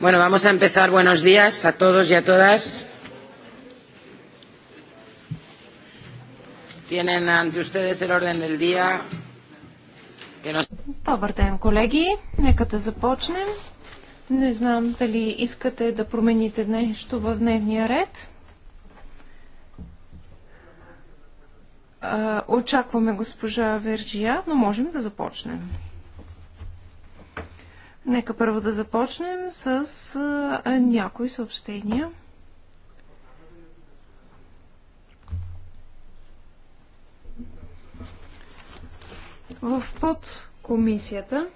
Bueno, vamos a empezar. Buenos días a todos y a todas. Tienen ante ustedes el orden del día. Que nos... Добър ден, колеги. Нека да започнем. Не знам дали искате да промените нещо в дневния ред. Очакваме госпожа Верджия, но можем да започнем. Нека първо да започнем с някои съобщения. В подкомисията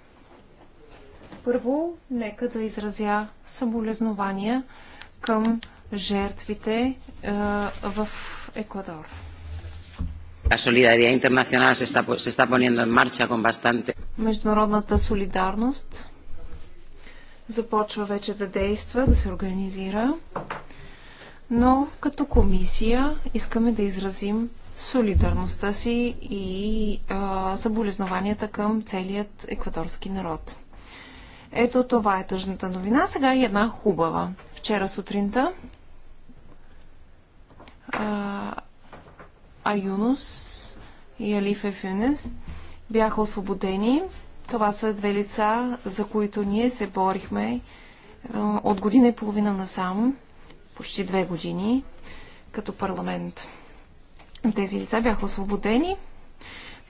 първо нека да изразя самолезнования към жертвите а, в Еквадор. Международната солидарност започва вече да действа, да се организира. Но като комисия искаме да изразим солидарността си и а, съболезнованията към целият еквадорски народ. Ето това е тъжната новина. Сега и е една хубава. Вчера сутринта а, Аюнус и Алиф Ефюнес бяха освободени това са две лица, за които ние се борихме е, от година и половина насам, почти две години, като парламент. Тези лица бяха освободени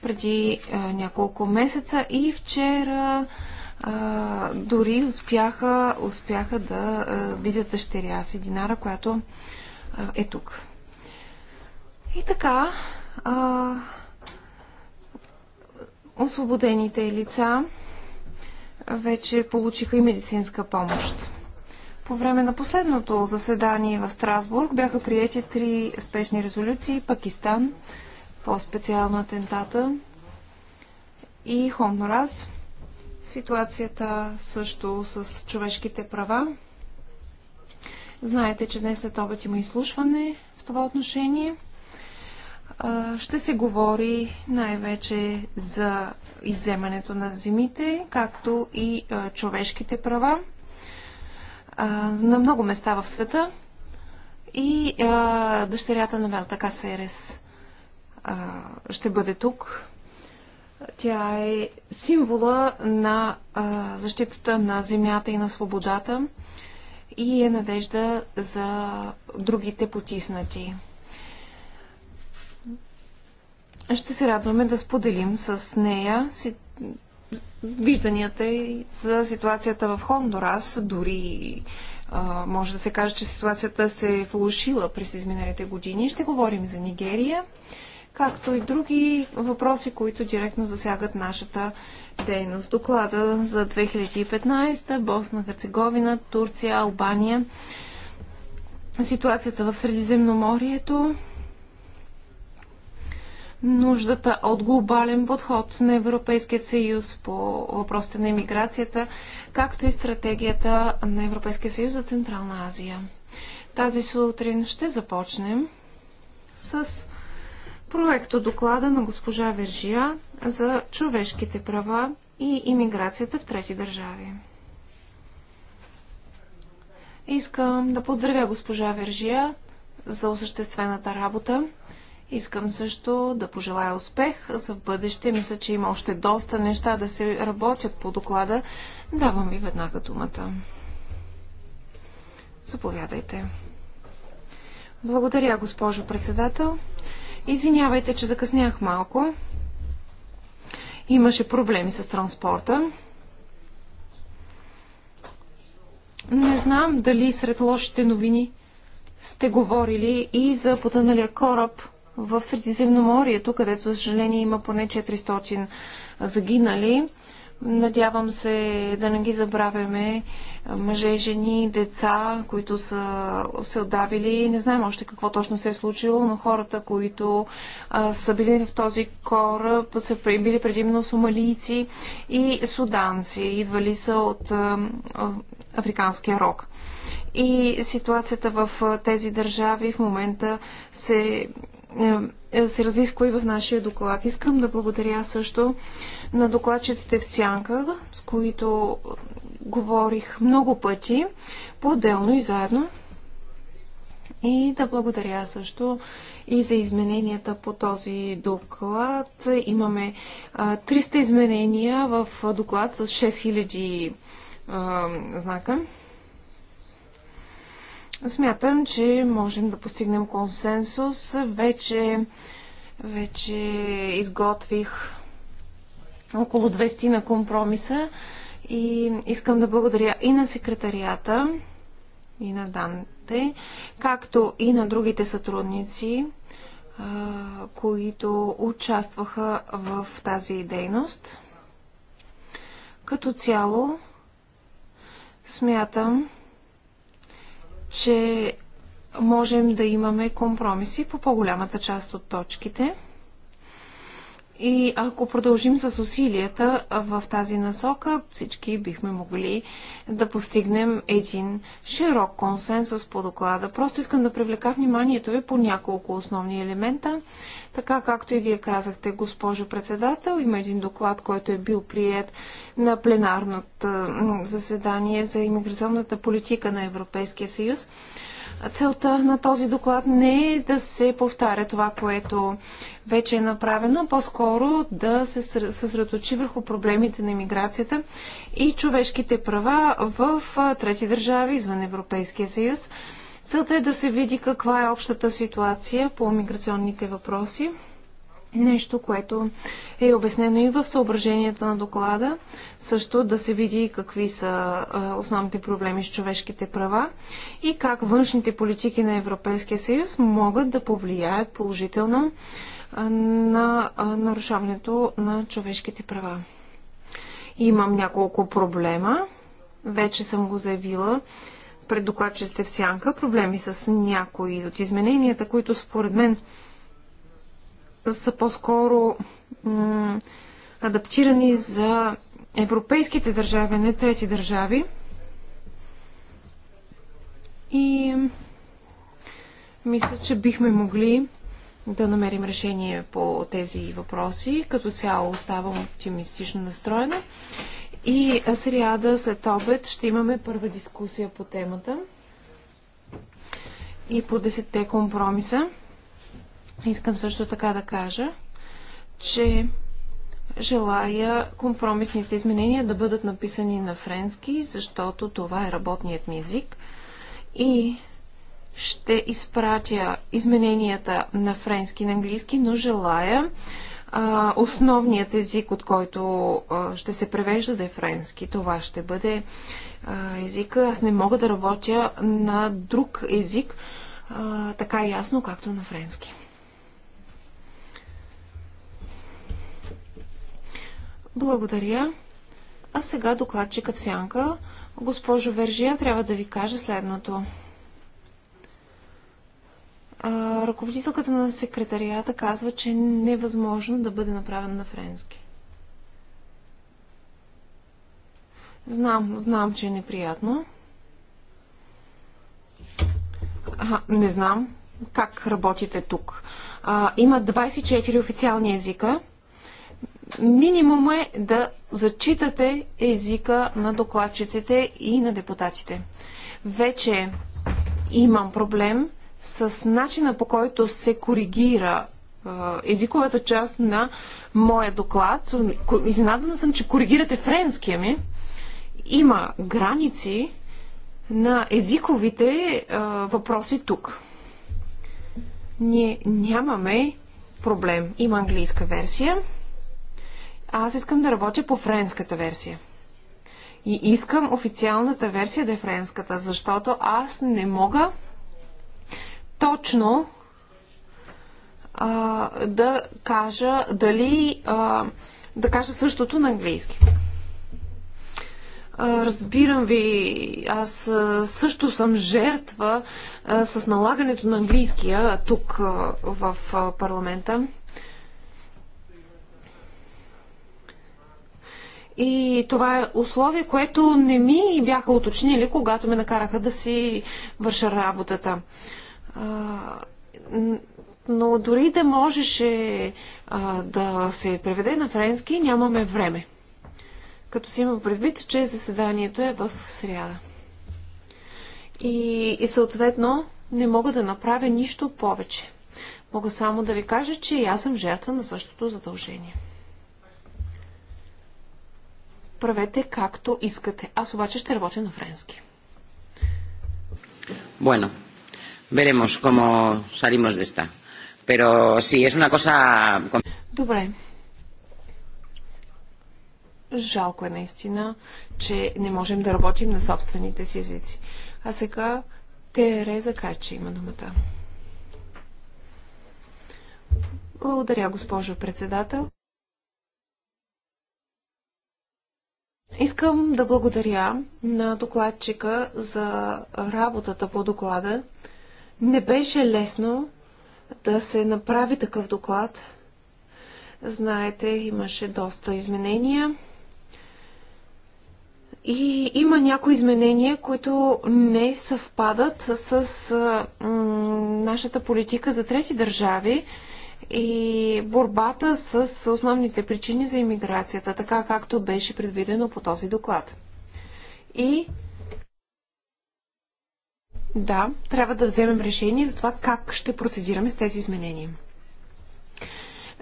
преди а, е, няколко месеца и вчера а, е, дори успяха, успяха да а, видят дъщеря си Динара, която а, е тук. И така, а, освободените лица вече получиха и медицинска помощ. По време на последното заседание в Страсбург бяха приети три спешни резолюции Пакистан, по-специално атентата и Хонораз. Ситуацията също с човешките права. Знаете, че днес след обед има изслушване в това отношение ще се говори най-вече за изземането на земите, както и човешките права на много места в света и дъщерята на Мелта Касерес ще бъде тук. Тя е символа на защитата на земята и на свободата и е надежда за другите потиснати ще се радваме да споделим с нея вижданията и за ситуацията в Хондурас. Дори а, може да се каже, че ситуацията се е влушила през изминалите години. Ще говорим за Нигерия, както и други въпроси, които директно засягат нашата дейност. Доклада за 2015, Босна, Херцеговина, Турция, Албания, ситуацията в Средиземноморието, нуждата от глобален подход на Европейския съюз по въпросите на иммиграцията, както и стратегията на Европейския съюз за Централна Азия. Тази сутрин ще започнем с проекто доклада на госпожа Вержия за човешките права и иммиграцията в трети държави. Искам да поздравя госпожа Вержия за осъществената работа Искам също да пожелая успех за в бъдеще. Мисля, че има още доста неща да се работят по доклада. Давам ви веднага думата. Заповядайте. Благодаря, госпожо председател. Извинявайте, че закъснях малко. Имаше проблеми с транспорта. Не знам дали сред лошите новини сте говорили и за потъналия кораб – в Средиземноморието, където, за съжаление, има поне 400 загинали. Надявам се да не ги забравяме. Мъже, жени, деца, които са се отдавили. Не знаем още какво точно се е случило, но хората, които а, са били в този кораб, са били предимно сомалийци и суданци. Идвали са от а, а, Африканския рок. И ситуацията в тези държави в момента се е, е, се разисква и в нашия доклад. Искам да благодаря също на докладчиците в Сянка, с които говорих много пъти, по-отделно и заедно. И да благодаря също и за измененията по този доклад. Имаме 300 изменения в доклад с 6000 знака. Смятам, че можем да постигнем консенсус. Вече, вече изготвих около 200 на компромиса и искам да благодаря и на секретарията, и на Данте, както и на другите сътрудници, които участваха в тази дейност. Като цяло, смятам, че можем да имаме компромиси по по-голямата част от точките. И ако продължим с усилията в тази насока, всички бихме могли да постигнем един широк консенсус по доклада. Просто искам да привлека вниманието ви по няколко основни елемента. Така както и вие казахте, госпожо председател, има един доклад, който е бил прият на пленарното заседание за иммиграционната политика на Европейския съюз. Целта на този доклад не е да се повтаря това, което вече е направено, по-скоро да се съсредоточи върху проблемите на иммиграцията и човешките права в трети държави извън Европейския съюз. Целта е да се види каква е общата ситуация по миграционните въпроси. Нещо, което е обяснено и в съображенията на доклада. Също да се види какви са основните проблеми с човешките права и как външните политики на Европейския съюз могат да повлияят положително на нарушаването на човешките права. Имам няколко проблема. Вече съм го заявила пред сте в сянка проблеми с някои от измененията, които според мен са по-скоро адаптирани за европейските държави, не трети държави. И мисля, че бихме могли да намерим решение по тези въпроси. Като цяло оставам оптимистично настроена и сряда след обед ще имаме първа дискусия по темата и по 10 компромиса. Искам също така да кажа, че желая компромисните изменения да бъдат написани на френски, защото това е работният ми език. И ще изпратя измененията на френски и на английски, но желая а, основният език, от който а, ще се превежда да е френски. Това ще бъде а, езика. Аз не мога да работя на друг език а, така ясно, както на френски. Благодаря. А сега докладчика в сянка. Госпожо Вержия, трябва да ви кажа следното ръководителката на секретарията казва, че е невъзможно да бъде направен на френски. Знам, знам, че е неприятно. А, не знам как работите тук. А, има 24 официални езика. Минимум е да зачитате езика на докладчиците и на депутатите. Вече имам проблем с начина по който се коригира езиковата част на моя доклад. Изненадана съм, че коригирате френския ми. Има граници на езиковите въпроси тук. Ние нямаме проблем. Има английска версия. Аз искам да работя по френската версия. И искам официалната версия да е френската, защото аз не мога точно а, да кажа дали а, да кажа същото на английски. разбирам ви, аз също съм жертва с налагането на английския тук в парламента. И това е условие, което не ми бяха уточнили, когато ме накараха да си върша работата но дори да можеше а, да се преведе на френски, нямаме време. Като си има предвид, че заседанието е в сряда. И, и съответно не мога да направя нищо повече. Мога само да ви кажа, че и аз съм жертва на същото задължение. Правете както искате. Аз обаче ще работя на френски. Bueno, Veremos cómo salimos de esta. Pero sí, es una cosa... Добре. Жалко е наистина, че не можем да работим на собствените си езици. А сега Тереза Кайче има думата. Благодаря, госпожо председател. Искам да благодаря на докладчика за работата по доклада. Не беше лесно да се направи такъв доклад. Знаете, имаше доста изменения. И има някои изменения, които не съвпадат с нашата политика за трети държави и борбата с основните причини за иммиграцията, така както беше предвидено по този доклад. И да, трябва да вземем решение за това как ще процедираме с тези изменения.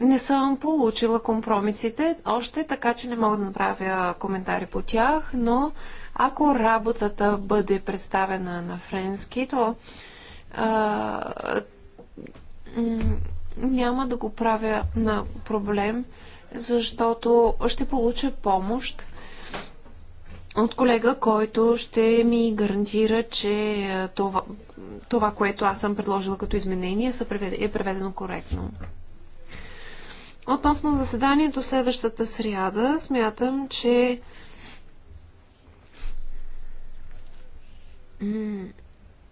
Не съм получила компромисите още, така че не мога да направя коментари по тях, но ако работата бъде представена на френски, то а, няма да го правя на проблем, защото ще получа помощ от колега, който ще ми гарантира, че е, това, това което аз съм предложила като изменение, е преведено коректно. Относно заседанието следващата сряда, смятам, че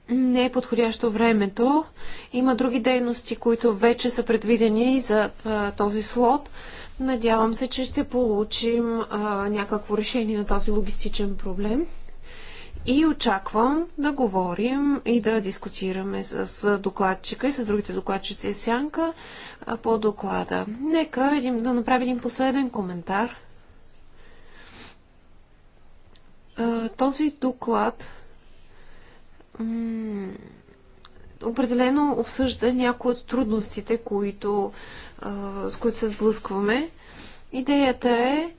не е подходящо времето. Има други дейности, които вече са предвидени за е, този слот. Надявам се, че ще получим а, някакво решение на този логистичен проблем и очаквам да говорим и да дискутираме с докладчика и с другите докладчици Сянка по доклада. Нека един, да направим един последен коментар. Този доклад определено обсъжда някои от трудностите, които с които се сблъскваме. Идеята е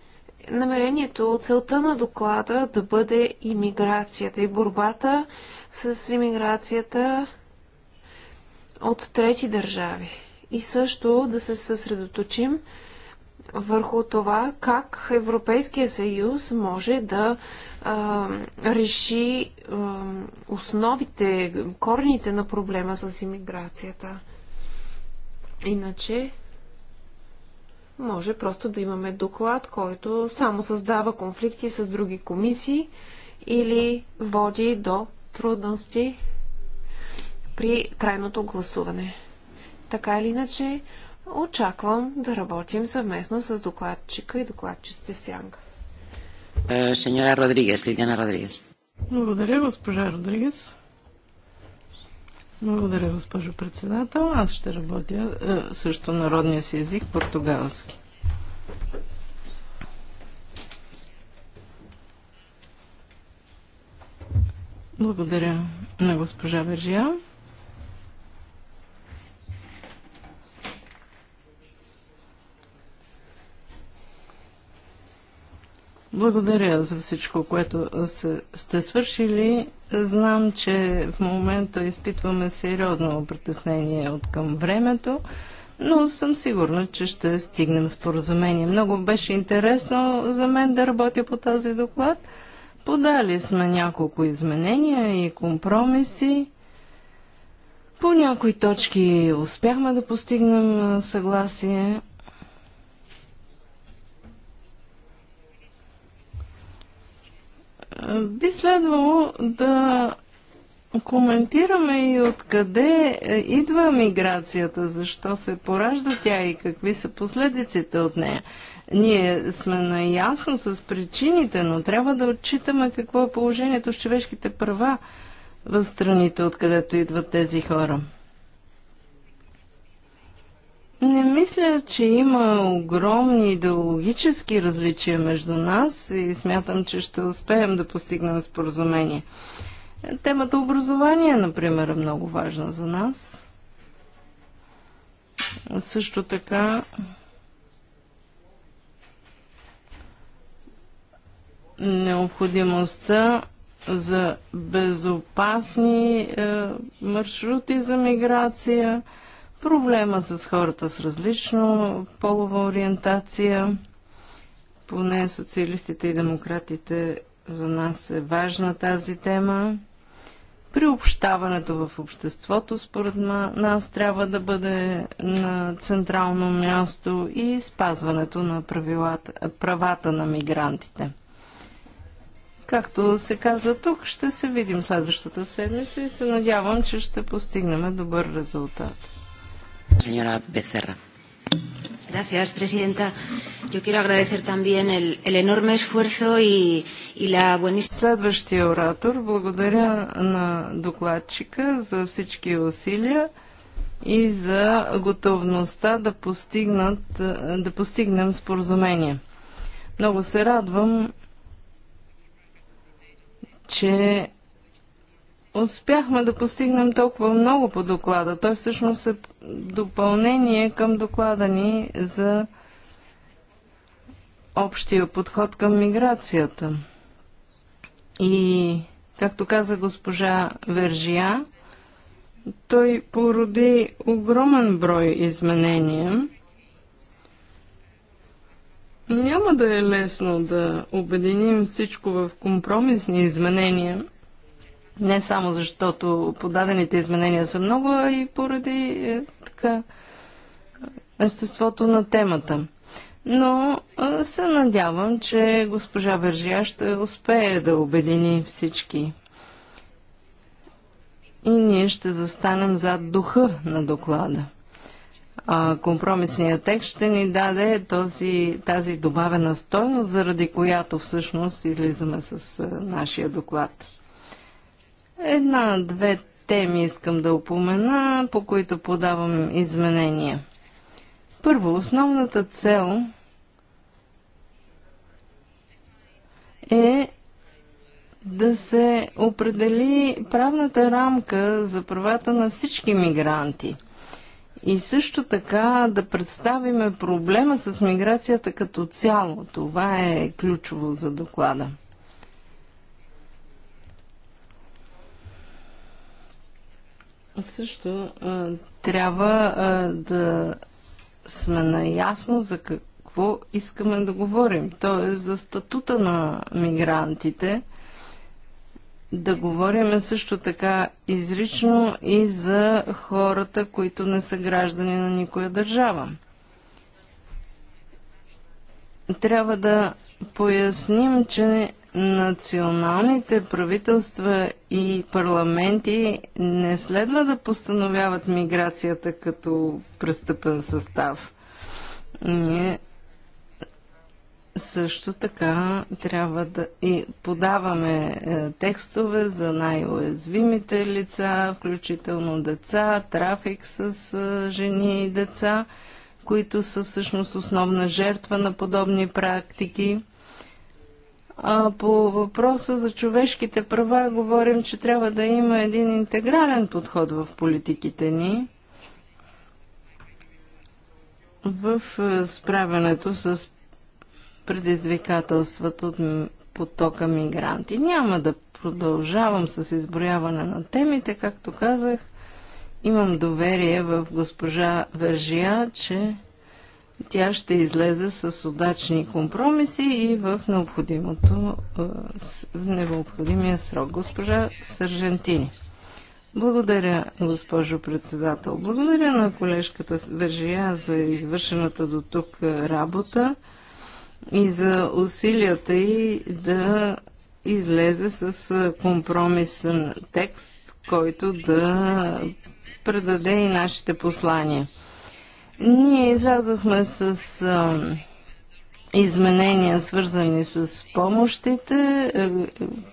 намерението, целта на доклада да бъде иммиграцията и борбата с иммиграцията от трети държави. И също да се съсредоточим върху това как Европейския съюз може да а, реши а, основите, корените на проблема с иммиграцията. Иначе може просто да имаме доклад, който само създава конфликти с други комисии или води до трудности при крайното гласуване. Така или иначе, очаквам да работим съвместно с докладчика и докладчиците в сянка. Е, сеньора Родригес, Лилиана Родригес. Благодаря, госпожа Родригес. Благодаря, госпожо председател. Аз ще работя е, също народния си език португалски. Благодаря на госпожа Бержия. Благодаря за всичко, което сте свършили. Знам, че в момента изпитваме сериозно притеснение от към времето, но съм сигурна, че ще стигнем споразумение. Много беше интересно за мен да работя по този доклад. Подали сме няколко изменения и компромиси. По някои точки успяхме да постигнем съгласие. Би следвало да коментираме и откъде е, идва миграцията, защо се поражда тя и какви са последиците от нея. Ние сме наясно с причините, но трябва да отчитаме какво е положението с човешките права в страните, откъдето идват тези хора. Не мисля, че има огромни идеологически различия между нас и смятам, че ще успеем да постигнем споразумение. Темата образование, например, е много важна за нас. Също така необходимостта за безопасни е, маршрути за миграция – проблема с хората с различно полова ориентация. Поне социалистите и демократите за нас е важна тази тема. Приобщаването в обществото, според нас, трябва да бъде на централно място и спазването на правилата, правата на мигрантите. Както се каза тук, ще се видим следващата седмица и се надявам, че ще постигнем добър резултат. Señora Becerra. Gracias, presidenta. Yo quiero agradecer también el, el enorme esfuerzo y, y la buenísima... Следващия оратор. Благодаря на докладчика за всички усилия и за готовността да, постигнат, да постигнем споразумение. Много се радвам, че успяхме да постигнем толкова много по доклада. Той всъщност е допълнение към доклада ни за общия подход към миграцията. И, както каза госпожа Вержия, той породи огромен брой изменения. Няма да е лесно да обединим всичко в компромисни изменения – не само защото подадените изменения са много, а и поради е, така, естеството на темата. Но е, се надявам, че госпожа Бержия ще успее да обедини всички. И ние ще застанем зад духа на доклада. А компромисният текст ще ни даде този, тази добавена стойност, заради която всъщност излизаме с е, нашия доклад. Една-две теми искам да упомена, по които подавам изменения. Първо, основната цел е да се определи правната рамка за правата на всички мигранти. И също така да представиме проблема с миграцията като цяло. Това е ключово за доклада. Също а, трябва а, да сме наясно за какво искаме да говорим. Тоест за статута на мигрантите. Да говорим също така изрично и за хората, които не са граждани на никоя държава. Трябва да поясним, че националните правителства и парламенти не следва да постановяват миграцията като престъпен състав. Ние също така трябва да и подаваме е, текстове за най-уязвимите лица, включително деца, трафик с е, жени и деца, които са всъщност основна жертва на подобни практики. А по въпроса за човешките права говорим, че трябва да има един интегрален подход в политиките ни в е, справянето с предизвикателствата от потока мигранти. Няма да продължавам с изброяване на темите, както казах. Имам доверие в госпожа Вержия, че тя ще излезе с удачни компромиси и в, необходимото, е, в необходимия срок. Госпожа Сържентини. Благодаря, госпожо председател. Благодаря на колежката Вържия за извършената до тук е, работа и за усилията й да излезе с е, компромисен текст, който да предаде и нашите послания. Ние излязохме с а, изменения, свързани с помощите, е,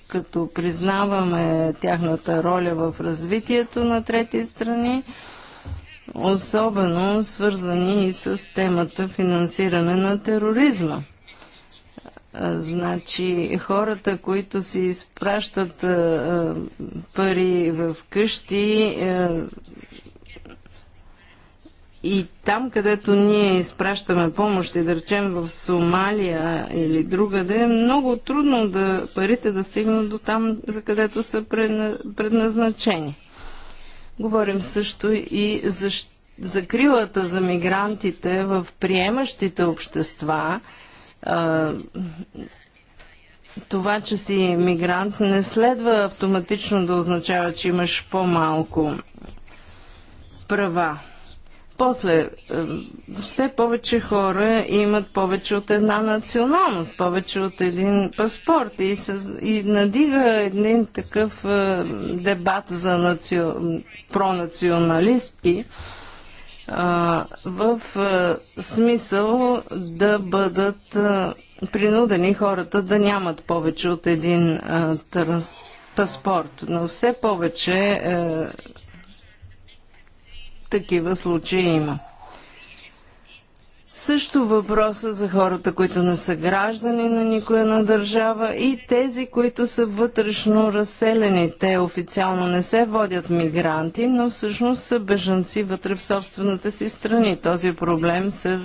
като признаваме тяхната роля в развитието на трети страни, особено свързани и с темата финансиране на тероризма. Е, значи хората, които си изпращат а, е, пари в къщи, а, и там, където ние изпращаме помощи, да речем в Сомалия или другаде, е много трудно да парите да стигнат до там, за където са предназначени. Говорим също и за закрилата за мигрантите в приемащите общества. Това, че си мигрант, не следва автоматично да означава, че имаш по-малко права. После, е, все повече хора имат повече от една националност, повече от един паспорт и, с, и надига един такъв е, дебат за нацио, пронационалистки в е, смисъл да бъдат е, принудени хората да нямат повече от един паспорт. Но все повече такива случаи има. Също въпроса за хората, които не са граждани на никоя на държава и тези, които са вътрешно разселени. Те официално не се водят мигранти, но всъщност са бежанци вътре в собствената си страни. Този проблем се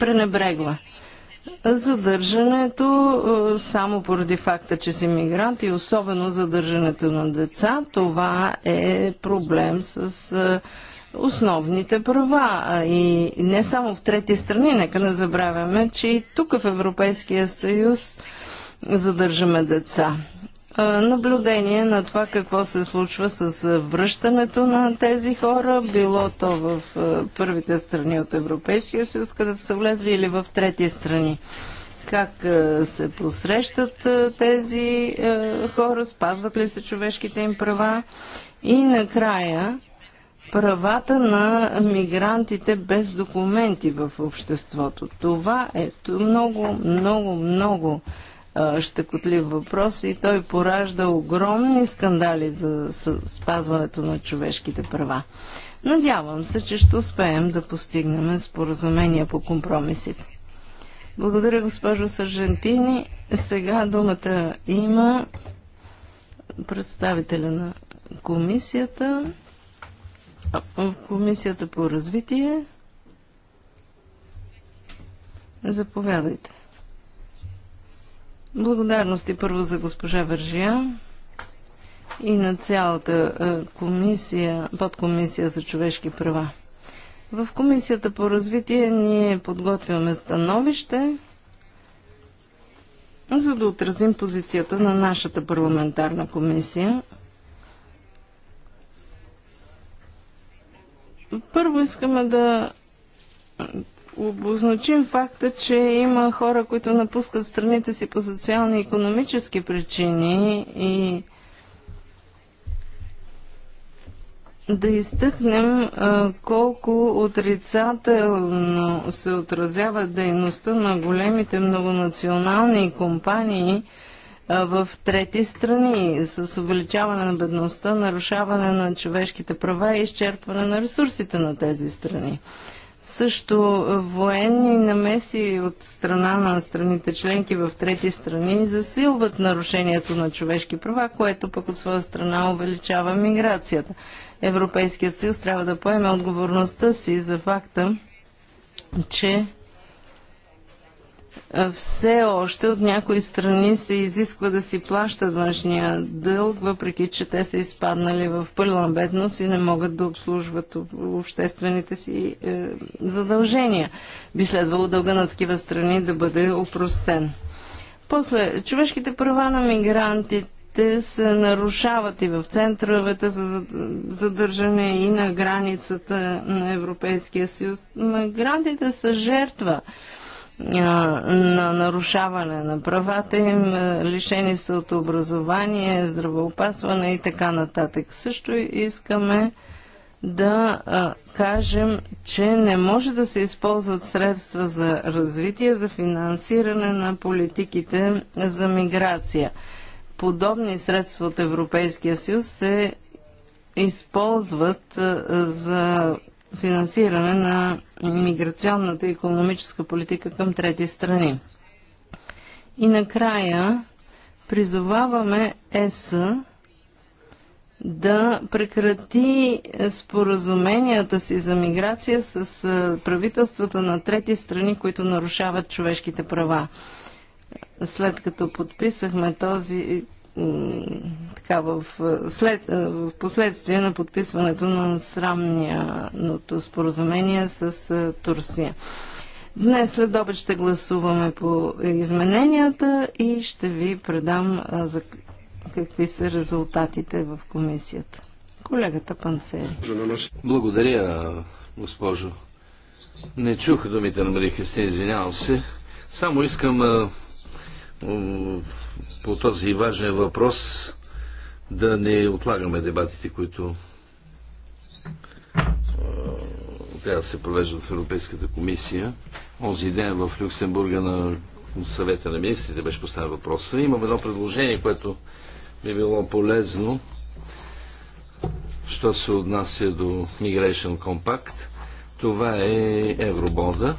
пренебрегва. Задържането е, само поради факта, че си мигрант и особено задържането на деца, това е проблем с е, основните права. И не само в трети страни, нека не забравяме, че и тук в Европейския съюз задържаме деца наблюдение на това какво се случва с връщането на тези хора, било то в първите страни от Европейския съюз, където са влезли или в трети страни. Как се посрещат тези хора, спазват ли се човешките им права и накрая правата на мигрантите без документи в обществото. Това е много, много, много щекотлив въпрос и той поражда огромни скандали за спазването на човешките права. Надявам се, че ще успеем да постигнем споразумения по компромисите. Благодаря, госпожо Сържентини. Сега думата има представителя на комисията, комисията по развитие. Заповядайте. Благодарности първо за госпожа Вържия и на цялата е, комисия, подкомисия за човешки права. В комисията по развитие ние подготвяме становище, за да отразим позицията на нашата парламентарна комисия. Първо искаме да обозначим факта, че има хора, които напускат страните си по социални и економически причини и да изтъкнем а, колко отрицателно се отразява дейността на големите многонационални компании а, в трети страни с увеличаване на бедността, нарушаване на човешките права и изчерпване на ресурсите на тези страни също е, военни намеси от страна на страните членки в трети страни засилват нарушението на човешки права, което пък от своя страна увеличава миграцията. Европейският съюз трябва да поеме отговорността си за факта, че все още от някои страни се изисква да си плащат външния дълг, въпреки че те са изпаднали в пълна бедност и не могат да обслужват обществените си е, задължения. Би следвало дълга на такива страни да бъде опростен. После, човешките права на мигрантите се нарушават и в центровете за задържане и на границата на Европейския съюз. Мигрантите са жертва на нарушаване на правата им, лишени са от образование, здравеопасване и така нататък. Също искаме да кажем, че не може да се използват средства за развитие, за финансиране на политиките за миграция. Подобни средства от Европейския съюз се използват за финансиране на миграционната и економическа политика към трети страни. И накрая призоваваме ЕС да прекрати споразуменията си за миграция с правителствата на трети страни, които нарушават човешките права. След като подписахме този така в, след, в последствие на подписването на срамното споразумение с Турция. Днес след обед ще гласуваме по измененията и ще ви предам за какви са резултатите в комисията. Колегата Панцери. Благодаря, госпожо. Не чух думите на Мария Христина, извинявам се. Само искам по този важен въпрос да не отлагаме дебатите, които трябва да се провеждат в Европейската комисия. Онзи ден в Люксембурга на съвета на министрите беше поставен въпроса. Имам едно предложение, което би било полезно, що се отнася до Migration Compact. Това е евробода,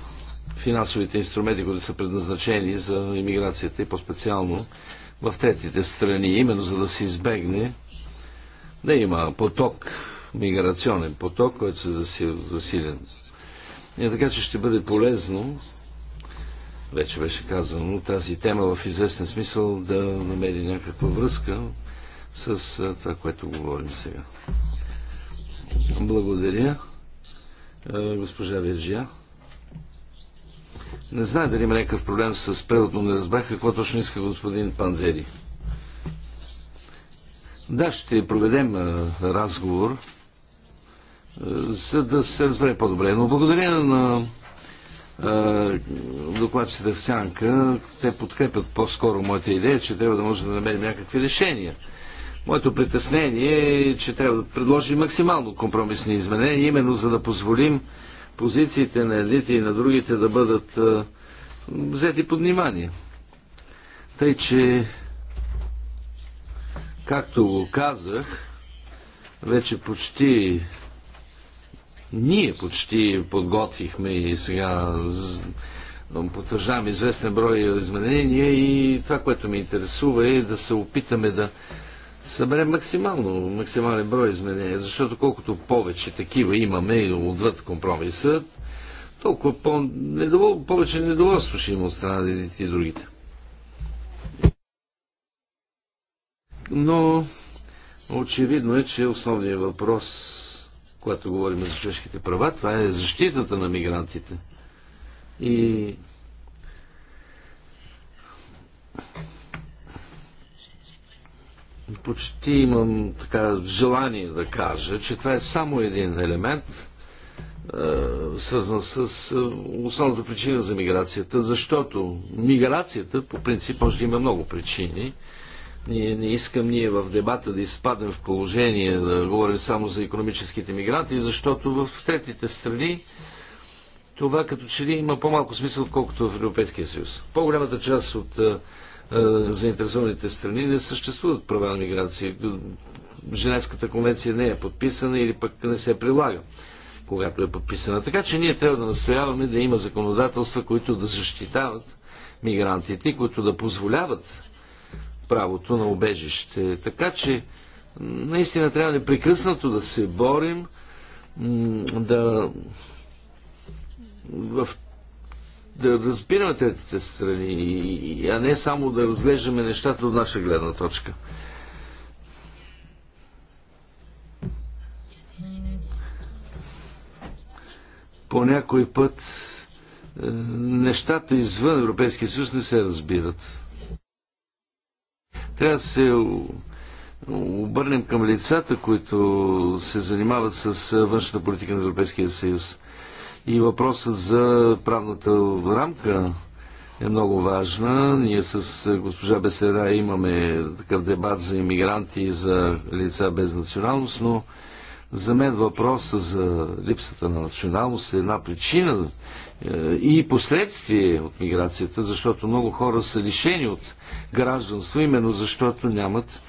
финансовите инструменти, които са предназначени за иммиграцията и по-специално в третите страни, именно за да се избегне да има поток, миграционен поток, който се засил, засилен. И така, че ще бъде полезно, вече беше казано, тази тема в известен смисъл да намери някаква връзка с това, което говорим сега. Благодаря. Госпожа Вержия. Не знае дали има някакъв проблем с преводно, не разбрах какво точно иска господин Панзери. Да, ще проведем разговор, за да се разбере по-добре. Но благодаря на докладчите в сянка, те подкрепят по-скоро моята идея, че трябва да може да намерим някакви решения. Моето притеснение е, че трябва да предложим максимално компромисни изменения, именно за да позволим позициите на едните и на другите да бъдат взети под внимание. Тъй, че, както го казах, вече почти ние почти подготвихме и сега потвърждавам известен брой изменения и това, което ме интересува е да се опитаме да събере максимално, максимален брой изменения, защото колкото повече такива имаме и отвъд компромиса, толкова по недовол, повече недоволство ще има от страна на и другите. Но очевидно е, че основният въпрос, когато говорим за човешките права, това е защитата на мигрантите. И почти имам така желание да кажа, че това е само един елемент, е, свързан с е, основната причина за миграцията, защото миграцията по принцип може да има много причини. Ние не искам ние в дебата да изпадем в положение да говорим само за економическите мигранти, защото в третите страни това като че ли има по-малко смисъл, отколкото в Европейския съюз. По-голямата част от е, е, заинтересованите страни не съществуват права на миграция. Женевската конвенция не е подписана или пък не се прилага, когато е подписана. Така че ние трябва да настояваме да има законодателства, които да защитават мигрантите, които да позволяват правото на обежище. Така че наистина трябва непрекъснато да се борим, да в да разбираме третите страни, а не само да разглеждаме нещата от наша гледна точка. По някой път е, нещата извън Европейския съюз не се разбират. Трябва да се обърнем към лицата, които се занимават с е, външната политика на Европейския съюз. И въпросът за правната рамка е много важна. Ние с е, госпожа Бесера имаме такъв дебат за иммигранти и за лица без националност, но за мен въпросът за липсата на националност е една причина е, и последствие от миграцията, защото много хора са лишени от гражданство, именно защото нямат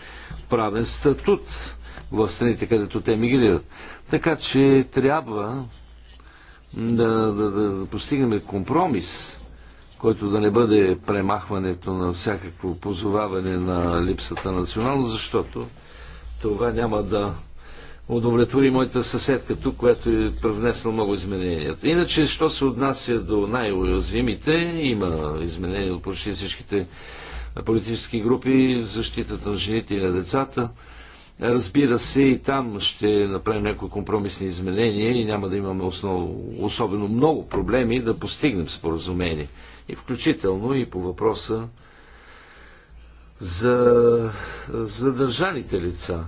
правен статут в страните, където те мигрират. Така че трябва да, да, да постигнем компромис, който да не бъде премахването на всякакво позоваване на липсата национално, защото това няма да удовлетвори моята съседка тук, която е превнесла много измененията. Иначе, що се отнася до най-уязвимите, има изменения от почти всичките политически групи, защитата на жените и на децата. Разбира се, и там ще направим някои компромисни изменения и няма да имаме основ... особено много проблеми да постигнем споразумение. И включително и по въпроса за задържаните лица.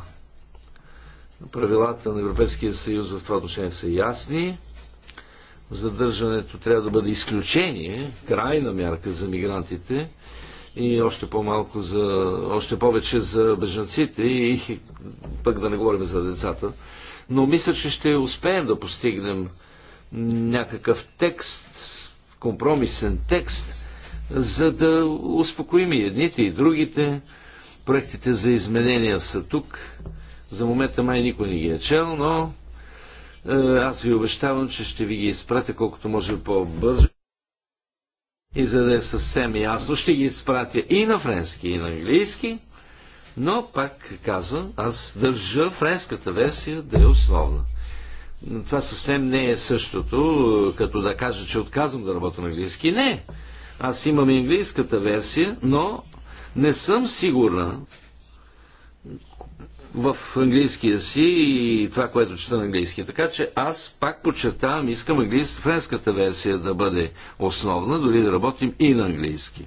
Правилата на Европейския съюз в това отношение са ясни. Задържането трябва да бъде изключение, крайна мярка за мигрантите и още по-малко за, още повече за бежанците и пък да не говорим за децата. Но мисля, че ще успеем да постигнем някакъв текст, компромисен текст, за да успокоим и едните, и другите. Проектите за изменения са тук. За момента май никой не ги е чел, но е, аз ви обещавам, че ще ви ги изпратя колкото може по-бързо. И за да е съвсем ясно, ще ги изпратя и на френски, и на английски. Но, пак казвам, аз държа френската версия да е основна. Това съвсем не е същото, като да кажа, че отказвам да работя на английски. Не! Аз имам английската версия, но не съм сигурна, в английския си и това, което чета на английски. Така че аз пак подчертавам, искам английски, френската версия да бъде основна, дори да работим и на английски.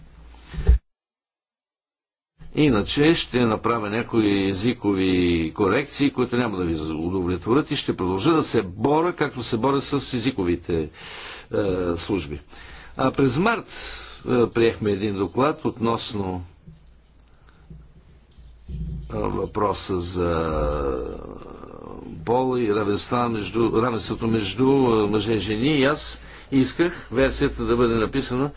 Иначе ще направя някои езикови корекции, които няма да ви удовлетворят и ще продължа да се боря, както се боря с езиковите е, служби. А през март е, приехме един доклад относно въпроса за пол и между, равенството между мъже и жени. И аз исках версията да бъде написана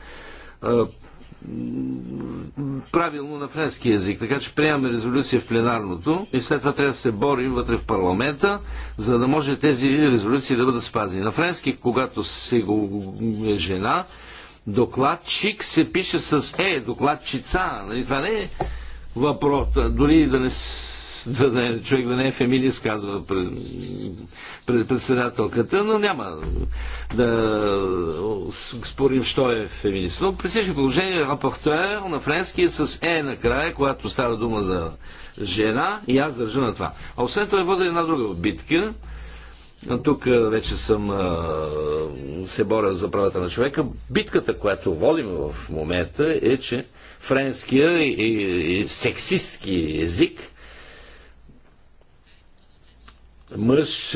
правилно на френски язик. Така че приемаме резолюция в пленарното и след това трябва да се борим вътре в парламента, за да може тези резолюции да бъдат спазени. На френски, когато се го е жена, докладчик се пише с е, докладчица. Нали? Това не е въпрос, дори да не, да, не, човек да не е феминист, казва пред, пред председателката, но няма да спорим, що е феминист. Но при всички положения рапортер на френски е с Е накрая, когато става дума за жена и аз държа на това. А освен това е една друга битка, тук вече съм се боря за правата на човека. Битката, която водим в момента е, че френския и, и, и сексистки език мъж,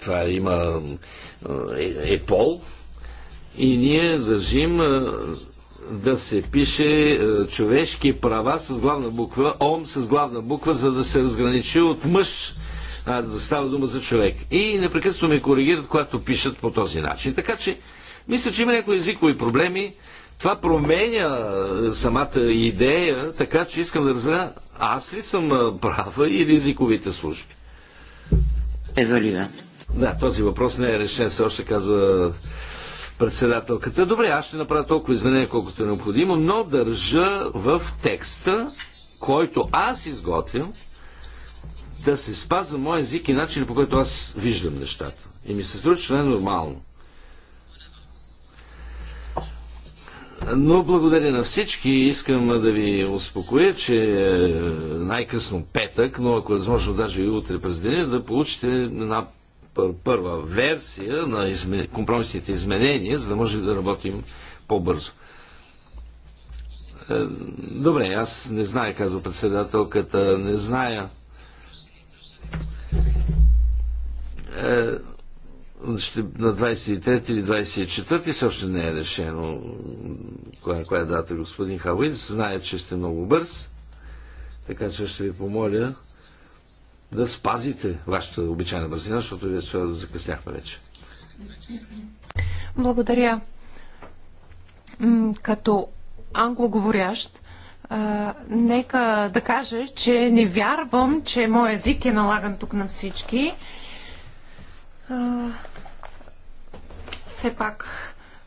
това има е, е пол и ние държим да се пише човешки права с главна буква, ОМ с главна буква, за да се разграничи от мъж а, става дума за човек. И непрекъснато ме коригират, когато пишат по този начин. Така че, мисля, че има някои езикови проблеми. Това променя самата идея, така че искам да разбера, аз ли съм права или езиковите служби? Езолина. Да, този въпрос не е решен, се още казва председателката. Добре, аз ще направя толкова изменения, колкото е необходимо, но държа в текста, който аз изготвям, да се спазва моят език и начин по който аз виждам нещата. И ми се струва, че не е нормално. Но благодаря на всички. Искам да ви успокоя, че е, най-късно петък, но ако е възможно даже и утре през деня, да получите една първа версия на компромисните изменения, за да може да работим по-бързо. Е, добре, аз не зная, казва председателката, не зная е, ще, на 23 или 24 все още не е решено коя, коя дата господин Хауинс. Знае, че сте много бърз, така че ще ви помоля да спазите вашата обичайна бързина, защото вие сега закъсняхме вече. Благодаря. Като англоговорящ, а, нека да кажа, че не вярвам, че мой език е налаган тук на всички. А, все пак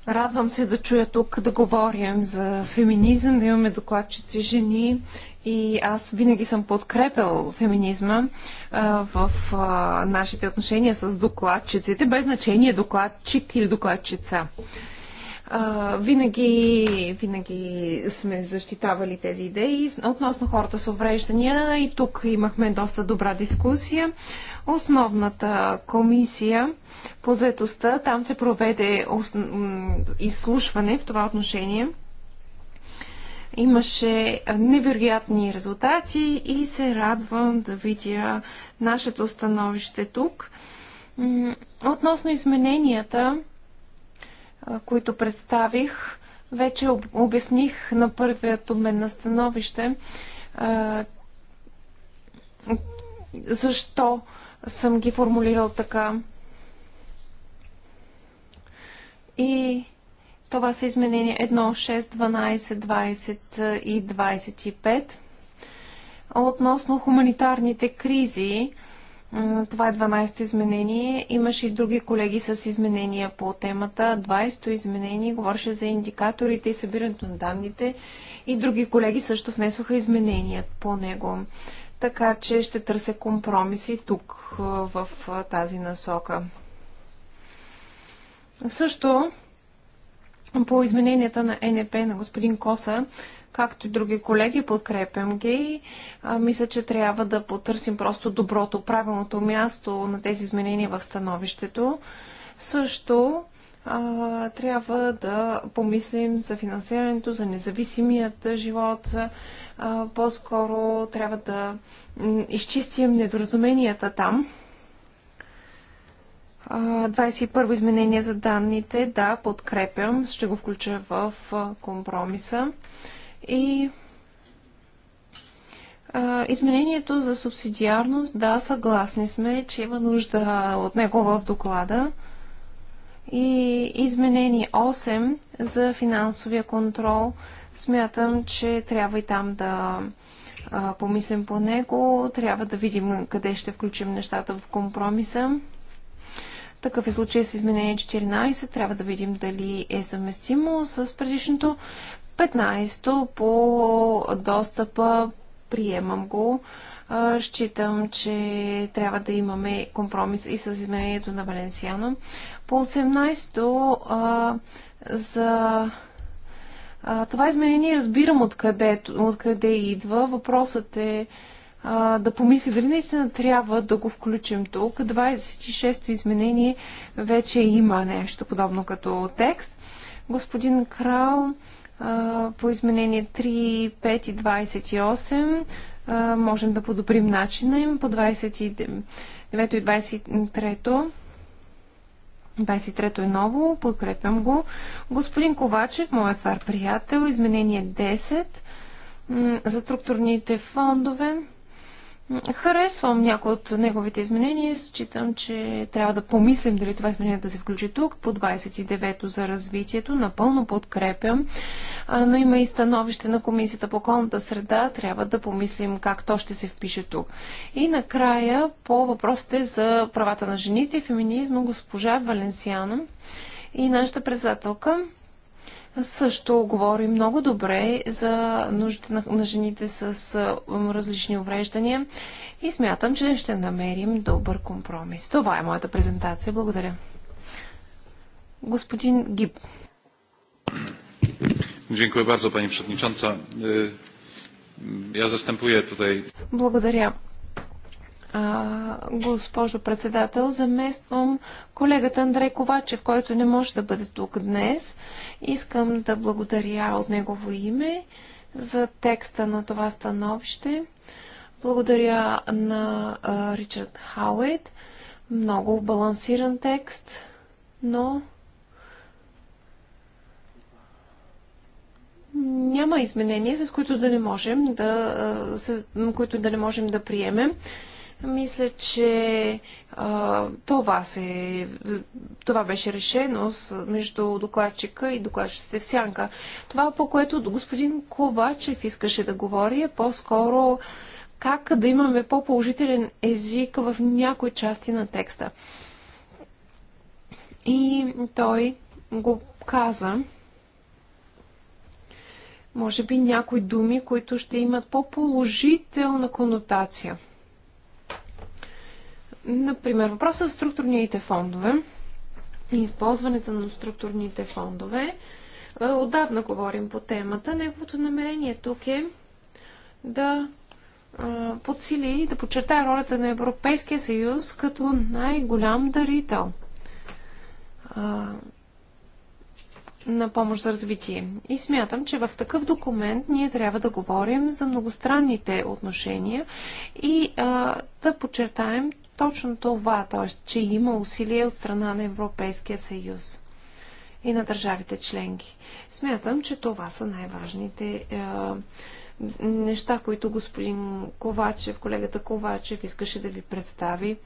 радвам се да чуя тук да говорим за феминизъм, да имаме докладчици жени и аз винаги съм подкрепил феминизма а, в а, нашите отношения с докладчиците, без значение докладчик или докладчица а, винаги, винаги сме защитавали тези идеи. Относно хората с увреждания и тук имахме доста добра дискусия. Основната комисия по заедостта, там се проведе изслушване в това отношение. Имаше невероятни резултати и се радвам да видя нашето становище тук. Относно измененията, които представих. Вече обясних на първият обмен на становище защо съм ги формулирал така. И това са изменения 1, 6, 12, 20 и 25. Относно хуманитарните кризи, това е 12-то изменение. Имаше и други колеги с изменения по темата. 20-то изменение говореше за индикаторите и събирането на данните. И други колеги също внесоха изменения по него. Така че ще търся компромиси тук е, в е, тази насока. Също по измененията на НП на господин Коса както и други колеги, подкрепям ги. А, мисля, че трябва да потърсим просто доброто, правилното място на тези изменения в становището. Също а, трябва да помислим за финансирането, за независимият живот. по-скоро трябва да изчистим недоразуменията там. 21 изменение за данните, да, подкрепям, ще го включа в компромиса. И изменението за субсидиарност, да, съгласни сме, че има нужда от него в доклада. И изменение 8 за финансовия контрол. Смятам, че трябва и там да а, помислим по него. Трябва да видим къде ще включим нещата в компромиса. Такъв е случай с изменение 14. Трябва да видим дали е съвместимо с предишното. 15 по достъпа приемам го. Считам, че трябва да имаме компромис и с изменението на Валенсиано. По 18-то за това изменение разбирам откъде, откъде идва. Въпросът е да помисли дали наистина трябва да го включим тук. 26-то изменение вече има нещо подобно като текст. Господин Крал, по изменение 3, 5 и 28 можем да подобрим начина им по 29 и 23. 23 е ново, подкрепям го. Господин Ковачев, моят стар приятел, изменение 10 за структурните фондове. Харесвам някои от неговите изменения. Считам, че трябва да помислим дали това изменение да се включи тук. По 29-то за развитието напълно подкрепям, но има и становище на Комисията по околната среда. Трябва да помислим как то ще се впише тук. И накрая по въпросите за правата на жените и феминизма госпожа Валенсиано и нашата председателка също говори много добре за нуждите на, на жените с различни увреждания и смятам, че ще намерим добър компромис. Това е моята презентация. Благодаря. Господин Гиб. Благодаря, пани Pani Я застъпвам тук. Благодаря, госпожо председател. Замествам колегата Андрей Ковачев, който не може да бъде тук днес. Искам да благодаря от негово име за текста на това становище. Благодаря на а, Ричард Хауейт. Много балансиран текст, но няма изменения, с които да не можем да, с които да не можем да приемем. Мисля, че а, това, се, това беше решено с, между докладчика и докладчиците в сянка. Това, по което господин Ковачев искаше да говори, е по-скоро как да имаме по-положителен език в някои части на текста. И той го каза. Може би някои думи, които ще имат по-положителна конотация – Например, въпросът за структурните фондове и използването на структурните фондове. Е, отдавна говорим по темата. Неговото намерение тук е да е, подсили и да подчертая ролята на Европейския съюз като най-голям дарител е, на помощ за развитие. И смятам, че в такъв документ ние трябва да говорим за многостранните отношения и а, да подчертаем, точно това, т.е. че има усилие от страна на Европейския съюз и на държавите членки. Смятам, че това са най-важните е, неща, които господин Ковачев, колегата Ковачев искаше да ви представи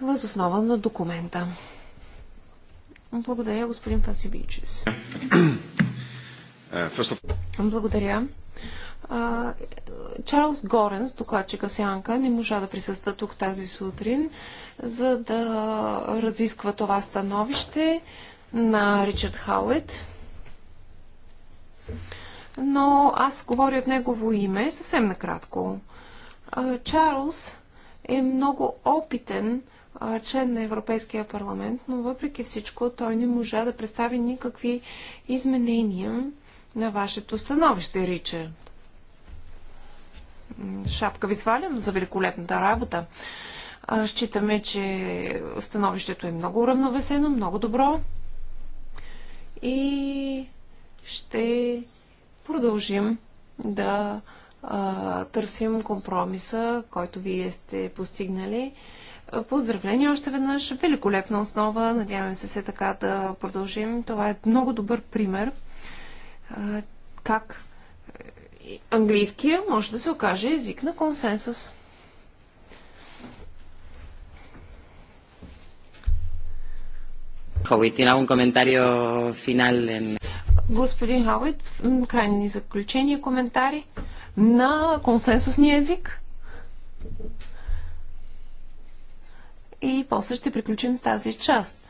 възоснова на документа. Благодаря, господин Пасибичис. Е, е, Благодаря. Чарлз Горенс, докладчика Сянка, не можа да присъства тук тази сутрин, за да разисква това становище на Ричард Хаует. Но аз говоря от негово име съвсем накратко. Чарлз е много опитен член на Европейския парламент, но въпреки всичко той не можа да представи никакви изменения на вашето становище, Ричард шапка ви свалям за великолепната работа. Считаме, че становището е много уравновесено, много добро и ще продължим да а, търсим компромиса, който вие сте постигнали. Поздравления още веднъж. Великолепна основа. Надяваме се все така да продължим. Това е много добър пример а, как английския може да се окаже език на консенсус. Хауит, има algún comentario final en... Господин Хауит, крайни заключения, коментари на консенсусния език. И после ще приключим с тази част.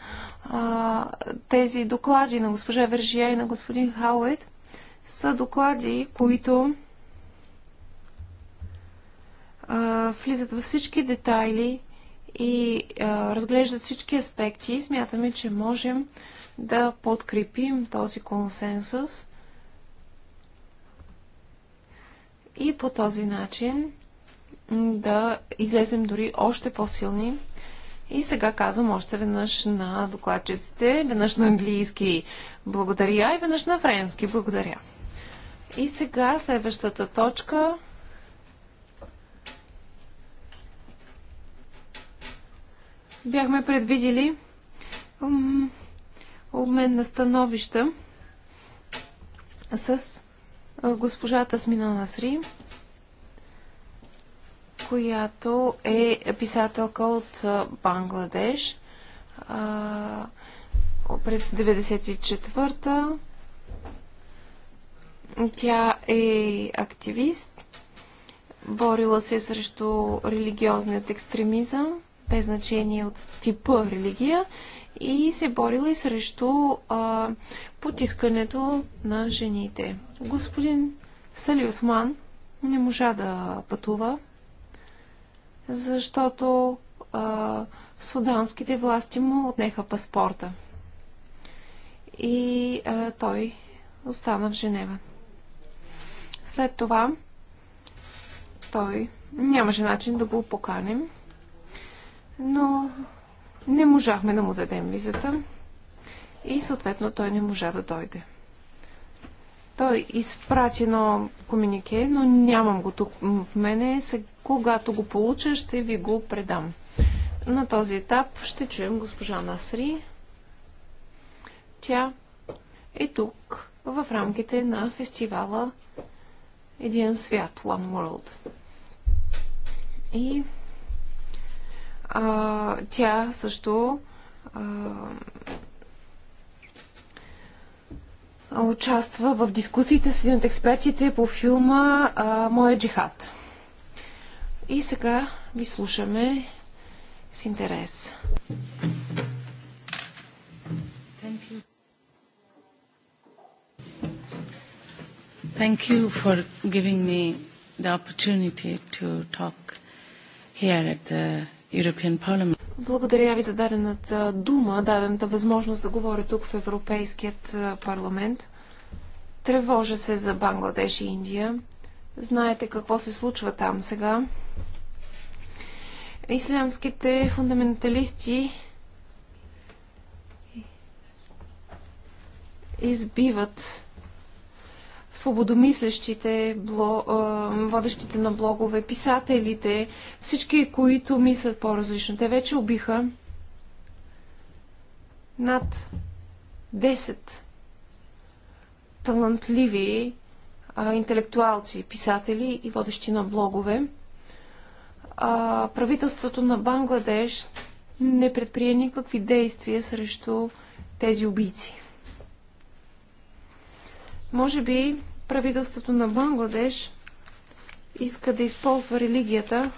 А, тези доклади на госпожа Вержия и на господин Хауит са доклади, които а, влизат във всички детайли и а, разглеждат всички аспекти. Смятаме, че можем да подкрепим този консенсус и по този начин да излезем дори още по-силни. И сега казвам още веднъж на докладчиците, веднъж на английски благодаря и веднъж на френски благодаря. И сега следващата точка. Бяхме предвидили обмен на становища с госпожата Смина Насри, която е писателка от Бангладеш през 1994-та тя е активист, борила се срещу религиозният екстремизъм, без значение от типа религия, и се борила и срещу а, потискането на жените. Господин Сали Осман не можа да пътува, защото а, суданските власти му отнеха паспорта. И а, той остана в Женева. След това той нямаше начин да го поканим, но не можахме да му дадем визата и съответно той не можа да дойде. Той изпрати едно комюнике, но нямам го тук в мене. Когато го получа, ще ви го предам. На този етап ще чуем госпожа Насри. Тя е тук в рамките на фестивала един свят, One World. И а, тя също а, участва в дискусиите с един от експертите по филма а, Моя джихад. И сега ви слушаме с интерес. Thank you for giving me the opportunity to talk here at the European Parliament. Благодаря ви за дадената дума, дадената възможност да говоря тук в Европейският парламент. Тревожа се за Бангладеш и Индия. Знаете какво се случва там сега. Ислямските фундаменталисти избиват свободомислещите, бло, водещите на блогове, писателите, всички, които мислят по-различно. Те вече убиха над 10 талантливи а, интелектуалци, писатели и водещи на блогове. А, правителството на Бангладеш не предприе никакви действия срещу тези убийци. Може би правителството на Бангладеш иска да използва религията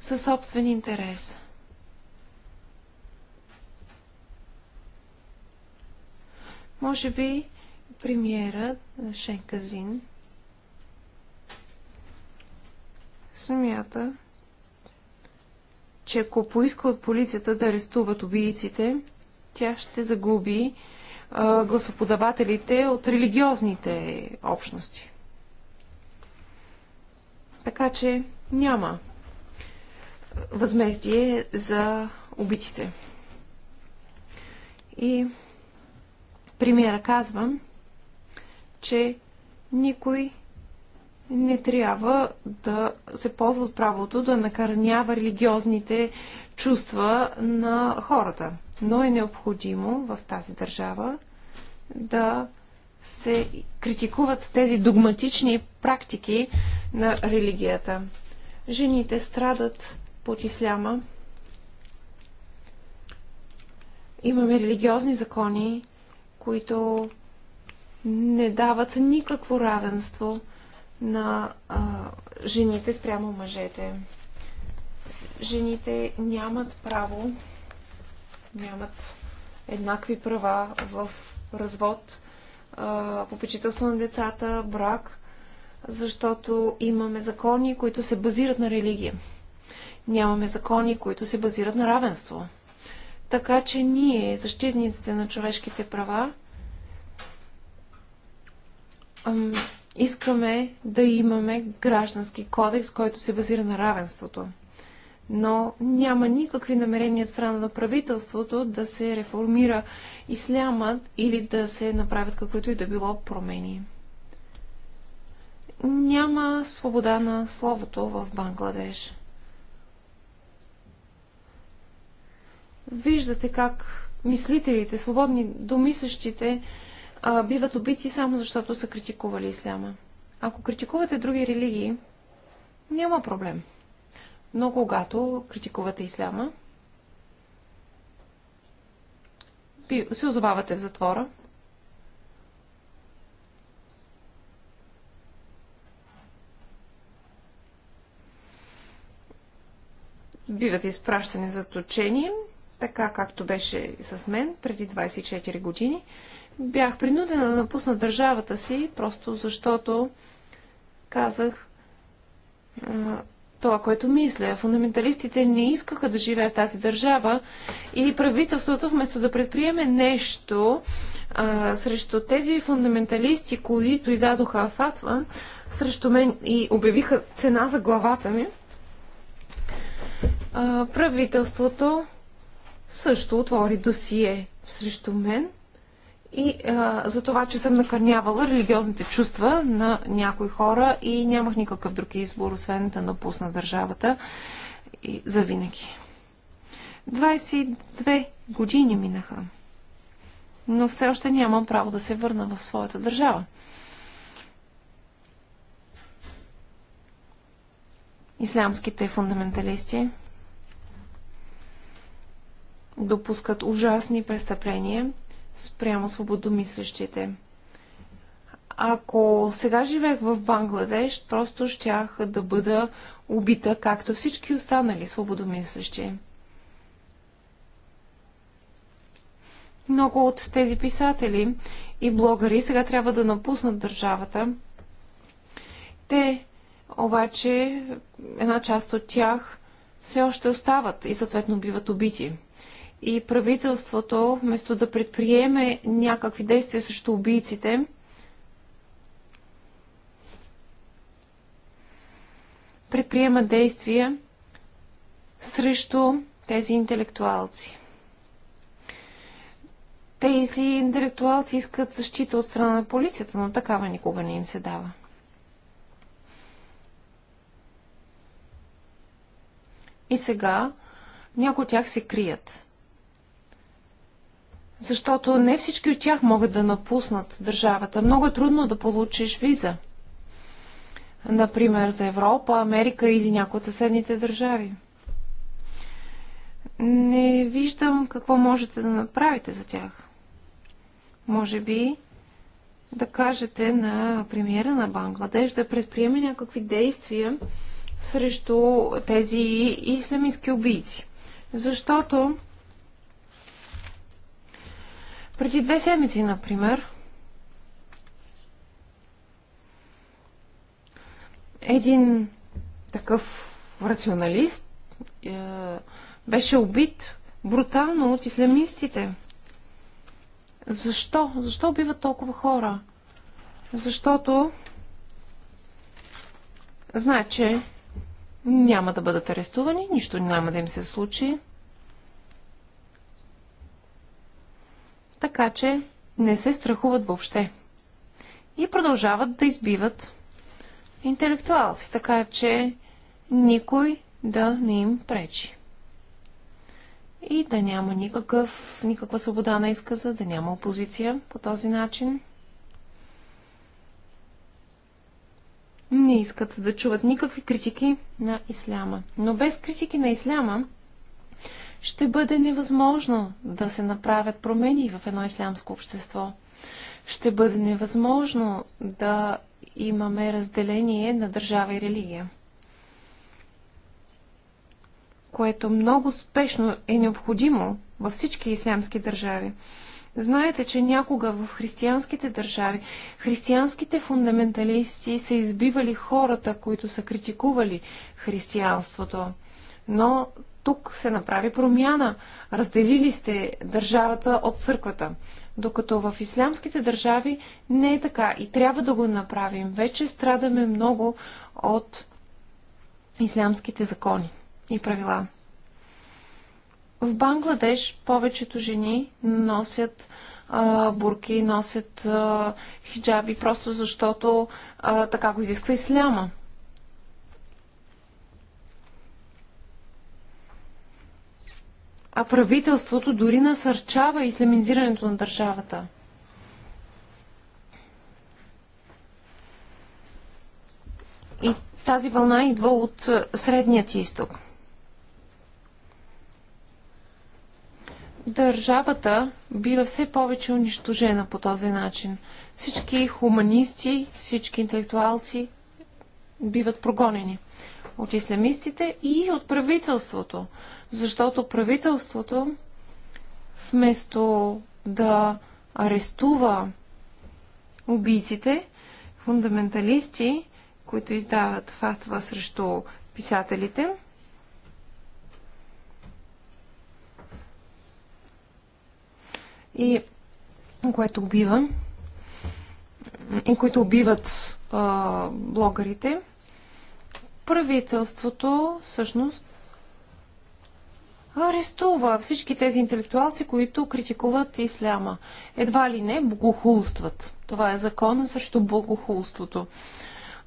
със собствен интерес. Може би премиера Шенказин смята, че ако поиска от полицията да арестуват убийците, тя ще загуби гласоподавателите от религиозните общности. Така че няма възмездие за убитите. И примера казвам, че никой не трябва да се ползва от правото да накърнява религиозните чувства на хората но е необходимо в тази държава да се критикуват тези догматични практики на религията. Жените страдат под исляма. Имаме религиозни закони, които не дават никакво равенство на а, жените спрямо мъжете. Жените нямат право нямат еднакви права в развод, попечителство на децата, брак, защото имаме закони, които се базират на религия. Нямаме закони, които се базират на равенство. Така че ние, защитниците на човешките права, искаме да имаме граждански кодекс, който се базира на равенството но няма никакви намерения от страна на правителството да се реформира ислямът или да се направят каквито и да било промени. Няма свобода на словото в Бангладеш. Виждате как мислителите, свободни домислящите, биват убити само защото са критикували исляма. Ако критикувате други религии, няма проблем. Но когато критикувате исляма, се озовавате в затвора. Бивате изпращани за точение, така както беше с мен преди 24 години. Бях принудена да напусна държавата си, просто защото казах, това, което мисля. Фундаменталистите не искаха да живеят в тази държава и правителството, вместо да предприеме нещо а, срещу тези фундаменталисти, които издадоха фатва срещу мен и обявиха цена за главата ми, а, правителството също отвори досие срещу мен и а, за това, че съм накърнявала религиозните чувства на някои хора и нямах никакъв друг избор, освен да напусна държавата и завинаги. 22 години минаха, но все още нямам право да се върна в своята държава. Ислямските фундаменталисти допускат ужасни престъпления – спрямо свободомислещите. Ако сега живеех в Бангладеш, просто щях да бъда убита, както всички останали свободомислещи. Много от тези писатели и блогъри сега трябва да напуснат държавата. Те обаче, една част от тях все още остават и съответно биват убити и правителството, вместо да предприеме някакви действия срещу убийците, предприема действия срещу тези интелектуалци. Тези интелектуалци искат защита от страна на полицията, но такава никога не им се дава. И сега някои от тях се крият защото не всички от тях могат да напуснат държавата. Много е трудно да получиш виза. Например, за Европа, Америка или някои от съседните държави. Не виждам какво можете да направите за тях. Може би да кажете на премиера на Бангладеш да предприеме някакви действия срещу тези ислямистки убийци. Защото преди две седмици, например, един такъв рационалист е, беше убит брутално от ислямистите. Защо? Защо убиват толкова хора? Защото знаят, че няма да бъдат арестувани, нищо няма да им се случи. така че не се страхуват въобще. И продължават да избиват интелектуалци, така че никой да не им пречи. И да няма никакъв, никаква свобода на изказа, да няма опозиция по този начин. Не искат да чуват никакви критики на исляма. Но без критики на исляма ще бъде невъзможно да се направят промени в едно ислямско общество. Ще бъде невъзможно да имаме разделение на държава и религия, което много спешно е необходимо във всички ислямски държави. Знаете, че някога в християнските държави християнските фундаменталисти са избивали хората, които са критикували християнството. Но тук се направи промяна. Разделили сте държавата от църквата. Докато в ислямските държави не е така и трябва да го направим. Вече страдаме много от ислямските закони и правила. В Бангладеш повечето жени носят а, бурки, носят а, хиджаби, просто защото а, така го изисква исляма. а правителството дори насърчава ислямизирането на държавата. И тази вълна идва от Средният изток. Държавата бива все повече унищожена по този начин. Всички хуманисти, всички интелектуалци биват прогонени от ислямистите и от правителството защото правителството вместо да арестува убийците, фундаменталисти, които издават фатва срещу писателите, и което убива и които убиват а, блогърите, правителството всъщност арестува всички тези интелектуалци, които критикуват исляма. Едва ли не богохулстват. Това е закон срещу богохулството.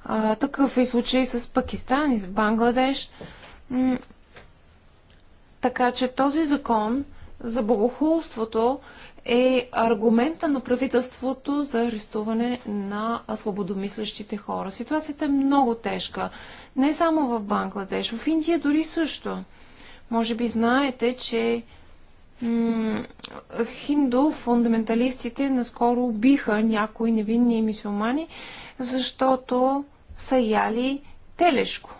А, такъв е случай с Пакистан и с Бангладеш. М така че този закон за богохулството е аргумента на правителството за арестуване на свободомислещите хора. Ситуацията е много тежка. Не само в Бангладеш, в Индия дори също. Може би знаете, че хинду фундаменталистите наскоро убиха някои невинни мисюлмани, защото са яли телешко.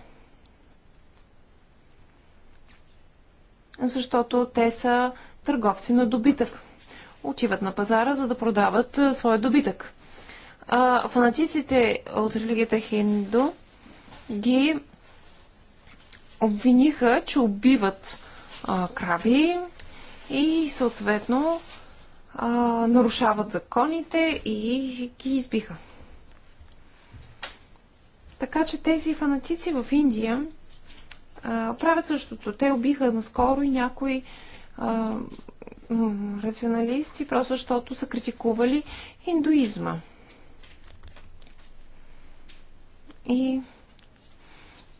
Защото те са търговци на добитък. Отиват на пазара, за да продават своя добитък. А, фанатиците от религията хинду ги обвиниха, че убиват а, краби и съответно а, нарушават законите и ги избиха. Така че тези фанатици в Индия а, правят същото. Те убиха наскоро и някои а, рационалисти, просто защото са критикували индуизма. И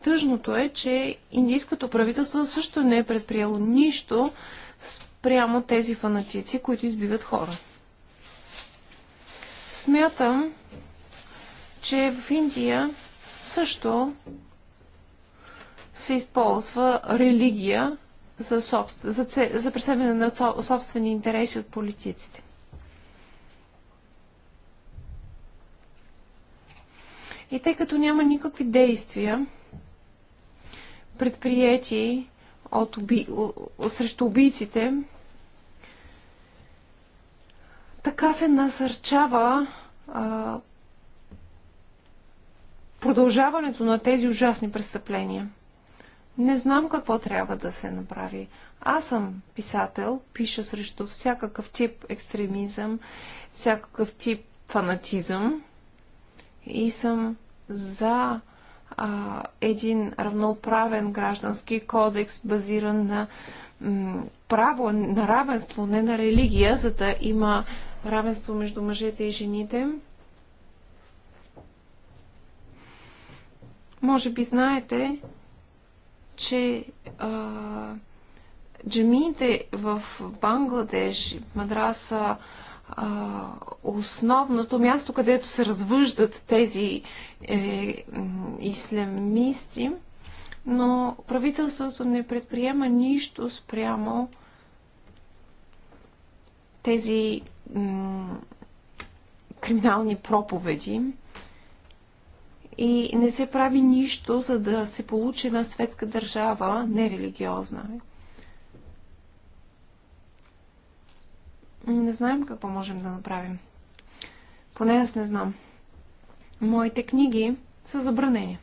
Тъжното е, че индийското правителство също не е предприело нищо спрямо тези фанатици, които избиват хора. Смятам, че в Индия също се използва религия за, собствен, за, за преследване на собствени интереси от политиците. И тъй като няма никакви действия, предприяти от уби... срещу убийците, така се насърчава а, продължаването на тези ужасни престъпления. Не знам какво трябва да се направи. Аз съм писател, пиша срещу всякакъв тип екстремизъм, всякакъв тип фанатизъм и съм за а, един равноправен граждански кодекс, базиран на право на равенство, не на религия, за да има равенство между мъжете и жените. Може би знаете, че а, джамиите в Бангладеш, Мадраса, основното място, където се развъждат тези е, ислямисти, но правителството не предприема нищо спрямо тези криминални проповеди и не се прави нищо, за да се получи една светска държава нерелигиозна. Не знаем какво можем да направим. Поне аз не знам. Моите книги са забранени.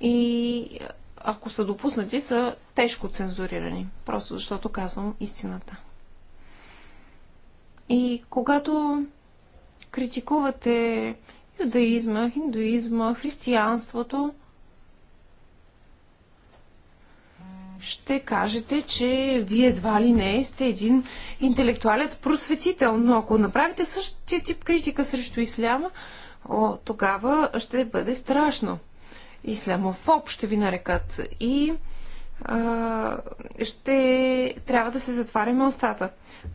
И ако са допуснати, са тежко цензурирани. Просто защото казвам истината. И когато критикувате юдаизма, хиндуизма, християнството, ще кажете, че вие едва ли не сте един интелектуалец просветител, но ако направите същия тип критика срещу исляма, о, тогава ще бъде страшно. Ислямофоб ще ви нарекат и а, ще трябва да се затваряме устата.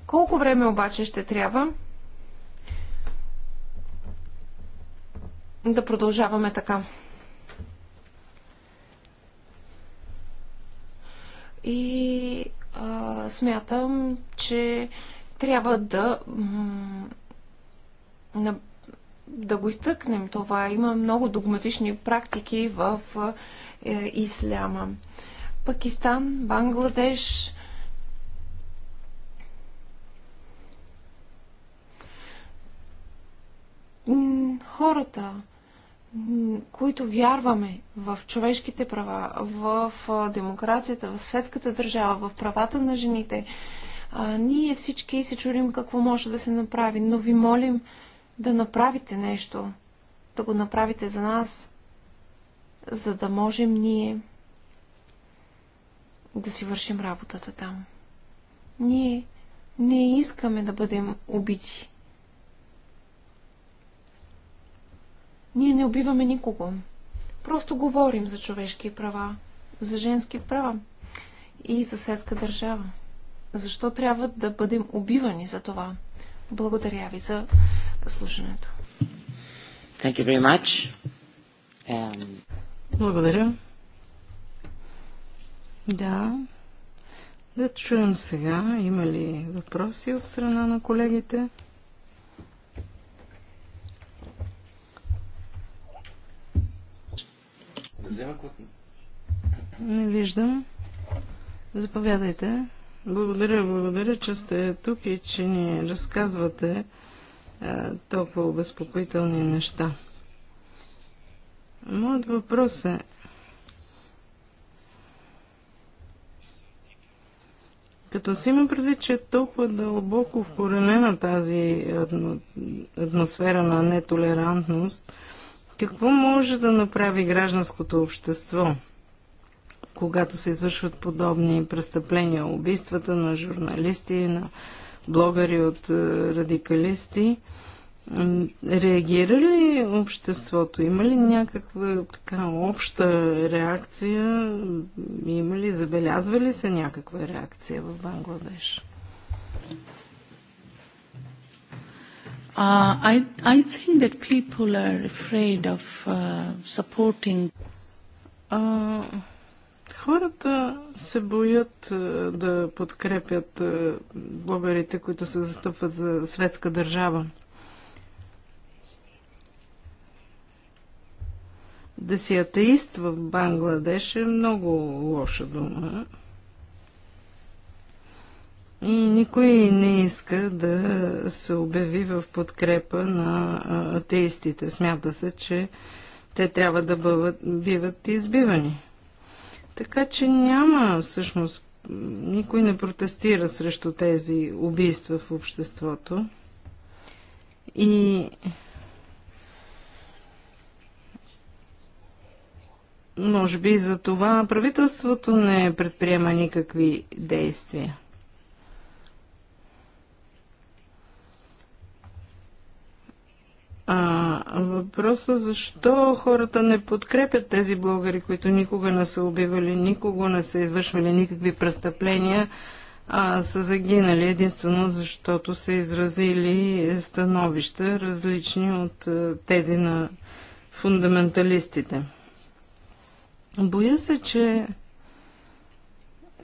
Колко време обаче ще трябва да продължаваме така? И а, смятам, че трябва да, да го изтъкнем това. Има много догматични практики в е, исляма. Пакистан, Бангладеш. Хората, които вярваме в човешките права, в демокрацията, в светската държава, в правата на жените, ние всички се чудим какво може да се направи, но ви молим да направите нещо, да го направите за нас, за да можем ние да си вършим работата там. Ние не искаме да бъдем убити. Ние не убиваме никого. Просто говорим за човешки права, за женски права и за светска държава. Защо трябва да бъдем убивани за това? Благодаря ви за слушането. Thank you very much. Um... Благодаря. Да. Да чуем сега има ли въпроси от страна на колегите. взема от... Не виждам. Заповядайте. Благодаря, благодаря, че сте тук и че ни разказвате е, толкова обезпокоителни неща. Моят въпрос е като си има предвид, че е толкова дълбоко вкоренена тази атмосфера на нетолерантност, е, какво може да направи гражданското общество, когато се извършват подобни престъпления, убийствата на журналисти, на блогъри от е, радикалисти? Реагира ли обществото? Има ли някаква така обща реакция? Има ли, забелязва ли се някаква реакция в Бангладеш? Uh, I, I think that people are afraid of uh, supporting. Uh, хората се боят uh, да подкрепят uh, е, блогерите, които се застъпват за светска държава. Да си атеист в Бангладеш е много лоша дума. Uh, и никой не иска да се обяви в подкрепа на атеистите. Смята се, че те трябва да бъват, биват избивани. Така че няма всъщност, никой не протестира срещу тези убийства в обществото. И може би за това правителството не предприема никакви действия. А, въпроса защо хората не подкрепят тези блогери, които никога не са убивали, никога не са извършвали никакви престъпления, а са загинали единствено защото са изразили становища различни от тези на фундаменталистите. Боя се, че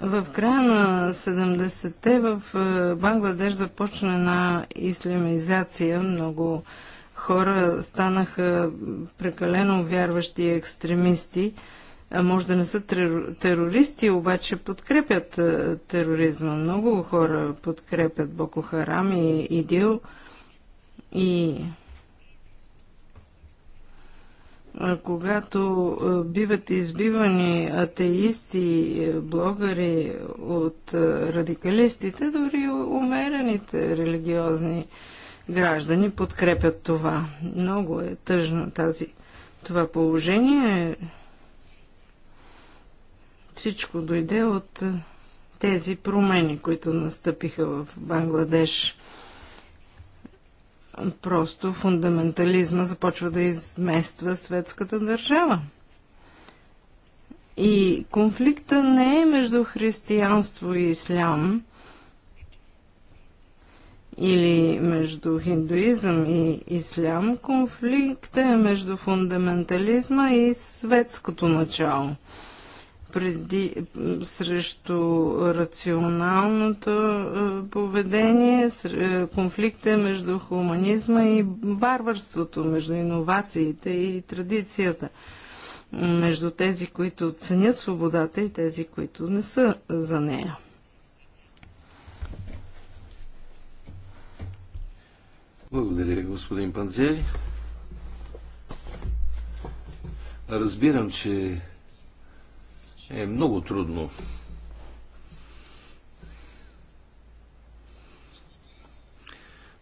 в края на 70-те в Бангладеш започна една ислямизация много хора станаха прекалено вярващи екстремисти. Може да не са терористи, обаче подкрепят тероризма. Много хора подкрепят Боко Харам и ИДИЛ. И когато биват избивани атеисти, е, блогъри от радикалистите, дори умерените религиозни граждани подкрепят това. Много е тъжно тази, това положение. Всичко дойде от е, тези промени, които настъпиха в Бангладеш. Просто фундаментализма започва да измества светската държава. И конфликта не е между християнство и ислям, или между хиндуизъм и ислям, конфликт е между фундаментализма и светското начало. Преди, срещу рационалното е, поведение, е, конфликт е между хуманизма и барварството, между иновациите и традицията, между тези, които ценят свободата и тези, които не са за нея. Благодаря, господин Панзери. Разбирам, че е много трудно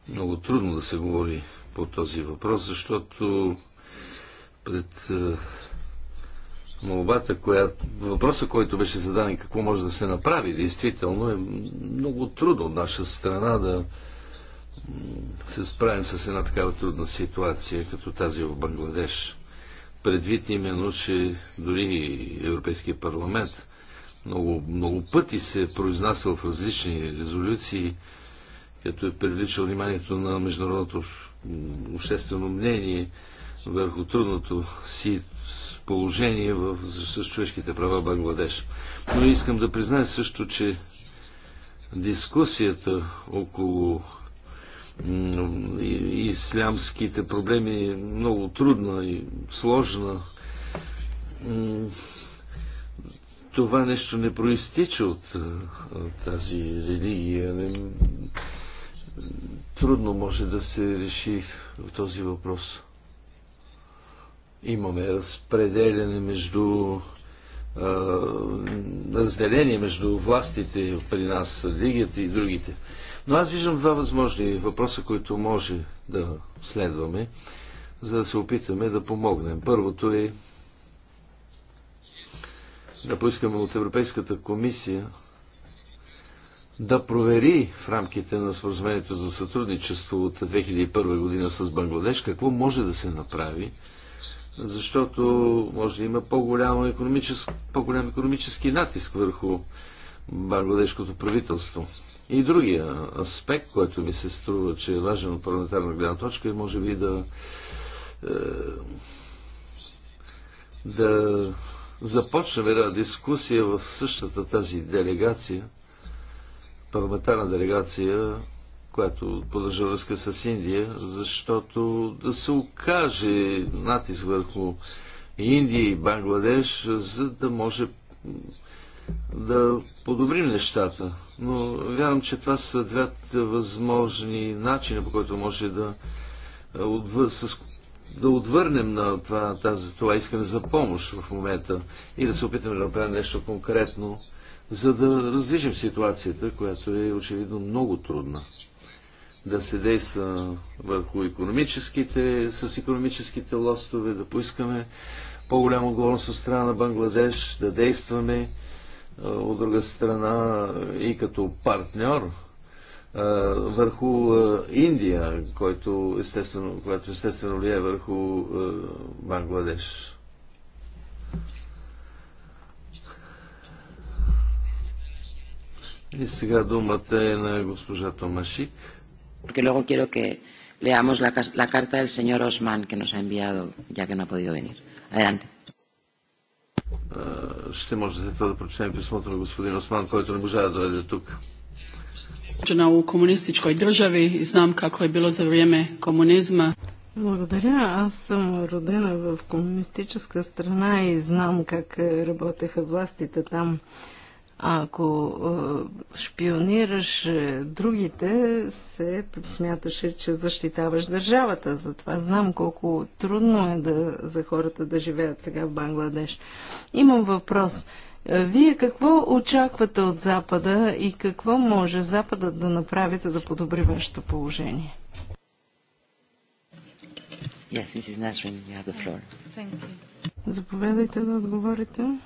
много трудно да се говори по този въпрос, защото пред е, молбата, която, въпроса, който беше зададен, какво може да се направи, действително е много трудно от наша страна да се справим с една такава трудна ситуация, като тази в Бангладеш. Предвид именно, че дори Европейския парламент много, много пъти се е произнасял в различни резолюции, като е привличал вниманието на международното обществено мнение върху трудното си положение в, с човешките права в Бангладеш. Но искам да призная също, че дискусията около ислямските проблеми е много трудна и сложна. Това нещо не проистича от, от тази религия. Не, трудно може да се реши в този въпрос. Имаме разпределение между разделение между властите при нас, религията и другите. Но аз виждам два възможни въпроса, които може да следваме, за да се опитаме да помогнем. Първото е да поискаме от Европейската комисия да провери в рамките на споразумението за сътрудничество от 2001 година с Бангладеш какво може да се направи, защото може да има по-голям економически, по економически натиск върху бангладешкото правителство. И другия аспект, който ми се струва, че е важен от парламентарна гледна точка е може би да е, да започнем една дискусия в същата тази делегация, парламентарна делегация, която поддържа връзка с Индия, защото да се окаже натиск върху Индия и Бангладеш, за да може да подобрим нещата. Но вярвам, че това са двете възможни начини, по който може да, е, отвър... с... да отвърнем на това, тази, това искане за помощ в момента и да се опитаме да направим нещо конкретно, за да раздвижим ситуацията, която е очевидно много трудна. Да се действа върху економическите, с економическите лостове, да поискаме по-голяма отговорност от страна на Бангладеш, да действаме от друга страна и като партньор върху Индия, който естествено, която естествено влияе върху Бангладеш. И сега думата е на госпожа Томашик. Porque luego quiero que leamos la, la carta del señor Osman que nos ha enviado, ya que no ha podido venir. Adelante. Е, ще може след това да прочетем писмото на господин Осман, който не може да дойде тук. Жена у комунистичкой държави и знам какво е било за време комунизма. Благодаря. Аз съм родена в комунистическа страна и знам как работеха властите там. А ако е, шпионираш е, другите, се смяташе, че защитаваш държавата. Затова знам колко трудно е да, за хората да живеят сега в Бангладеш. Имам въпрос. Е, вие какво очаквате от Запада и какво може Запада да направи, за да подобри вашето положение? Yes, Mrs. Nasrin, you have the floor. Thank you. Заповядайте да отговорите.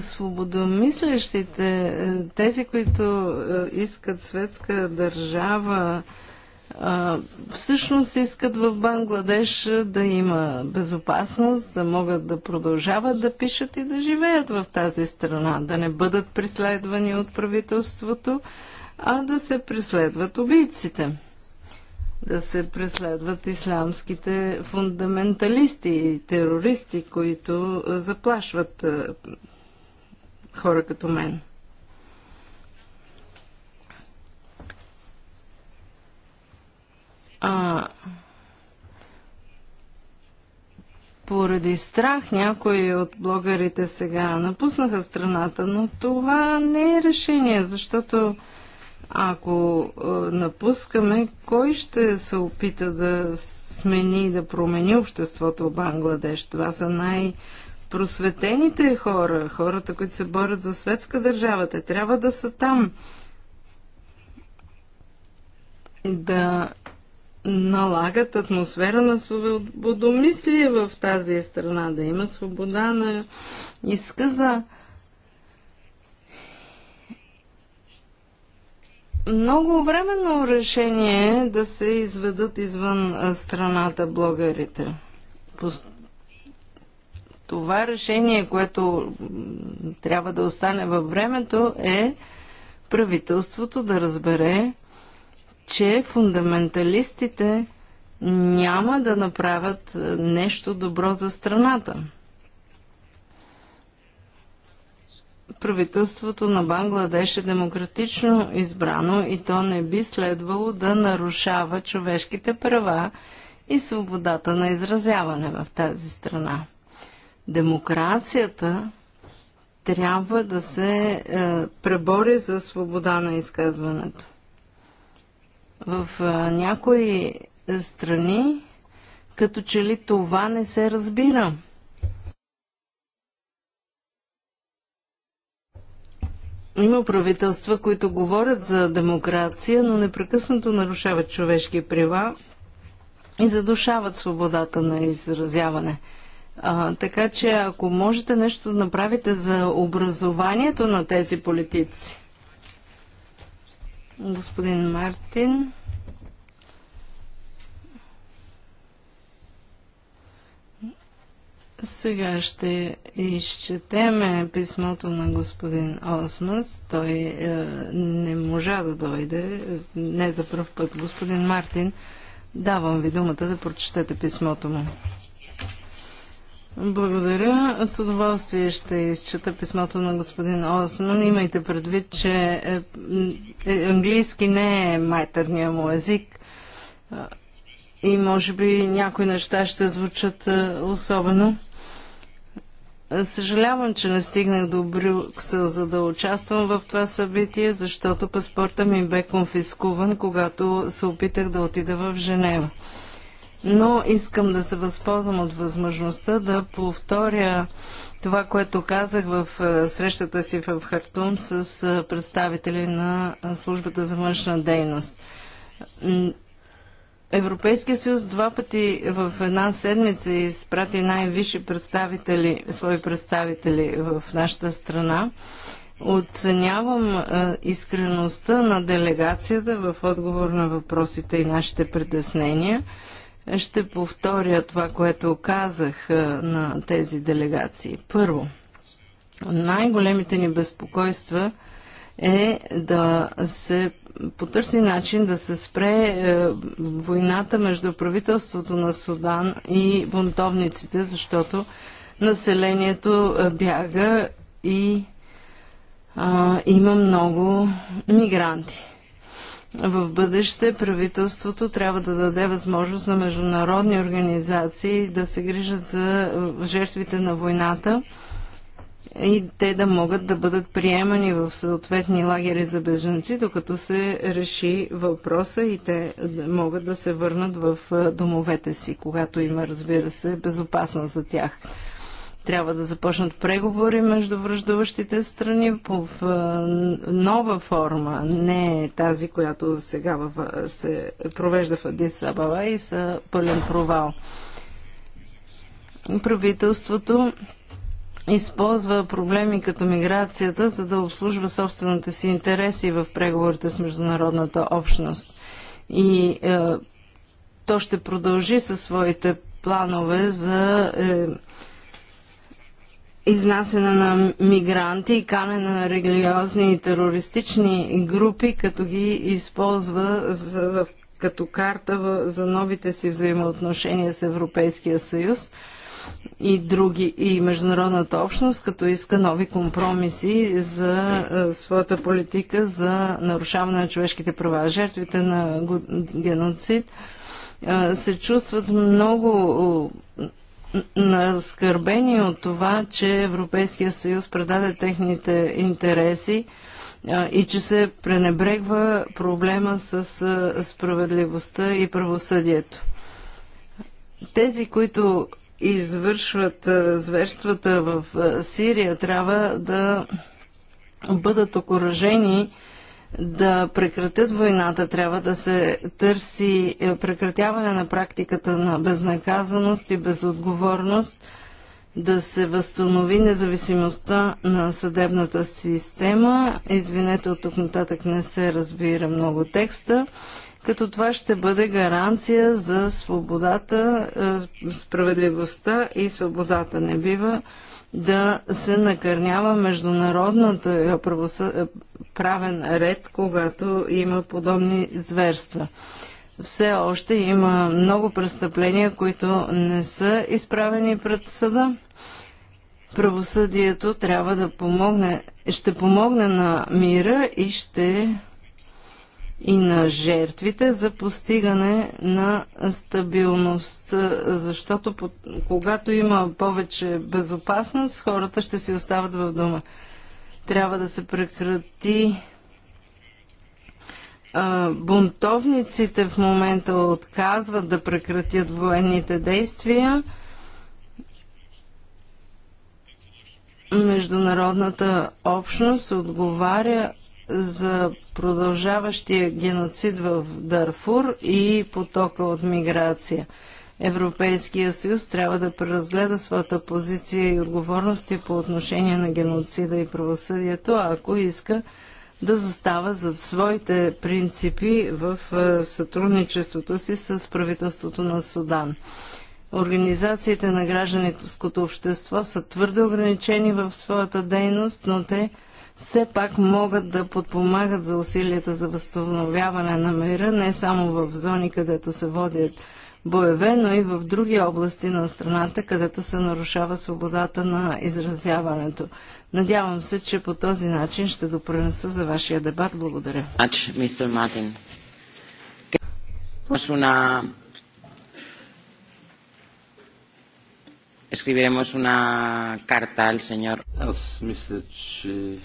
свободомислещите, е, тези, които е, искат светска държава, е, всъщност искат в Бангладеш да има безопасност, да могат да продължават да пишат и да живеят в тази страна, да не бъдат преследвани от правителството, а да се преследват убийците да се преследват ислямските фундаменталисти и терористи, които заплашват хора като мен. А, поради страх някои от блогерите сега напуснаха страната, но това не е решение, защото ако напускаме, кой ще се опита да смени, и да промени обществото в Бангладеш? Това са най- просветените хора, хората, които се борят за светска държава, те трябва да са там. Да налагат атмосфера на свободомислие в тази страна, да има свобода на изказа. Много временно решение е да се изведат извън страната блогерите това решение, което трябва да остане във времето, е правителството да разбере, че фундаменталистите няма да направят е, нещо добро за страната. Правителството на Бангладеш е демократично избрано и то не би следвало да нарушава човешките права и свободата на изразяване в тази страна. Демокрацията трябва да се е, пребори за свобода на изказването. В е, някои страни, като че ли това не се разбира. Има правителства, които говорят за демокрация, но непрекъснато нарушават човешки права и задушават свободата на изразяване. А, така че ако можете нещо да направите за образованието на тези политици. Господин Мартин. Сега ще изчетеме писмото на господин Осмас. Той е, не можа да дойде, не за първ път. Господин Мартин, давам ви думата да прочетете писмото му. Благодаря. С удоволствие ще изчета писмото на господин Осман. Имайте предвид, че е, е, английски не е майтърния му език и може би някои неща ще звучат е, особено. Съжалявам, че не стигнах до Брюксел, за да участвам в това събитие, защото паспорта ми бе конфискуван, когато се опитах да отида в Женева но искам да се възползвам от възможността да повторя това, което казах в е, срещата си в Хартум с е, представители на е, службата за външна дейност. Европейския съюз два пъти в една седмица изпрати най-висши представители, свои представители в нашата страна. Оценявам искреността на делегацията в отговор на въпросите и нашите притеснения. Ще повторя това, което казах на тези делегации. Първо, най-големите ни безпокойства е да се потърси начин да се спре е, войната между правителството на Судан и бунтовниците, защото населението е, бяга и а, има много мигранти в бъдеще правителството трябва да даде възможност на международни организации да се грижат за е, жертвите на войната и те да могат да бъдат приемани в съответни лагери за беженци, докато се реши въпроса и те могат да се върнат в е, домовете си, когато има, разбира се, безопасност за тях. Трябва да започнат преговори между връждуващите страни по нова форма, не тази, която сега се провежда в Адис Абава и са пълен провал. Правителството използва проблеми като миграцията, за да обслужва собствените си интереси в преговорите с международната общност. И е, то ще продължи със своите планове за е, изнасена на мигранти и канене на религиозни и терористични групи, като ги използва за, като карта в, за новите си взаимоотношения с Европейския съюз и други и международната общност, като иска нови компромиси за е, своята политика за нарушаване на човешките права. Жертвите на геноцид е, се чувстват много наскърбени от това, че Европейския съюз предаде техните интереси и че се пренебрегва проблема с справедливостта и правосъдието. Тези, които извършват зверствата в Сирия, трябва да бъдат окоръжени да прекратят войната, трябва да се търси е, прекратяване на практиката на безнаказаност и безотговорност, да се възстанови независимостта на съдебната система. Извинете, от тук нататък не се разбира много текста, като това ще бъде гаранция за свободата, е, справедливостта и свободата. Не бива да се накърнява международната е, е, правен ред, когато има подобни зверства. Все още има много престъпления, които не са изправени пред съда. Правосъдието трябва да помогне, ще помогне на мира и ще и на жертвите за постигане на стабилност. Защото когато има повече безопасност, хората ще си остават в дома. Трябва да се прекрати а, бунтовниците в момента отказват да прекратят военните действия. Международната общност отговаря за продължаващия геноцид в Дарфур и потока от миграция. Европейския съюз трябва да преразгледа своята позиция и отговорности по отношение на геноцида и правосъдието, ако иска да застава зад своите принципи в е, сътрудничеството си с правителството на Судан. Организациите на гражданското общество са твърде ограничени в своята дейност, но те все пак могат да подпомагат за усилията за възстановяване на мира, не само в зони, където се водят боеве, но и в други области на страната, където се нарушава свободата на изразяването. Надявам се, че по този начин ще допринеса за вашия дебат. Благодаря. Ач, мистер Мартин. escribiremos una carta al señor. Аз мисля, че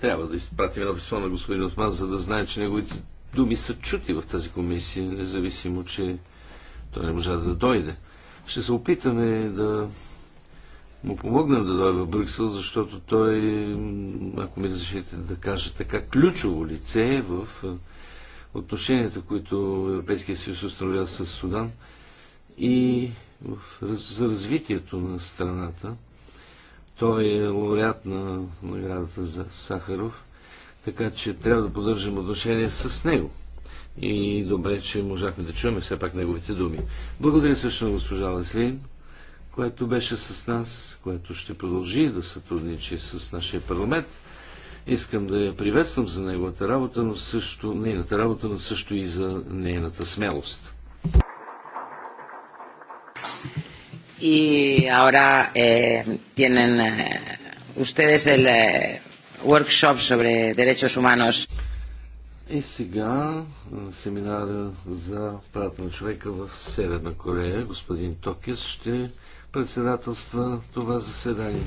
трябва да изпратим едно писмо на господин Отман, за да знае, че неговите думи са чути в тази комисия, независимо, че той не можа да дойде. Ще се опитаме да му помогнем да дойде в Брюксел, защото той, ако ми разрешите да кажа така, ключово лице в отношенията, които Европейския съюз установява с Судан и за развитието на страната. Той е лауреат на наградата за Сахаров, така че трябва да поддържам отношение с него. И добре, че можахме да чуем все пак неговите думи. Благодаря също на госпожа Леслин, която беше с нас, която ще продължи да сътрудничи с нашия парламент. Искам да я приветствам за неговата работа, но също, нейната работа, но също и за нейната смелост. y ahora eh, tienen eh, ustedes el eh, workshop sobre derechos humanos. И сега семинара за правата на човека в Северна Корея. Господин Токис ще председателства това заседание.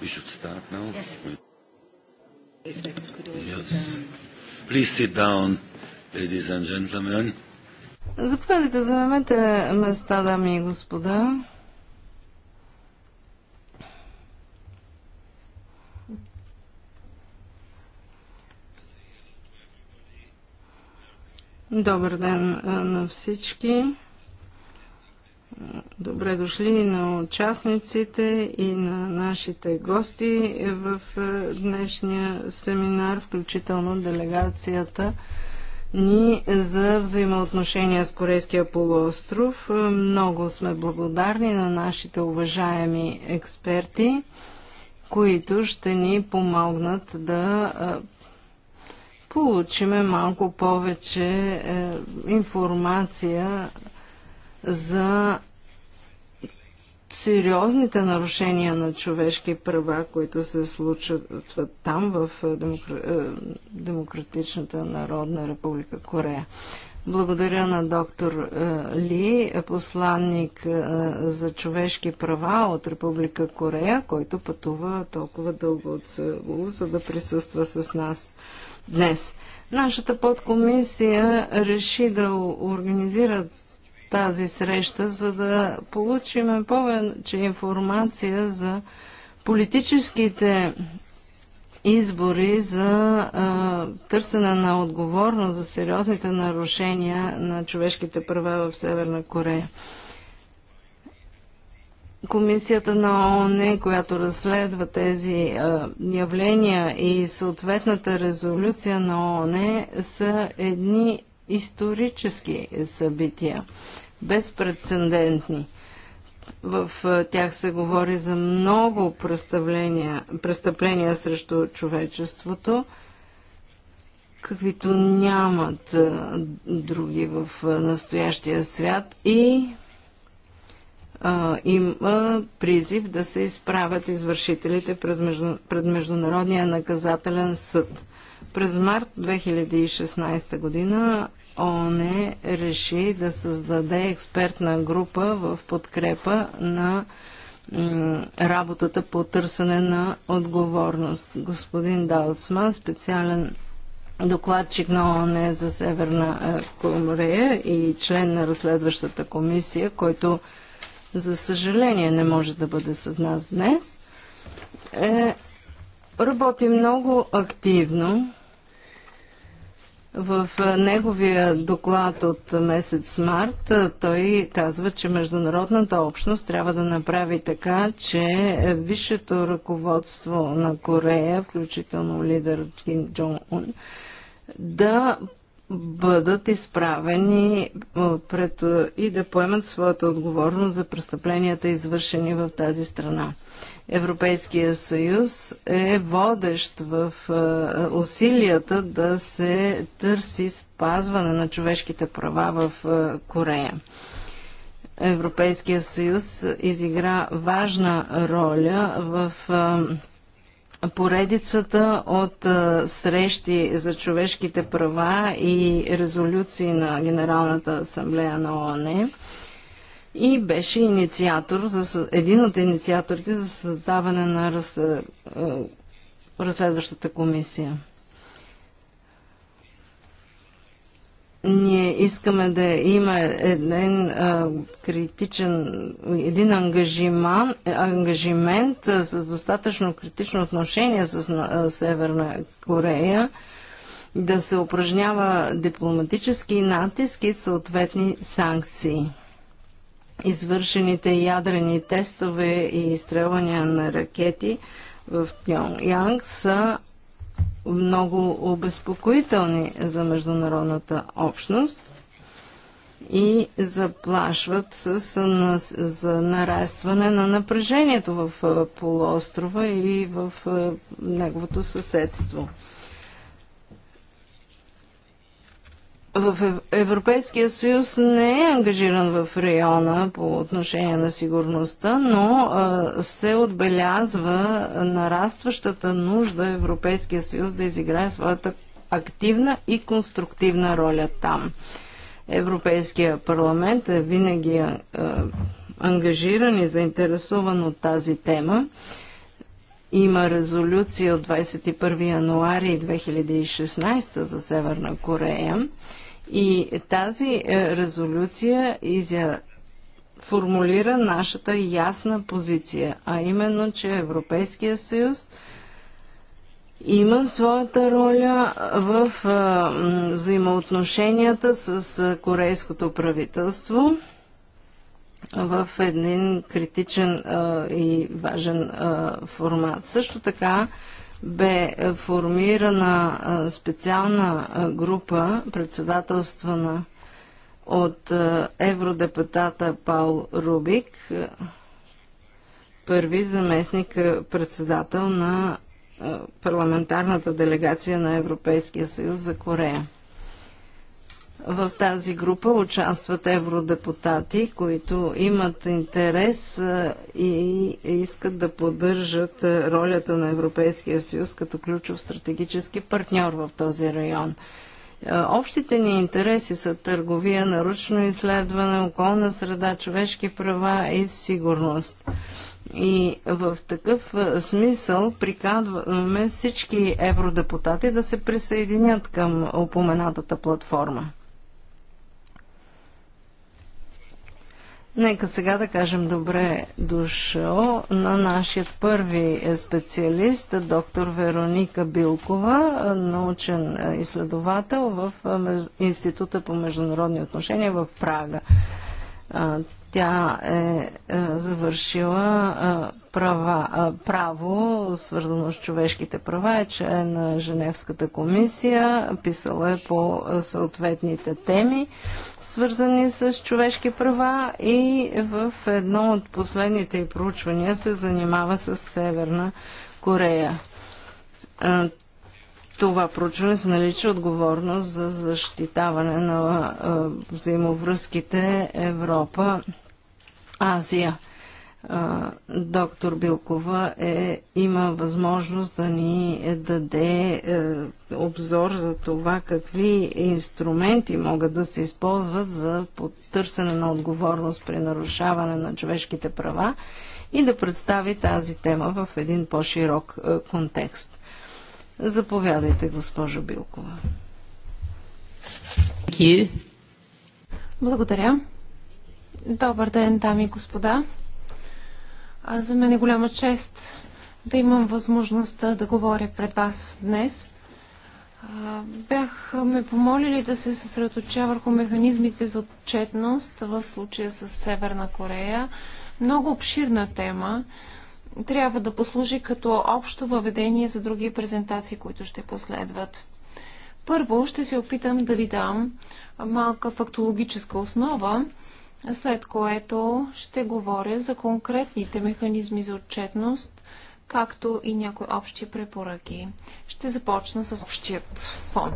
We should start now. Yes. yes. Please sit down, ladies and gentlemen. Заповядайте, заемете места, дами и господа. Добър ден на всички добре дошли на участниците и на нашите гости в е, днешния семинар, включително делегацията ни за взаимоотношения с Корейския полуостров. Е, много сме благодарни на нашите уважаеми експерти, които ще ни помогнат да е, получиме малко повече информация за сериозните нарушения на човешки права, които се случват там в е, е, Демократичната народна република Корея. Благодаря на доктор е, Ли, посланник за човешки права от Република Корея, който пътува толкова дълго от Сеул, за да присъства с нас днес. Нашата подкомисия реши да организира тази среща, за да получим повече информация за политическите избори за а, търсене на отговорност за сериозните нарушения на човешките права в Северна Корея. Комисията на ООН, която разследва тези а, явления и съответната резолюция на ООН са едни исторически събития, безпредседентни. В тях се говори за много престъпления, престъпления срещу човечеството, каквито нямат други в настоящия свят и има призив да се изправят извършителите пред Международния наказателен съд. През март 2016 година ООН е реши да създаде експертна група в подкрепа на работата по търсене на отговорност. Господин Даутсман, специален докладчик на ООН е за Северна е, Корея и член на разследващата комисия, който за съжаление не може да бъде с нас днес, е, работи много активно в неговия доклад от месец март той казва, че международната общност трябва да направи така, че е, висшето ръководство на Корея, включително лидер Ким Джон Ун, да бъдат изправени пред и да поемат своята отговорност за престъпленията, извършени в тази страна. Европейския съюз е водещ в усилията да се търси спазване на човешките права в Корея. Европейския съюз изигра важна роля в поредицата от срещи за човешките права и резолюции на Генералната асамблея на ООН и беше инициатор, за, един от инициаторите за създаване на раз, е, разследващата комисия. Ние искаме да има един а, е, критичен, един ангажиман, ангажимент а, е, с достатъчно критично отношение с а, Северна Корея, да се упражнява дипломатически натиск и съответни санкции извършените ядрени тестове и изстрелвания на ракети в Пьонгянг са много обезпокоителни за международната общност и заплашват с на, за нарастване на напрежението в полуострова и в неговото съседство. в Европейския съюз не е ангажиран в района по отношение на сигурността, но се отбелязва нарастващата нужда Европейския съюз да изиграе своята активна и конструктивна роля там. Европейския парламент е винаги ангажиран и заинтересован от тази тема. Има резолюция от 21 януари 2016 за Северна Корея. И тази е, резолюция изя... формулира нашата ясна позиция, а именно, че Европейския съюз има своята роля в е, взаимоотношенията с е, корейското правителство в един критичен а, и важен а, формат. Също така бе формирана специална група, председателствана от евродепутата Паул Рубик, първи заместник председател на парламентарната делегация на Европейския съюз за Корея. В тази група участват евродепутати, които имат интерес и искат да поддържат ролята на Европейския съюз като ключов стратегически партньор в този район. Общите ни интереси са търговия, наручно изследване, околна среда, човешки права и сигурност. И в такъв смисъл приказваме всички евродепутати да се присъединят към упоменатата платформа. Нека сега да кажем добре дошъл на нашия първи специалист, доктор Вероника Билкова, научен изследовател в Института по международни отношения в Прага. Тя е, е завършила е, права, е, право, свързано с човешките права, е член на Женевската комисия, писала е по съответните теми, свързани с човешки права и в едно от последните проучвания се занимава с Северна Корея това проучване се налича отговорност за защитаване на е, взаимовръзките Европа-Азия. доктор Билкова е, има възможност да ни даде е, обзор за това какви инструменти могат да се използват за потърсене на отговорност при нарушаване на човешките права и да представи тази тема в един по-широк е, контекст. Заповядайте, госпожо Билкова. Благодаря. Добър ден, дами и господа. А за мен е голяма чест да имам възможността да говоря пред вас днес. Бях ме помолили да се съсредоточа върху механизмите за отчетност в случая с Северна Корея. Много обширна тема, трябва да послужи като общо въведение за други презентации, които ще последват. Първо ще се опитам да ви дам малка фактологическа основа, след което ще говоря за конкретните механизми за отчетност, както и някои общи препоръки. Ще започна с общият фон.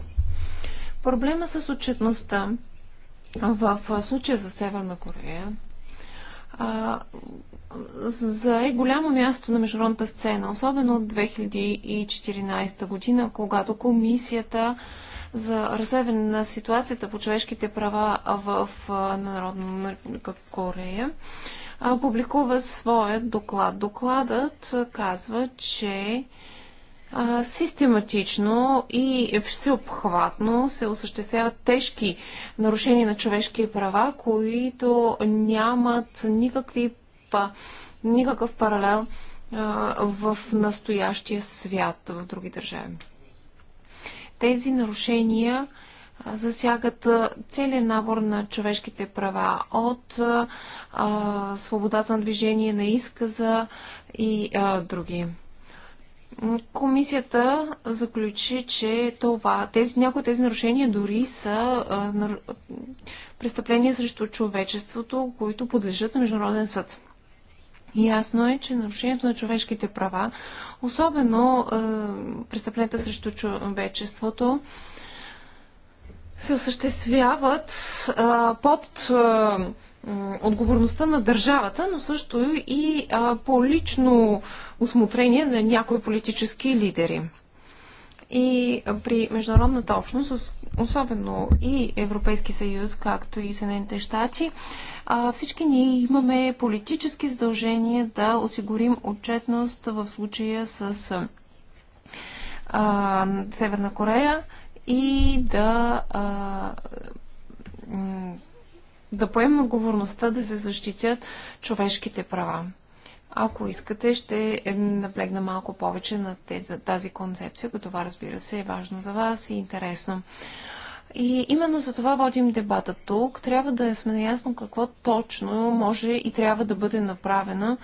Проблема с отчетността в случая за Северна Корея а, зае голямо място на международната сцена, особено от 2014 година, когато комисията за разследване на ситуацията по човешките права в Народна Корея публикува своят доклад. Докладът казва, че а, систематично и всеобхватно се осъществяват тежки нарушения на човешки права, които нямат никакви, никакъв паралел а, в настоящия свят в други държави. Тези нарушения засягат целият набор на човешките права от а, свободата на движение на изказа и а, други. Комисията заключи, че това, тези, някои от тези нарушения дори са а, престъпления срещу човечеството, които подлежат на Международен съд. Ясно е, че нарушението на човешките права, особено а, престъпленията срещу човечеството, се осъществяват а, под а, отговорността на държавата, но също и а, по лично осмотрение на някои политически лидери. И при международната общност, особено и Европейски съюз, както и Съединените щати, всички ние имаме политически задължения да осигурим отчетност в случая с а, Северна Корея и да а, да поема отговорността да се защитят човешките права. Ако искате, ще наблегна малко повече на тази концепция, като това разбира се е важно за вас и интересно. И именно за това водим дебата тук. Трябва да сме наясно какво точно може и трябва да бъде направено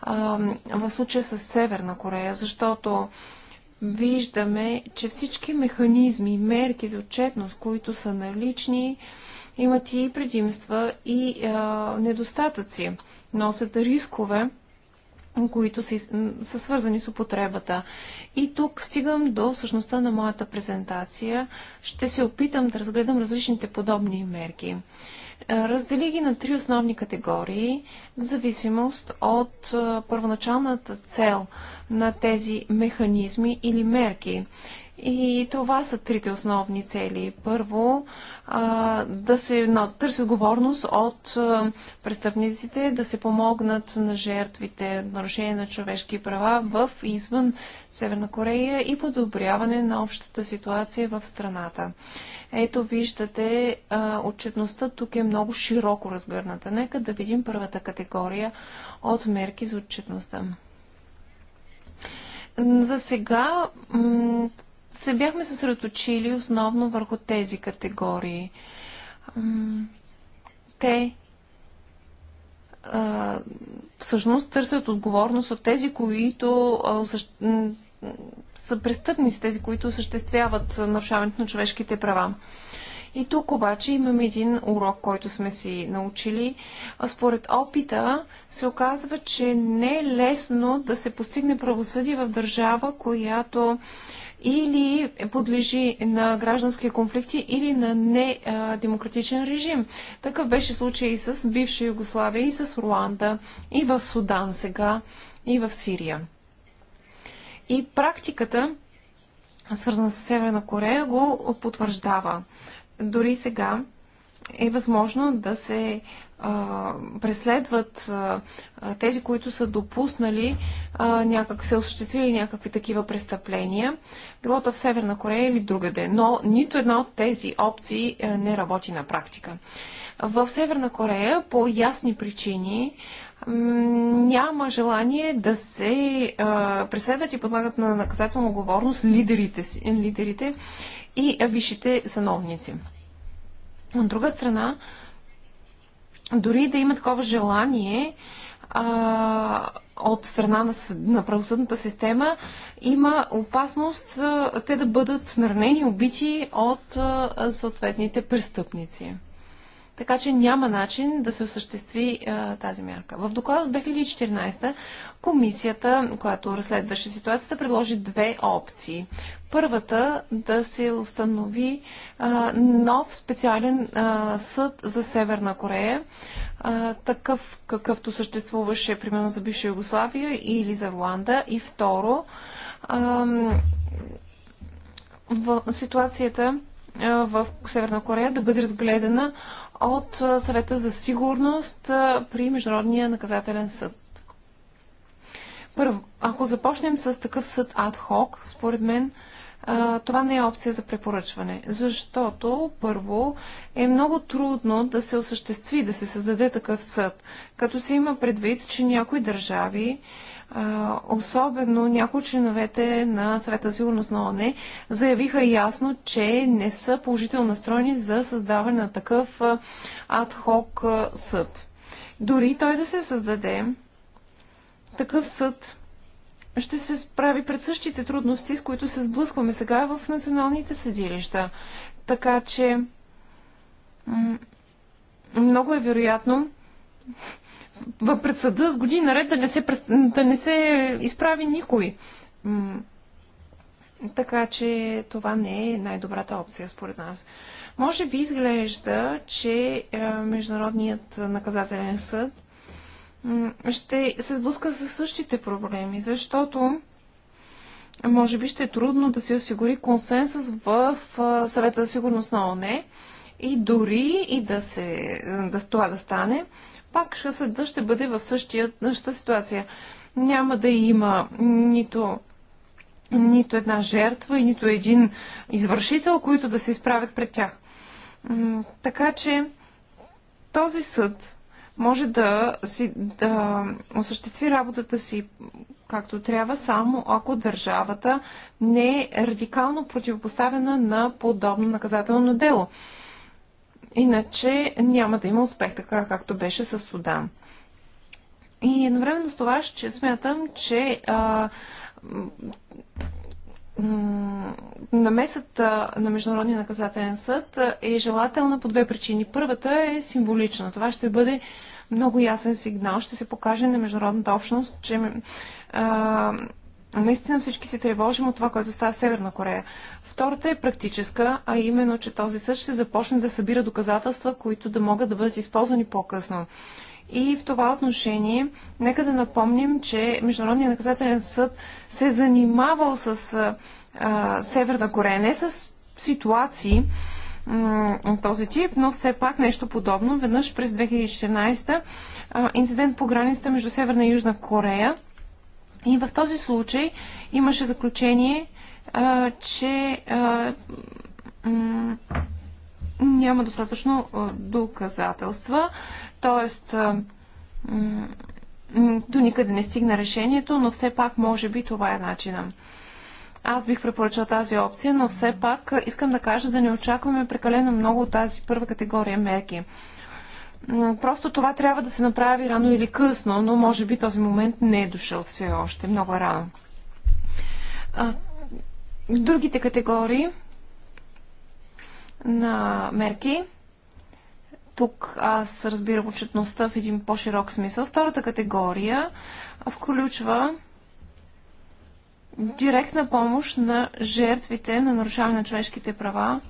а, в случая с Северна Корея, защото виждаме, че всички механизми, мерки за отчетност, които са налични, а, имат и предимства, и а, недостатъци. Носят рискове, които са, са свързани с употребата. И тук стигам до същността на моята презентация. Ще се опитам да разгледам различните подобни мерки. Раздели ги на три основни категории в зависимост от първоначалната цел на тези механизми или мерки и това са трите основни цели. Първо, да се но, търси отговорност от престъпниците, да се помогнат на жертвите нарушение на човешки права в извън Северна Корея и подобряване на общата ситуация в страната. Ето виждате, отчетността тук е много широко разгърната. Нека да видим първата категория от мерки за отчетността. За сега се бяхме съсредоточили основно върху тези категории. Те всъщност търсят отговорност от тези, които са престъпни, са престъпници, тези, които осъществяват нарушаването на човешките права. И тук обаче имаме един урок, който сме си научили. Според опита се оказва, че не е лесно да се постигне правосъдие в държава, която или подлежи на граждански конфликти или на недемократичен режим. Такъв беше случай и с бивша Югославия, и с Руанда, и в Судан сега, и в Сирия. И практиката, свързана с Северна Корея, го потвърждава. Дори сега е възможно да се преследват тези, които са допуснали някак, се осъществили някакви такива престъпления, било то в Северна Корея или другаде. Но нито една от тези опции не работи на практика. В Северна Корея по ясни причини няма желание да се преследват и подлагат на наказателна отговорност лидерите, лидерите и висшите съновници. От друга страна, дори да има такова желание а, от страна на, на правосъдната система, има опасност а, те да бъдат наранени, убити от а, съответните престъпници така че няма начин да се осъществи а, тази мярка. В доклада от 2014 комисията, която разследваше ситуацията, предложи две опции. Първата да се установи а, нов специален а, съд за Северна Корея, а, такъв какъвто съществуваше примерно за бивша Югославия или за Руанда. И второ, а, в ситуацията в Северна Корея да бъде разгледана от съвета за сигурност при Международния наказателен съд. Първо, ако започнем с такъв съд адхок, според мен а, това не е опция за препоръчване, защото първо е много трудно да се осъществи, да се създаде такъв съд, като се има предвид, че някои държави, а, особено някои членовете на Съвета сигурност на ОНЕ, заявиха ясно, че не са положително настроени за създаване на такъв адхок съд. Дори той да се създаде, такъв съд ще се справи пред същите трудности, с които се сблъскваме сега в националните съдилища. Така че много е вероятно пред съда с години наред да не се, да не се изправи никой. Така че това не е най-добрата опция според нас. Може би изглежда, че е, Международният наказателен съд ще се сблъска с същите проблеми, защото може би ще е трудно да се осигури консенсус в съвета за сигурност на ОНЕ и дори и да се, да, това да стане, пак съдът ще бъде в същия, същата ситуация. Няма да има нито, нито една жертва и нито един извършител, които да се изправят пред тях. Така че този съд може да, си, да осъществи работата си както трябва, само ако държавата не е радикално противопоставена на подобно наказателно дело. Иначе няма да има успех, така както беше с Судан. И едновременно с това ще смятам, че а, намесата на Международния наказателен съд е желателна по две причини. Първата е символична. Това ще бъде много ясен сигнал. Ще се покаже на международната общност, че а, наистина всички се тревожим от това, което става в Северна Корея. Втората е практическа, а именно, че този съд ще започне да събира доказателства, които да могат да бъдат използвани по-късно. И в това отношение, нека да напомним, че Международният наказателен съд се е занимавал с а, Северна Корея, не с ситуации от този тип, но все пак нещо подобно. Веднъж през 2016 а, инцидент по границата между Северна и Южна Корея. И в този случай имаше заключение, а, че а, няма достатъчно доказателства Тоест, до никъде не стигна решението, но все пак може би това е начина. Аз бих препоръчал тази опция, но все пак искам да кажа да не очакваме прекалено много от тази първа категория мерки. Просто това трябва да се направи рано или късно, но може би този момент не е дошъл все още. Много е рано. Другите категории на мерки тук аз разбирам отчетността в един по-широк смисъл. Втората категория включва директна помощ на жертвите на нарушаване на човешките права.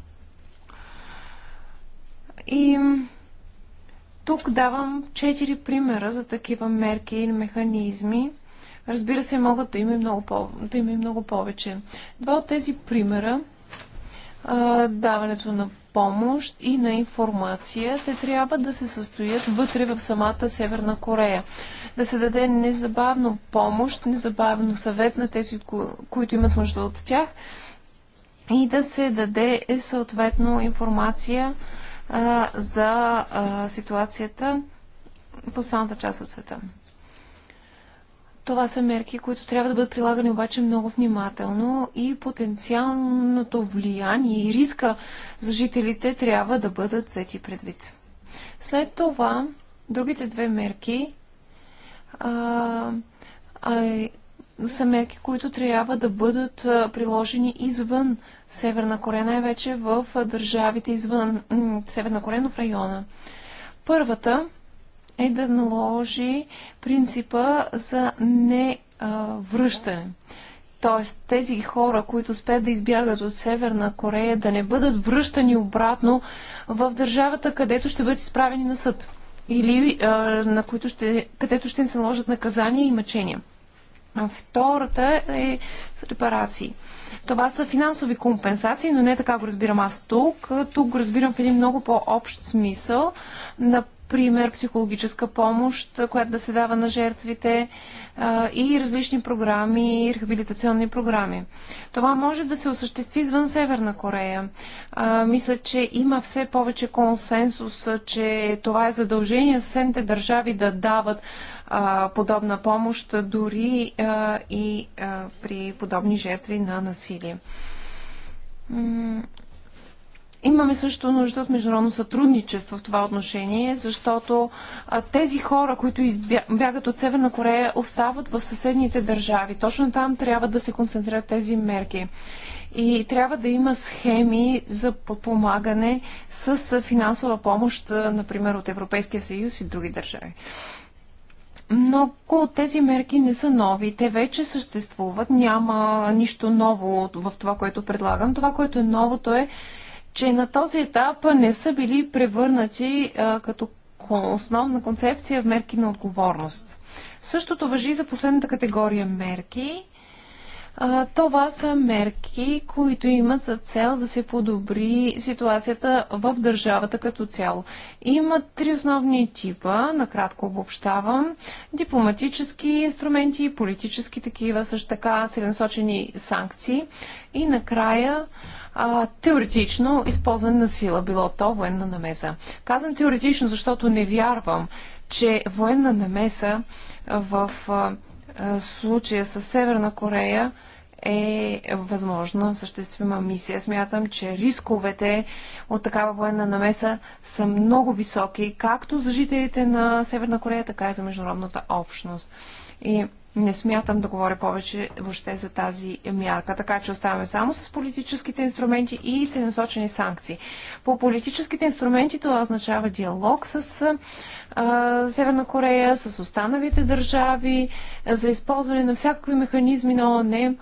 И тук давам четири примера за такива мерки или механизми. Разбира се, могат да има и много, по- да има и много повече. Два от тези примера а, даването на помощ и на информация, те трябва да се състоят вътре в самата Северна Корея. Да се даде незабавно помощ, незабавно съвет на тези, които имат нужда от тях и да се даде е, съответно информация а, за а, ситуацията в останалата част от света. Това са мерки, които трябва да бъдат прилагани обаче много внимателно и потенциалното влияние и риска за жителите трябва да бъдат взети предвид. След това, другите две мерки а, а, са мерки, които трябва да бъдат приложени извън Северна Корея, най-вече в държавите извън Северна Корея, но в района. Първата е да наложи принципа за не връщане. Тоест, тези хора, които успеят да избягат от Северна Корея, да не бъдат връщани обратно в държавата, където ще бъдат изправени на съд или а, на които ще, където ще им се наложат наказания и мъчения. А втората е с репарации. Това са финансови компенсации, но не така го разбирам аз тук. Тук го разбирам в един много по-общ смисъл. На например психологическа помощ, която да се дава на жертвите и различни програми, рехабилитационни програми. Това може да се осъществи извън Северна Корея. Мисля, че има все повече консенсус, че това е задължение съседните държави да дават подобна помощ, дори и при подобни жертви на насилие. Имаме също нужда от международно сътрудничество в това отношение, защото тези хора, които бягат от Северна Корея, остават в съседните държави. Точно там трябва да се концентрират тези мерки. И трябва да има схеми за подпомагане с финансова помощ, например, от Европейския съюз и други държави. Много от тези мерки не са нови. Те вече съществуват. Няма нищо ново в това, което предлагам. Това, което е новото е, че на този етап не са били превърнати а, като основна концепция в мерки на отговорност. Същото въжи за последната категория мерки, а, това са мерки, които имат за цел да се подобри ситуацията в държавата като цяло. Има три основни типа, накратко обобщавам. Дипломатически инструменти, политически такива, също така целенасочени санкции и накрая а, теоретично използване на сила, било то военна намеса. Казвам теоретично, защото не вярвам, че военна намеса в е, случая с Северна Корея е възможна съществена мисия. Смятам, че рисковете от такава военна намеса са много високи, както за жителите на Северна Корея, така и за международната общност. И не смятам да говоря повече въобще за тази мярка, така че оставаме само с политическите инструменти и целенасочени санкции. По политическите инструменти това означава диалог с а, Северна Корея, с останалите държави, за използване на всякакви механизми на ОНЕ,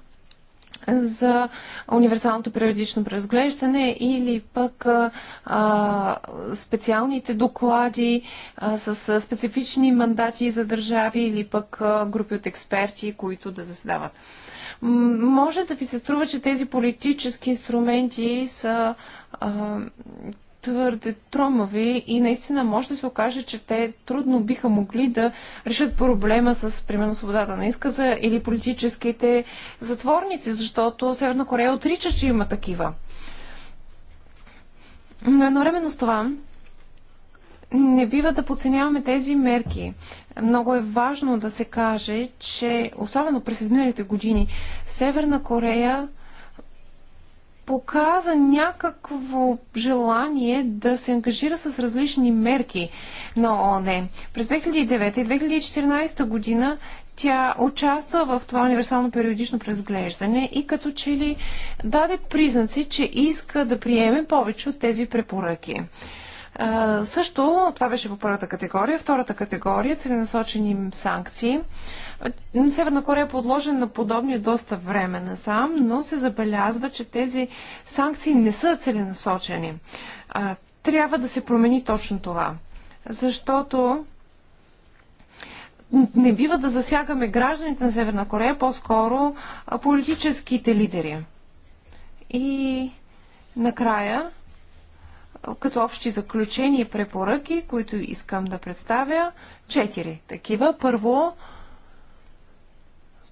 за универсалното периодично преразглеждане или пък а, специалните доклади а, с специфични мандати за държави или пък а, групи от експерти, които да заседават. Може да ви се струва, че тези политически инструменти са а, твърде тромави и наистина може да се окаже, че те трудно биха могли да решат проблема с, примерно, свободата на изказа или политическите затворници, защото Северна Корея отрича, че има такива. Но едновременно с това, не бива да подценяваме тези мерки. Много е важно да се каже, че особено през изминалите години Северна Корея показа някакво желание да се ангажира с различни мерки на ООН. През 2009 и 2014 година тя участва в това универсално периодично презглеждане и като че ли даде признаци, че иска да приеме повече от тези препоръки също, това беше по първата категория. Втората категория целенасочени санкции. Северна Корея е подложена на подобни доста време насам, но се забелязва, че тези санкции не са целенасочени. А, трябва да се промени точно това. Защото не бива да засягаме гражданите на Северна Корея, по-скоро политическите лидери. И накрая като общи заключения и препоръки, които искам да представя. Четири такива. Първо,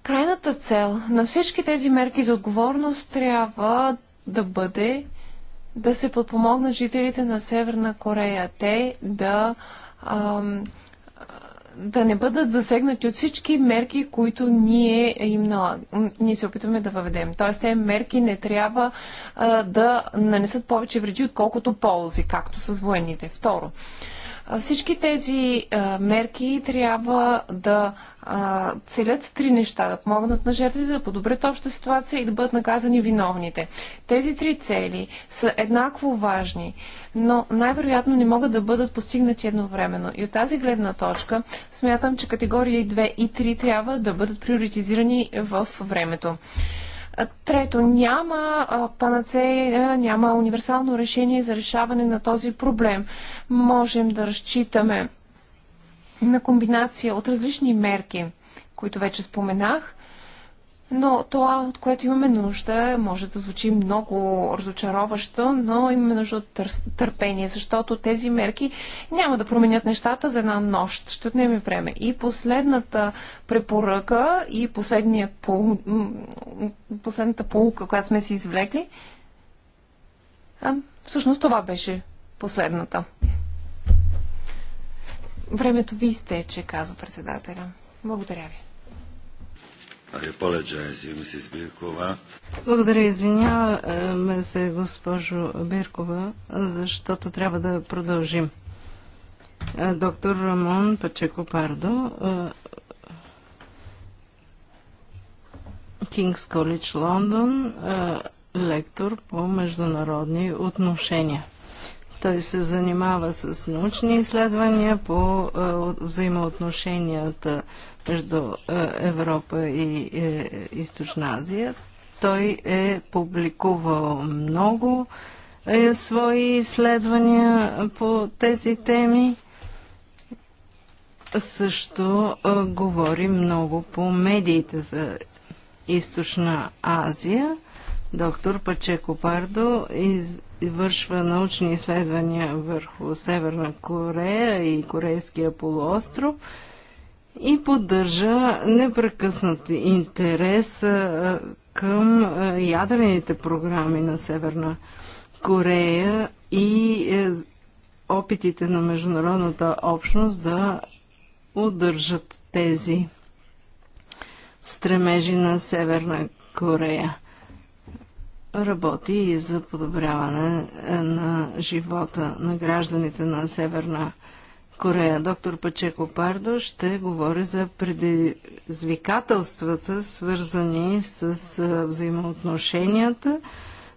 крайната цел на всички тези мерки за отговорност трябва да бъде да се подпомогнат жителите на Северна Корея. Те да ам, да не бъдат засегнати от всички мерки, които ние им налаг... ние се опитваме да въведем. Тоест, тези мерки не трябва а, да нанесат повече вреди, отколкото ползи, както с военните. Второ, всички тези а, мерки трябва да целят три неща. Да помогнат на жертвите, да подобрят обща ситуация и да бъдат наказани виновните. Тези три цели са еднакво важни, но най-вероятно не могат да бъдат постигнати едновременно. И от тази гледна точка смятам, че категории 2 и 3 трябва да бъдат приоритизирани в времето. Трето, няма панацея, няма универсално решение за решаване на този проблем. Можем да разчитаме на комбинация от различни мерки, които вече споменах, но това, от което имаме нужда, може да звучи много разочароващо, но имаме нужда от търпение, защото тези мерки няма да променят нещата за една нощ. Ще отнеме време. И последната препоръка и последния пол... последната полука, която сме си извлекли, а, всъщност това беше последната. Времето ви изтече, казва председателя. Благодаря ви. Благодаря, извиняваме се, госпожо Биркова, защото трябва да продължим. Доктор Рамон Пачеко Пардо, Кингс Коледж Лондон, лектор по международни отношения. Той се занимава с научни изследвания по е, взаимоотношенията между е, Европа и е, Източна Азия. Той е публикувал много свои изследвания по тези теми. Също говори много по медиите за Източна Азия – Доктор Пачеко Пардо извършва научни изследвания върху Северна Корея и Корейския полуостров и поддържа непрекъснат интерес към ядрените програми на Северна Корея и е, опитите на международната общност да удържат тези стремежи на Северна Корея работи и за подобряване е, на живота на гражданите на Северна Корея. Доктор Пачеко Пардо ще говори за предизвикателствата, свързани с е, взаимоотношенията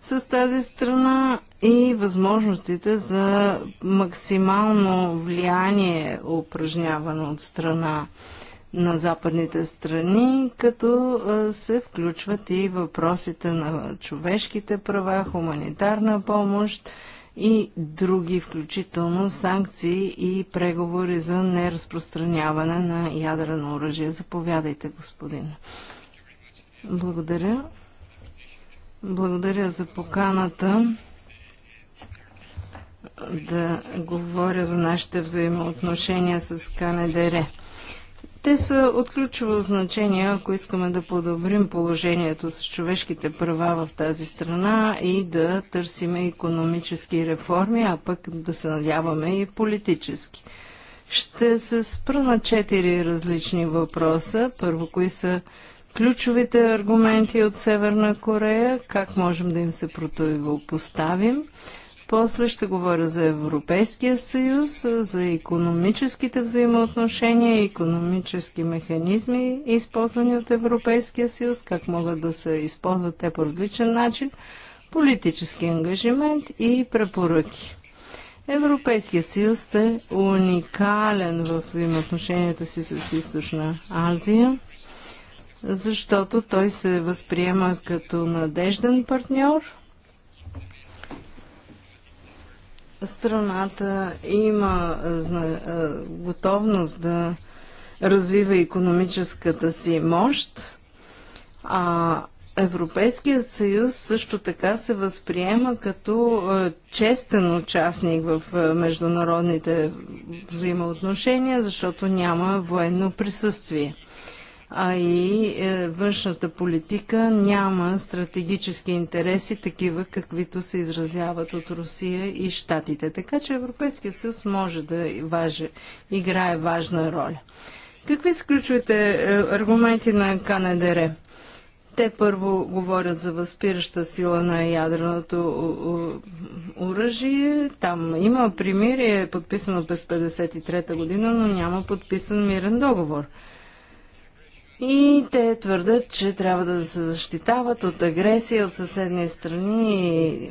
с тази страна и възможностите за максимално влияние, упражнявано от страна на западните страни, като се включват и въпросите на човешките права, хуманитарна помощ и други, включително санкции и преговори за неразпространяване на ядрено оръжие. Заповядайте, господин. Благодаря. Благодаря за поканата да говоря за нашите взаимоотношения с КНДР. Те са от ключово значение, ако искаме да подобрим положението с човешките права в тази страна и да търсиме економически реформи, а пък да се надяваме и политически. Ще се спра на четири различни въпроса. Първо, кои са ключовите аргументи от Северна Корея, как можем да им се противопоставим. поставим. После ще говоря за Европейския съюз, за економическите взаимоотношения, економически механизми, използвани от Европейския съюз, как могат да се използват те по различен начин, политически ангажимент и препоръки. Европейския съюз е уникален в взаимоотношенията си с Източна Азия, защото той се възприема като надежден партньор – страната има готовност да развива економическата си мощ, а Европейският съюз също така се възприема като честен участник в международните взаимоотношения, защото няма военно присъствие а и е, външната политика няма стратегически интереси, такива каквито се изразяват от Русия и Штатите. Така че Европейския съюз може да важе, играе важна роля. Какви са ключовите е, аргументи на КНДР? Те първо говорят за възпираща сила на ядреното оръжие. Там има примирие, подписано през 1953 година, но няма подписан мирен договор. И те твърдят, че трябва да се защитават от агресия от съседни страни.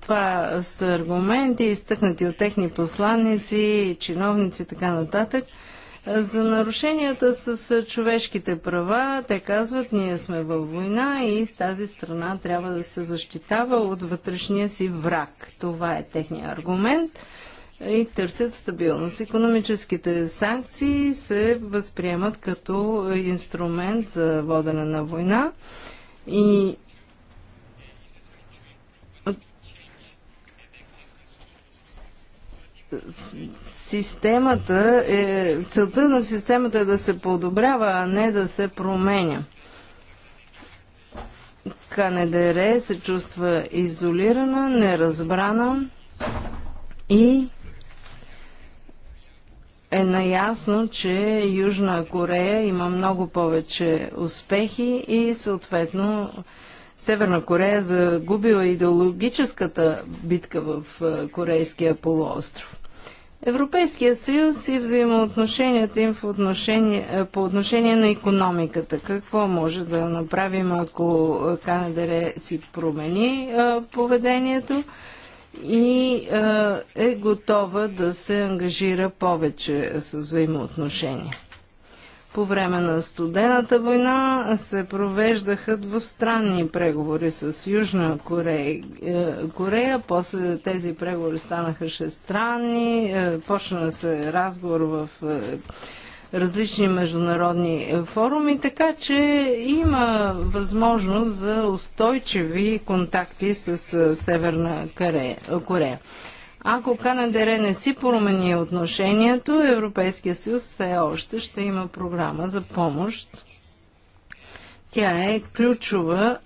Това са аргументи, изтъкнати от техни посланници, чиновници и така нататък. За нарушенията с човешките права, те казват, ние сме във война и тази страна трябва да се защитава от вътрешния си враг. Това е техния аргумент и търсят стабилност. Економическите санкции се възприемат като инструмент за водене на война и системата е, целта на системата е да се подобрява, а не да се променя. КНДР се чувства изолирана, неразбрана и е наясно, че Южна Корея има много повече успехи и съответно Северна Корея загубила идеологическата битка в Корейския полуостров. Европейския съюз и взаимоотношенията им в отношение, по отношение на економиката. Какво може да направим, ако Канадере си промени поведението? и е, е готова да се ангажира повече с взаимоотношения. По време на студената война се провеждаха двустранни преговори с Южна Корея. Е, Корея. После тези преговори станаха шестранни. Е, почна се разговор в различни международни форуми, така че има възможност за устойчиви контакти с Северна Корея. Ако КНДР не си промени отношението, Европейския съюз все още ще има програма за помощ. Тя е ключова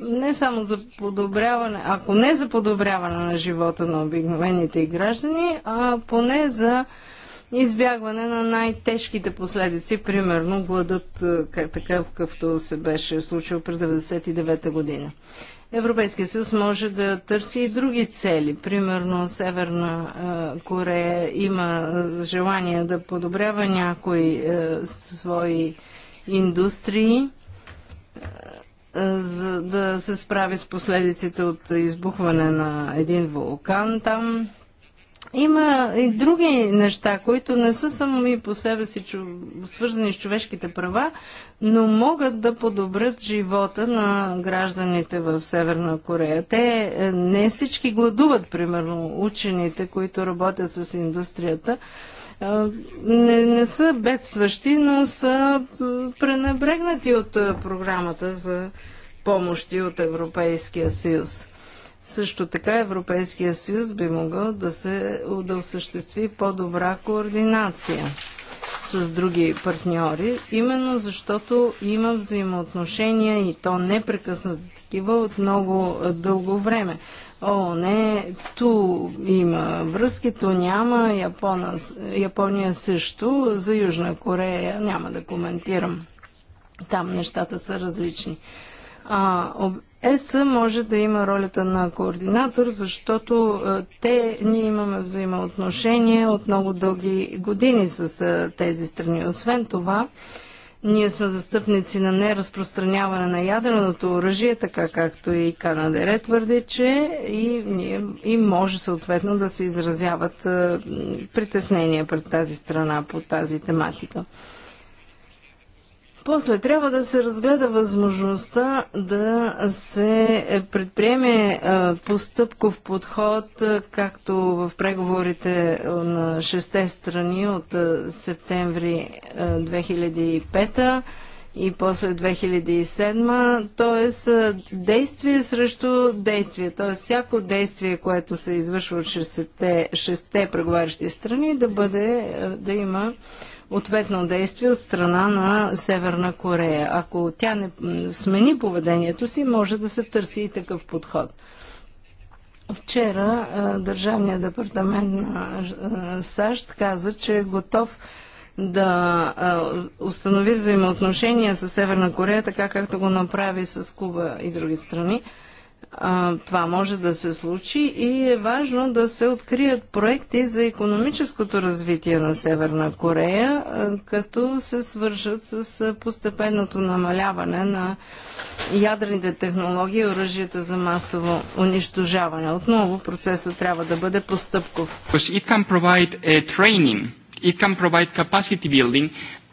не само за подобряване, ако не за подобряване на живота на обикновените граждани, а поне за избягване на най-тежките последици, примерно гладът, е, такъв какъвто се беше случил през 99-та година. Европейския съюз може да търси и други цели. Примерно Северна е, Корея има е, желание да подобрява някои е, свои индустрии, е, за да се справи с последиците от избухване на един вулкан там. Има и други неща, които не са и по себе си чу... свързани с човешките права, но могат да подобрят живота на гражданите в Северна Корея. Те е, не всички гладуват, примерно, учените, които работят с индустрията. Е, не, не са бедстващи, но са е, пренебрегнати от програмата за помощи от Европейския съюз. Също така Европейския съюз би могъл да се да осъществи по-добра координация с други партньори, именно защото има взаимоотношения и то непрекъснато такива от много дълго време. О, не, ту има връзки, ту няма, Япона, Япония също, за Южна Корея няма да коментирам. Там нещата са различни. А, об, ЕС може да има ролята на координатор, защото е, те, ние имаме взаимоотношения от много дълги години с е, тези страни. Освен това, ние сме застъпници на неразпространяване на ядреното оръжие, така както и Канадере твърди, че и, и може съответно да се изразяват е, притеснения пред тази страна по тази тематика. После трябва да се разгледа възможността да се предприеме постъпков подход, както в преговорите на шесте страни от септември 2005 и после 2007, т.е. действие срещу действие, т.е. всяко действие, което се извършва от шесте, преговарящи страни, да бъде, да има ответно действие от страна на Северна Корея. Ако тя не смени поведението си, може да се търси и такъв подход. Вчера Държавният департамент на САЩ каза, че е готов да установи взаимоотношения с Северна Корея, така както го направи с Куба и други страни. А, това може да се случи и е важно да се открият проекти за економическото развитие на Северна Корея, като се свържат с постепенното намаляване на ядрените технологии и оръжията за масово унищожаване. Отново процесът трябва да бъде постъпков. Uh,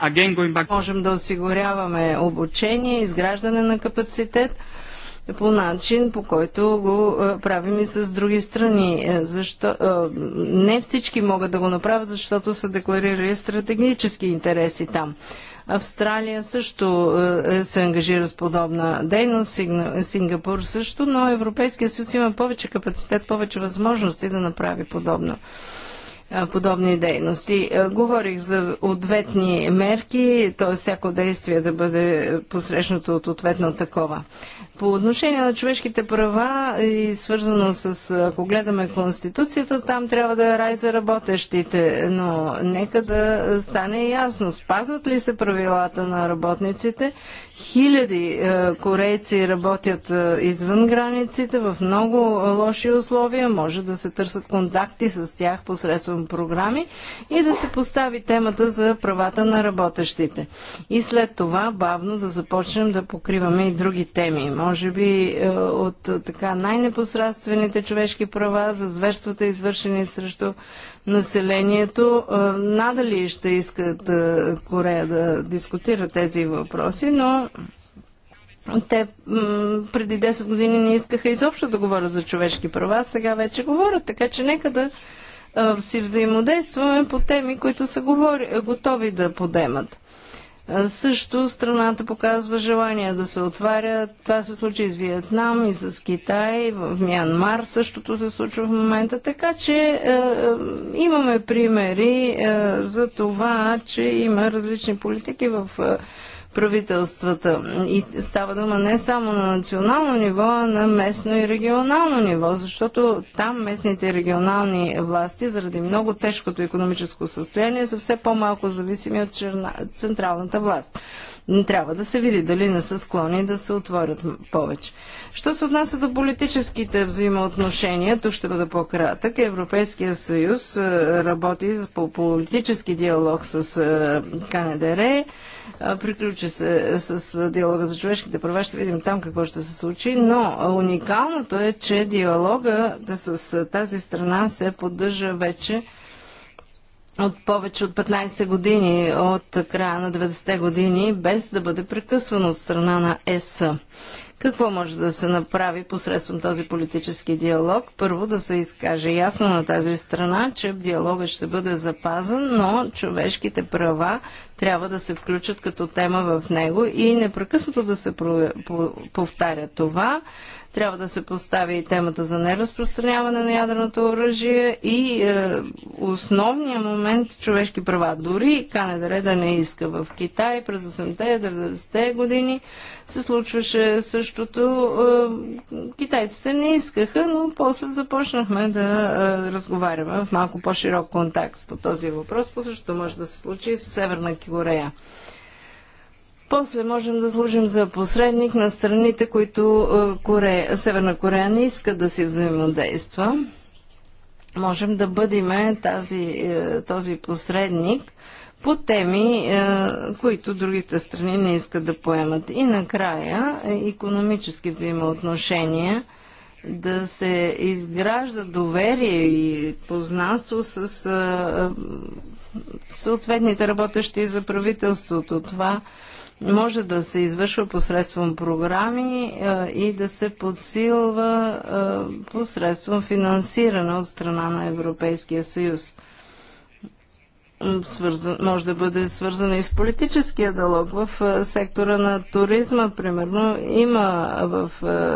Again, back... Можем да осигуряваме обучение, изграждане на капацитет – е по начин, по който го е, правим и с други страни. Е, защо, не всички могат да го направят, защото са декларирали стратегически интереси там. Австралия също се ангажира с подобна дейност, Сингапур също, но Европейския съюз има повече капацитет, повече възможности да направи подобно подобни дейности. Говорих за ответни мерки, т.е. всяко действие да бъде посрещнато от ответно такова. По отношение на човешките права и свързано с, ако гледаме Конституцията, там трябва да е рай за работещите, но нека да стане ясно, спазват ли се правилата на работниците. Хиляди е, корейци работят е, извън границите в много лоши условия, може да се търсят контакти с тях посредством програми и да се постави темата за правата на работещите. И след това бавно да започнем да покриваме и други теми може би е, от е, така най-непосредствените човешки права за зверствата, извършени срещу населението. Е, надали ще искат Корея да дискутира тези въпроси, но те преди 10 години не искаха изобщо да говорят за човешки права, сега вече говорят, така че нека да си взаимодействаме по теми, които са готови да подемат. Също страната показва желание да се отваря. Това се случи и с Виетнам, и с Китай, в Мянмар същото се случва в момента. Така че е, е имаме примери е, за това, че има различни политики в е, правителствата. И става дума не само на национално ниво, а на местно и регионално ниво, защото там местните и регионални власти, заради много тежкото економическо състояние, са все по-малко зависими от черна... централната власт. Трябва да се види дали не са склонни да се отворят повече. Що се отнася до политическите взаимоотношения, тук ще бъда по-кратък. Европейския съюз е, работи по политически диалог с е, КНДР. Е, приключи се с диалога за човешките права. Ще видим там какво ще се случи. Но уникалното е, че диалога с тази страна се поддържа вече от повече от 15 години, от края на 90-те години, без да бъде прекъсвано от страна на ЕС. Какво може да се направи посредством този политически диалог? Първо да се изкаже ясно на тази страна, че диалогът ще бъде запазен, но човешките права трябва да се включат като тема в него и непрекъснато да се повтаря това. Трябва да се постави и темата за неразпространяване на ядреното оръжие и е, основният момент човешки права. Дори Канедаре да не иска в Китай през 80-те, 90-те години се случваше също същото китайците не искаха, но после започнахме да разговаряме в малко по-широк контакт по този въпрос. По същото може да се случи с Северна Корея. После можем да служим за посредник на страните, които Корея, Северна Корея не иска да си взаимодейства. Можем да бъдем тази, е, този посредник – по теми, е, които другите страни не искат да поемат. И накрая, економически взаимоотношения да се изгражда доверие и познанство с е, е, съответните работещи за правителството. Това може да се извършва посредством програми и да се подсилва посредством финансиране от страна на Европейския съюз свързан, може да бъде свързана и с политическия диалог. В сектора на туризма, примерно, има в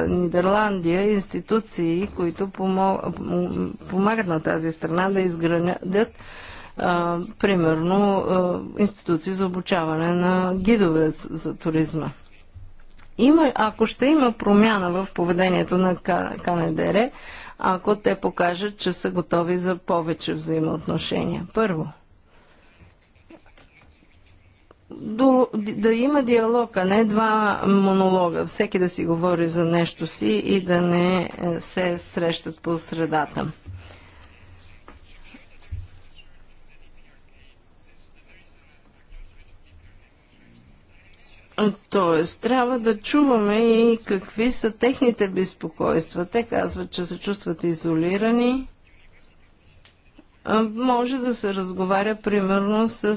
Нидерландия институции, които помагат на тази страна да изградят примерно институции за обучаване на гидове за туризма. Има, ако ще има промяна в поведението на КНДР, ако те покажат, че са готови за повече взаимоотношения. Първо – до, да има диалог, а не два монолога. Всеки да си говори за нещо си и да не е, се срещат по средата. Тоест, трябва да чуваме и какви са техните безпокойства. Те казват, че се чувстват изолирани, може да се разговаря примерно с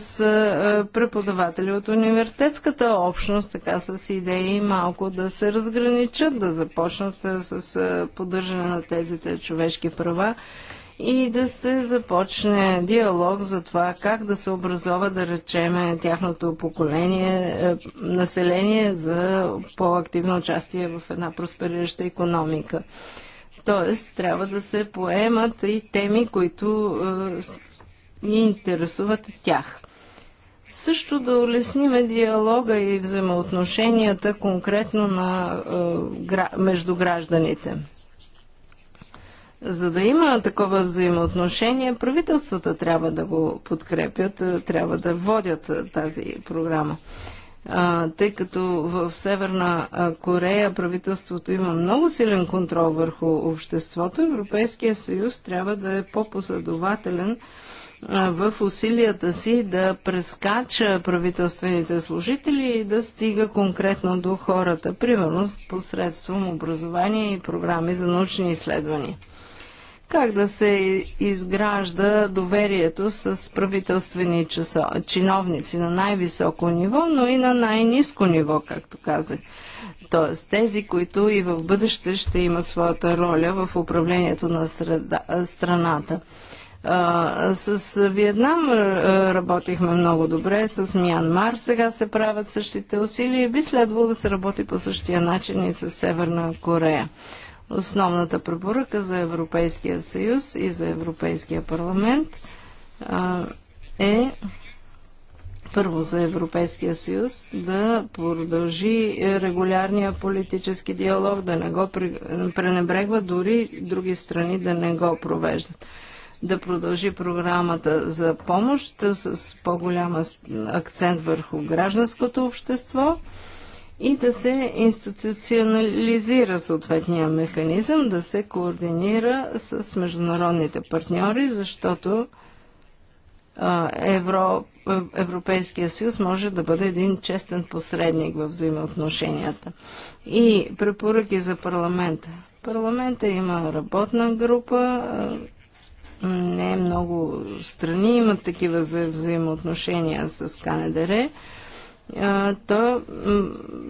преподаватели от университетската общност, така с идеи малко да се разграничат, да започнат с поддържане на тези човешки права и да се започне диалог за това как да се образова, да речеме, тяхното поколение, население за по-активно участие в една просперираща економика. Т.е. трябва да се поемат и теми, които е, ни интересуват тях. Също да улесниме диалога и взаимоотношенията конкретно на, е, между гражданите. За да има такова взаимоотношение, правителствата трябва да го подкрепят, е, трябва да водят е, тази програма а, тъй като в Северна Корея правителството има много силен контрол върху обществото, Европейския съюз трябва да е по-последователен в усилията си да прескача правителствените служители и да стига конкретно до хората, примерно посредством образование и програми за научни изследвания как да се изгражда доверието с правителствени чиновници на най-високо ниво, но и на най-низко ниво, както казах. Тоест тези, които и в бъдеще ще имат своята роля в управлението на среда, страната. А, с Виетнам работихме много добре, с Мянмар сега се правят същите усилия и би следвало да се работи по същия начин и с Северна Корея основната препоръка за Европейския съюз и за Европейския парламент а, е първо за Европейския съюз да продължи регулярния политически диалог, да не го пренебрегва, дори други страни да не го провеждат. Да продължи програмата за помощ с по-голям акцент върху гражданското общество и да се институционализира съответния механизъм, да се координира с международните партньори, защото Евро, Европейския съюз може да бъде един честен посредник в взаимоотношенията. И препоръки за парламента. Парламента има работна група, не е много страни имат такива за взаимоотношения с КНДР то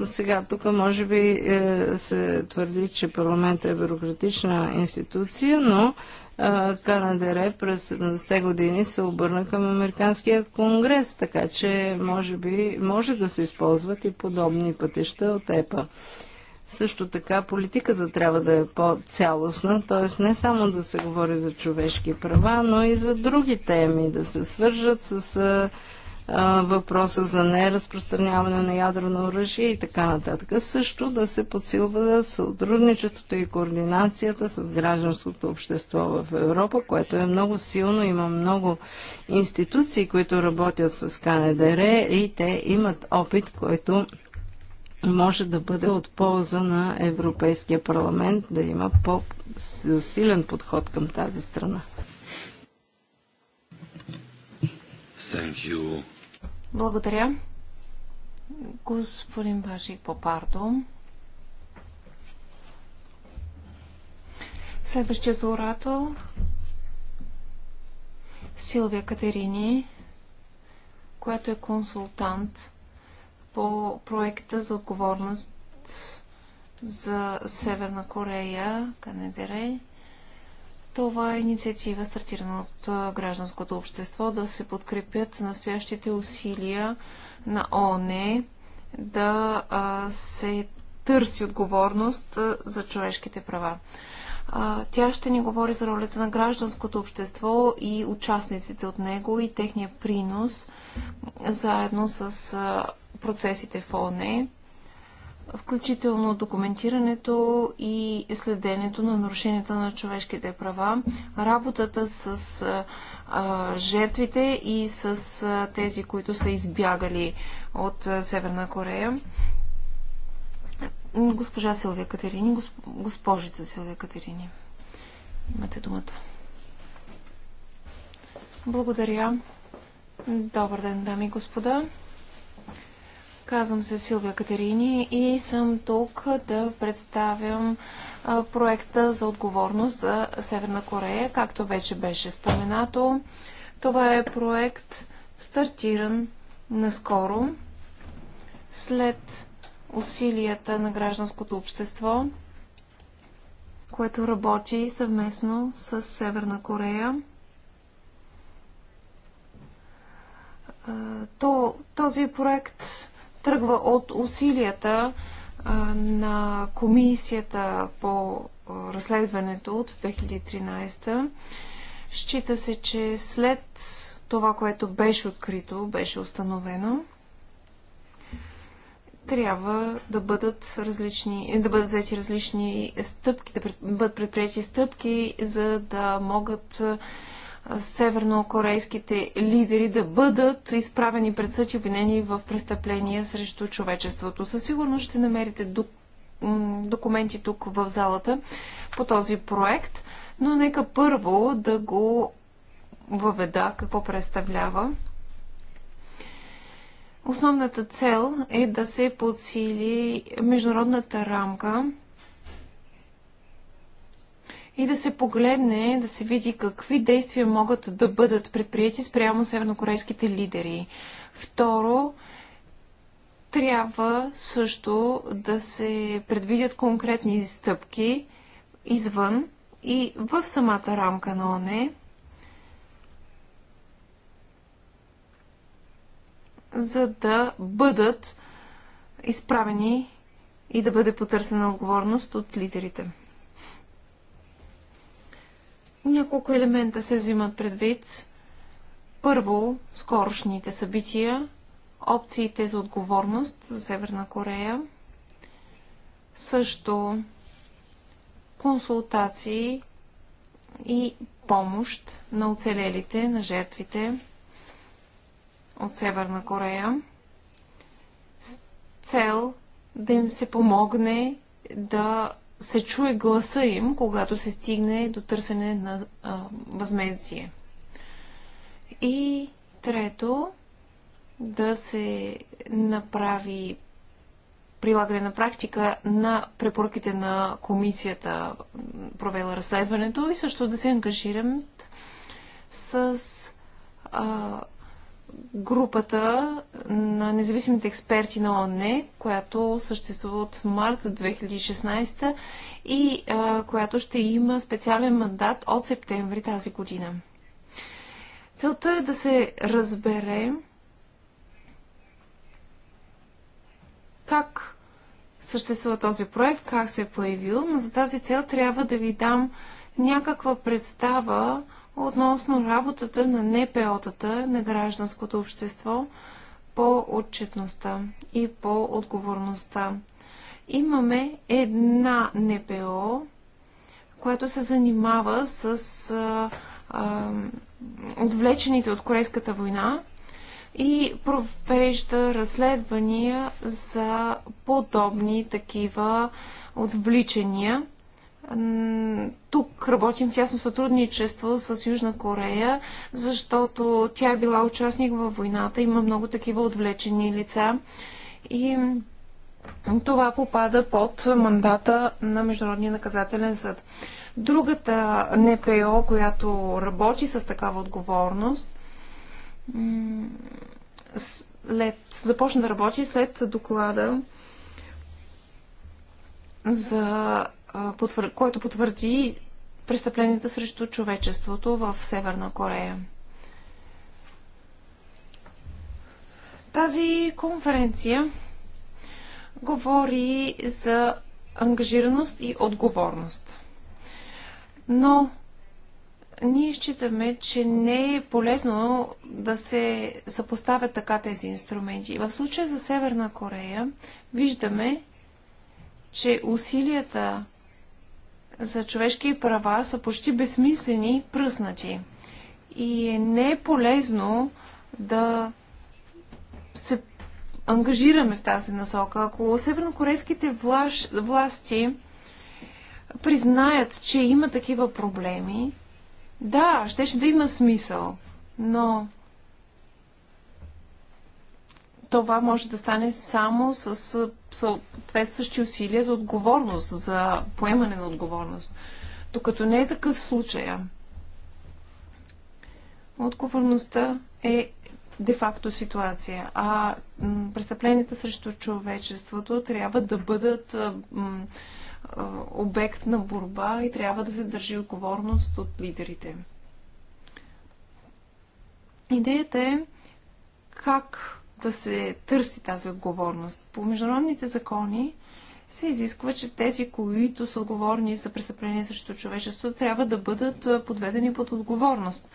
сега тук може би е, се твърди, че парламентът е бюрократична институция, но КНДР през 70-те години се обърна към Американския конгрес, така че може би може да се използват и подобни пътища от ЕПА. Също така политиката трябва да е по-цялостна, т.е. не само да се говори за човешки права, но и за други теми, да се свържат с въпроса за неразпространяване на ядрено оръжие и така нататък. Също да се подсилва сътрудничеството и координацията с гражданското общество в Европа, което е много силно, има много институции, които работят с КНДР и те имат опит, който може да бъде от полза на Европейския парламент да има по-силен подход към тази страна. Thank you благодаря. Господин Баши Попардо. Следващият оратор Силвия Катерини, която е консултант по проекта за отговорност за Северна Корея, Канедере това е инициатива, стартирана от гражданското общество, да се подкрепят настоящите усилия на ООН да се търси отговорност за човешките права. Тя ще ни говори за ролята на гражданското общество и участниците от него и техния принос заедно с процесите в ОНЕ включително документирането и следенето на нарушенията на човешките права, работата с жертвите и с тези, които са избягали от Северна Корея. Госпожа Силвия Катерини, госпожица Силвия Катерини. Имате думата. Благодаря. Добър ден, дами и господа. Казвам се Силвия Катерини и съм тук да представям проекта за отговорност за Северна Корея, както вече беше споменато. Това е проект стартиран наскоро след усилията на гражданското общество, което работи съвместно с Северна Корея. То, този проект тръгва от усилията на комисията по разследването от 2013. Счита се, че след това, което беше открито, беше установено, трябва да бъдат, различни, да бъдат взети различни стъпки, да бъдат предприяти стъпки, за да могат севернокорейските лидери да бъдат изправени пред съд и обвинени в престъпления срещу човечеството. Със сигурност ще намерите документи тук в залата по този проект, но нека първо да го въведа какво представлява. Основната цел е да се подсили международната рамка и да се погледне, да се види какви действия могат да бъдат предприяти спрямо севернокорейските лидери. Второ, трябва също да се предвидят конкретни стъпки извън и в самата рамка на ОНЕ, за да бъдат изправени и да бъде потърсена отговорност от лидерите. Няколко елемента се взимат предвид. Първо, скорошните събития, опциите за отговорност за Северна Корея, също консултации и помощ на оцелелите, на жертвите от Северна Корея с цел да им се помогне да се чуе гласа им, когато се стигне до търсене на а, възмездие. И трето, да се направи прилагане на практика на препоръките на комисията, провела разследването и също да се ангажирам с а, групата на независимите експерти на ООН, която съществува от март 2016 и а, която ще има специален мандат от септември тази година. Целта е да се разбере как съществува този проект, как се е появил, но за тази цел трябва да ви дам някаква представа относно работата на НПО-тата на гражданското общество по отчетността и по отговорността. Имаме една НПО, която се занимава с а, а, отвлечените от Корейската война и провежда разследвания за подобни такива отвличания тук работим в тясно сътрудничество с Южна Корея, защото тя е била участник във войната. Има много такива отвлечени лица. И това попада под мандата на Международния наказателен съд. Другата НПО, която работи с такава отговорност, след, започна да работи след доклада за потвър... който потвърди престъпленията срещу човечеството в Северна Корея. Тази конференция говори за ангажираност и отговорност. Но ние считаме, че не е полезно да се съпоставят така тези инструменти. В случая за Северна Корея виждаме, че усилията за човешки права са почти безсмислени, пръснати. И не е полезно да се ангажираме в тази насока. Ако севернокорейските влаш... власти признаят, че има такива проблеми, да, щеше да има смисъл. Но това може да стане само с съответстващи усилия за отговорност, за поемане на отговорност. Докато не е такъв случая, отговорността е де-факто ситуация, а престъпленията срещу човечеството трябва да бъдат обект на борба и трябва да се държи отговорност от лидерите. Идеята е как да се търси тази отговорност. По международните закони се изисква, че тези, които са отговорни за престъпление срещу човечество, трябва да бъдат подведени под отговорност.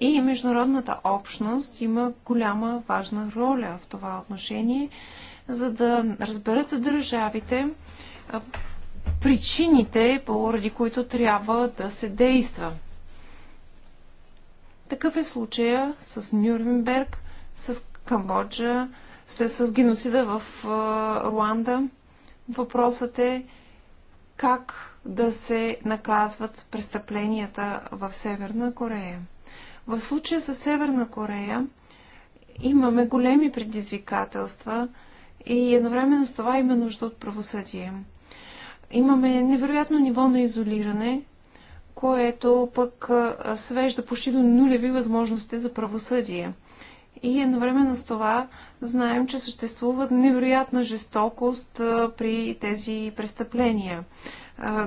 И международната общност има голяма важна роля в това отношение, за да разберат за държавите причините, поради които трябва да се действа. Такъв е случая с Нюрнберг, с Камбоджа, след с геноцида в Руанда. Въпросът е как да се наказват престъпленията в Северна Корея. В случая с Северна Корея имаме големи предизвикателства и едновременно с това има нужда от правосъдие. Имаме невероятно ниво на изолиране, което пък свежда почти до нулеви възможности за правосъдие – и едновременно с това знаем, че съществува невероятна жестокост при тези престъпления.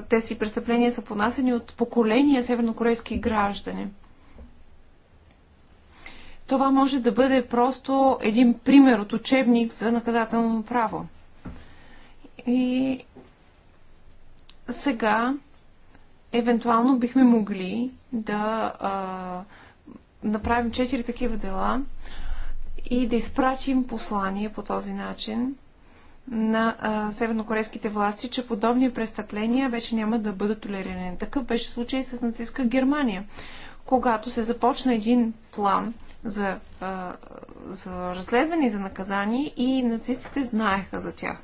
Тези престъпления са понасени от поколения севернокорейски граждани. Това може да бъде просто един пример от учебник за наказателно право. И сега, евентуално, бихме могли да а, направим четири такива дела, и да изпратим послание по този начин на а, севернокорейските власти, че подобни престъпления вече няма да бъдат толерирани. Такъв беше случай с нацистска Германия, когато се започна един план за, а, за разследване и за наказание и нацистите знаеха за тях.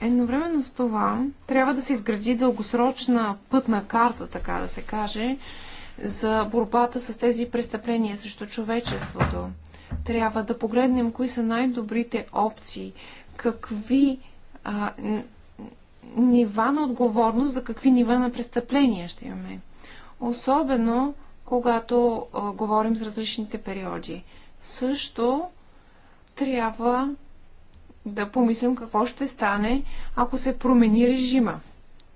Едновременно с това трябва да се изгради дългосрочна пътна карта, така да се каже, за борбата с тези престъпления срещу човечеството. Трябва да погледнем кои са най-добрите опции, какви а, нива на отговорност, за какви нива на престъпления ще имаме. Особено когато а, говорим за различните периоди. Също трябва да помислим какво ще стане, ако се промени режима.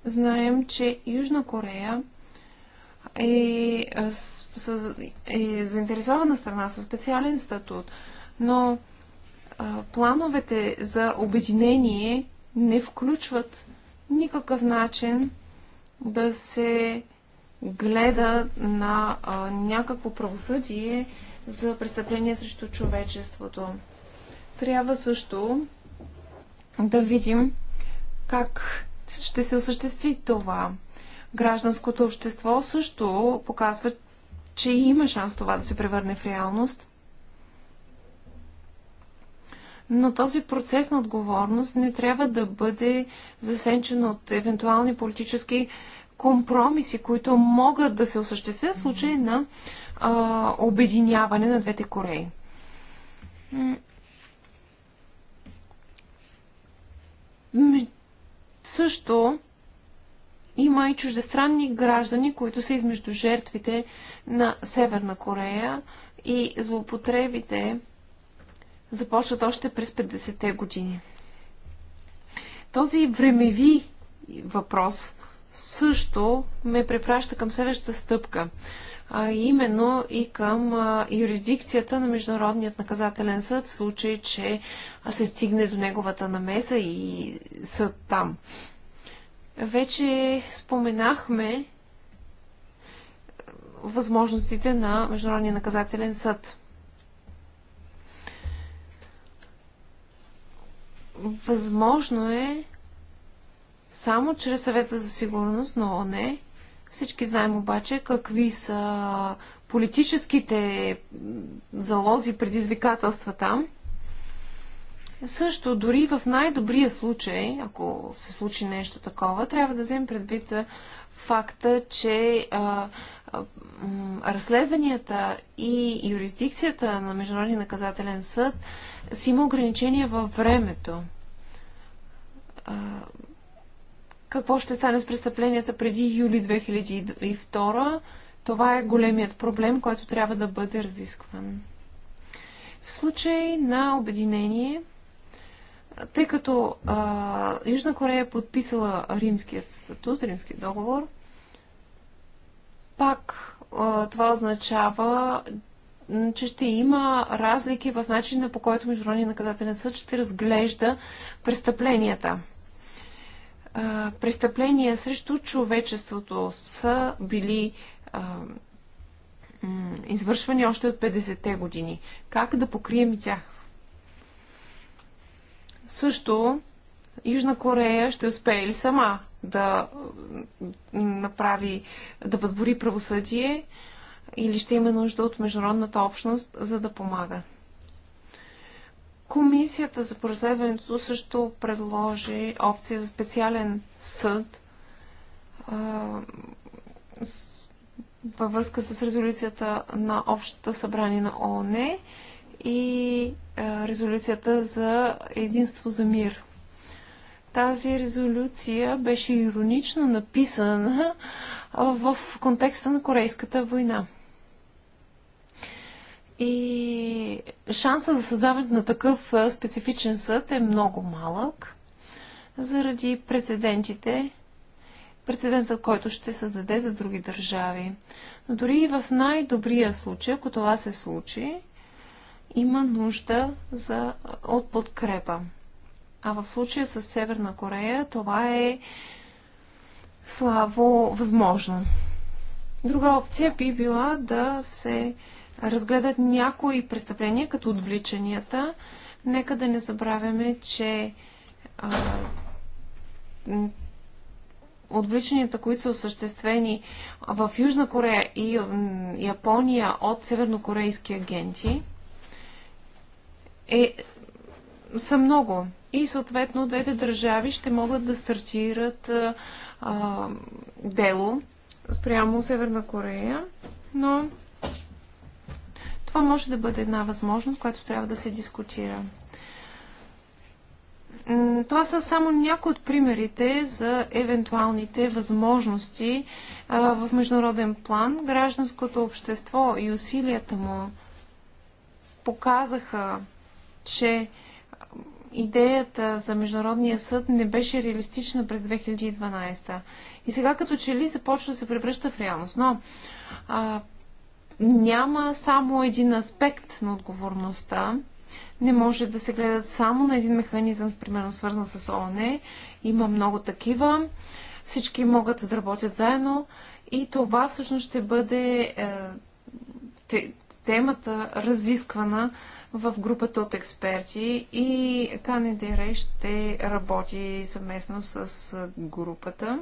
Знаем, че Южна Корея е, с, е заинтересована страна със специален статут, но а, плановете за обединение не включват никакъв начин да се гледа на а, някакво правосъдие за престъпление срещу човечеството. Трябва също да видим как ще се осъществи това. Гражданското общество също показва, че има шанс това да се превърне в реалност. Но този процес на отговорност не трябва да бъде засенчен от евентуални политически компромиси, които могат да се осъществят в случай на а, обединяване на двете Кореи. Също има и чуждестранни граждани, които са измежду жертвите на Северна Корея и злоупотребите започват още през 50-те години. Този времеви въпрос също ме препраща към следващата стъпка, а именно и към юрисдикцията на Международният наказателен съд, в случай, че се стигне до неговата намеса и съд там. Вече споменахме възможностите на Международния наказателен съд. Възможно е само чрез съвета за сигурност но не, Всички знаем обаче какви са политическите залози, предизвикателства там – също, дори в най-добрия случай, ако се случи нещо такова, трябва да вземем предвид за факта, че а, а, разследванията и юрисдикцията на Международния наказателен съд си има ограничения във времето. А, какво ще стане с престъпленията преди юли 2002? Това е големият проблем, който трябва да бъде разискван. В случай на обединение, тъй като а, Южна Корея е подписала римският статут, римски договор, пак а, това означава, че ще има разлики в начина по който Международния наказателен съд ще разглежда престъпленията. А, престъпления срещу човечеството са били а, извършвани още от 50-те години. Как да покрием тях? Също Южна Корея ще успее ли сама да направи, да въдвори правосъдие или ще има нужда от международната общност, за да помага? Комисията за преследването също предложи опция за специален съд във връзка с резолюцията на Общата събрание на ООН и резолюцията за единство за мир. Тази резолюция беше иронично написана в контекста на Корейската война. И шанса за създаването на такъв специфичен съд е много малък заради прецедентите, прецедентът, който ще създаде за други държави. Но дори и в най-добрия случай, ако това се случи, има нужда за, от подкрепа. А в случая с Северна Корея това е слабо възможно. Друга опция би била да се разгледат някои престъпления, като отвличанията. Нека да не забравяме, че а, отвличанията, които са осъществени в Южна Корея и Япония от севернокорейски агенти, е, са много. И съответно двете държави ще могат да стартират а, дело спрямо Северна Корея, но това може да бъде една възможност, която трябва да се дискутира. Това са само някои от примерите за евентуалните възможности а, в международен план. Гражданското общество и усилията му показаха че идеята за Международния съд не беше реалистична през 2012. И сега като че ли започва да се превръща в реалност. Но а, няма само един аспект на отговорността. Не може да се гледат само на един механизъм, примерно свързан с ООН. Има много такива. Всички могат да работят заедно. И това всъщност ще бъде е, темата разисквана в групата от експерти и КНДР ще работи съвместно с групата,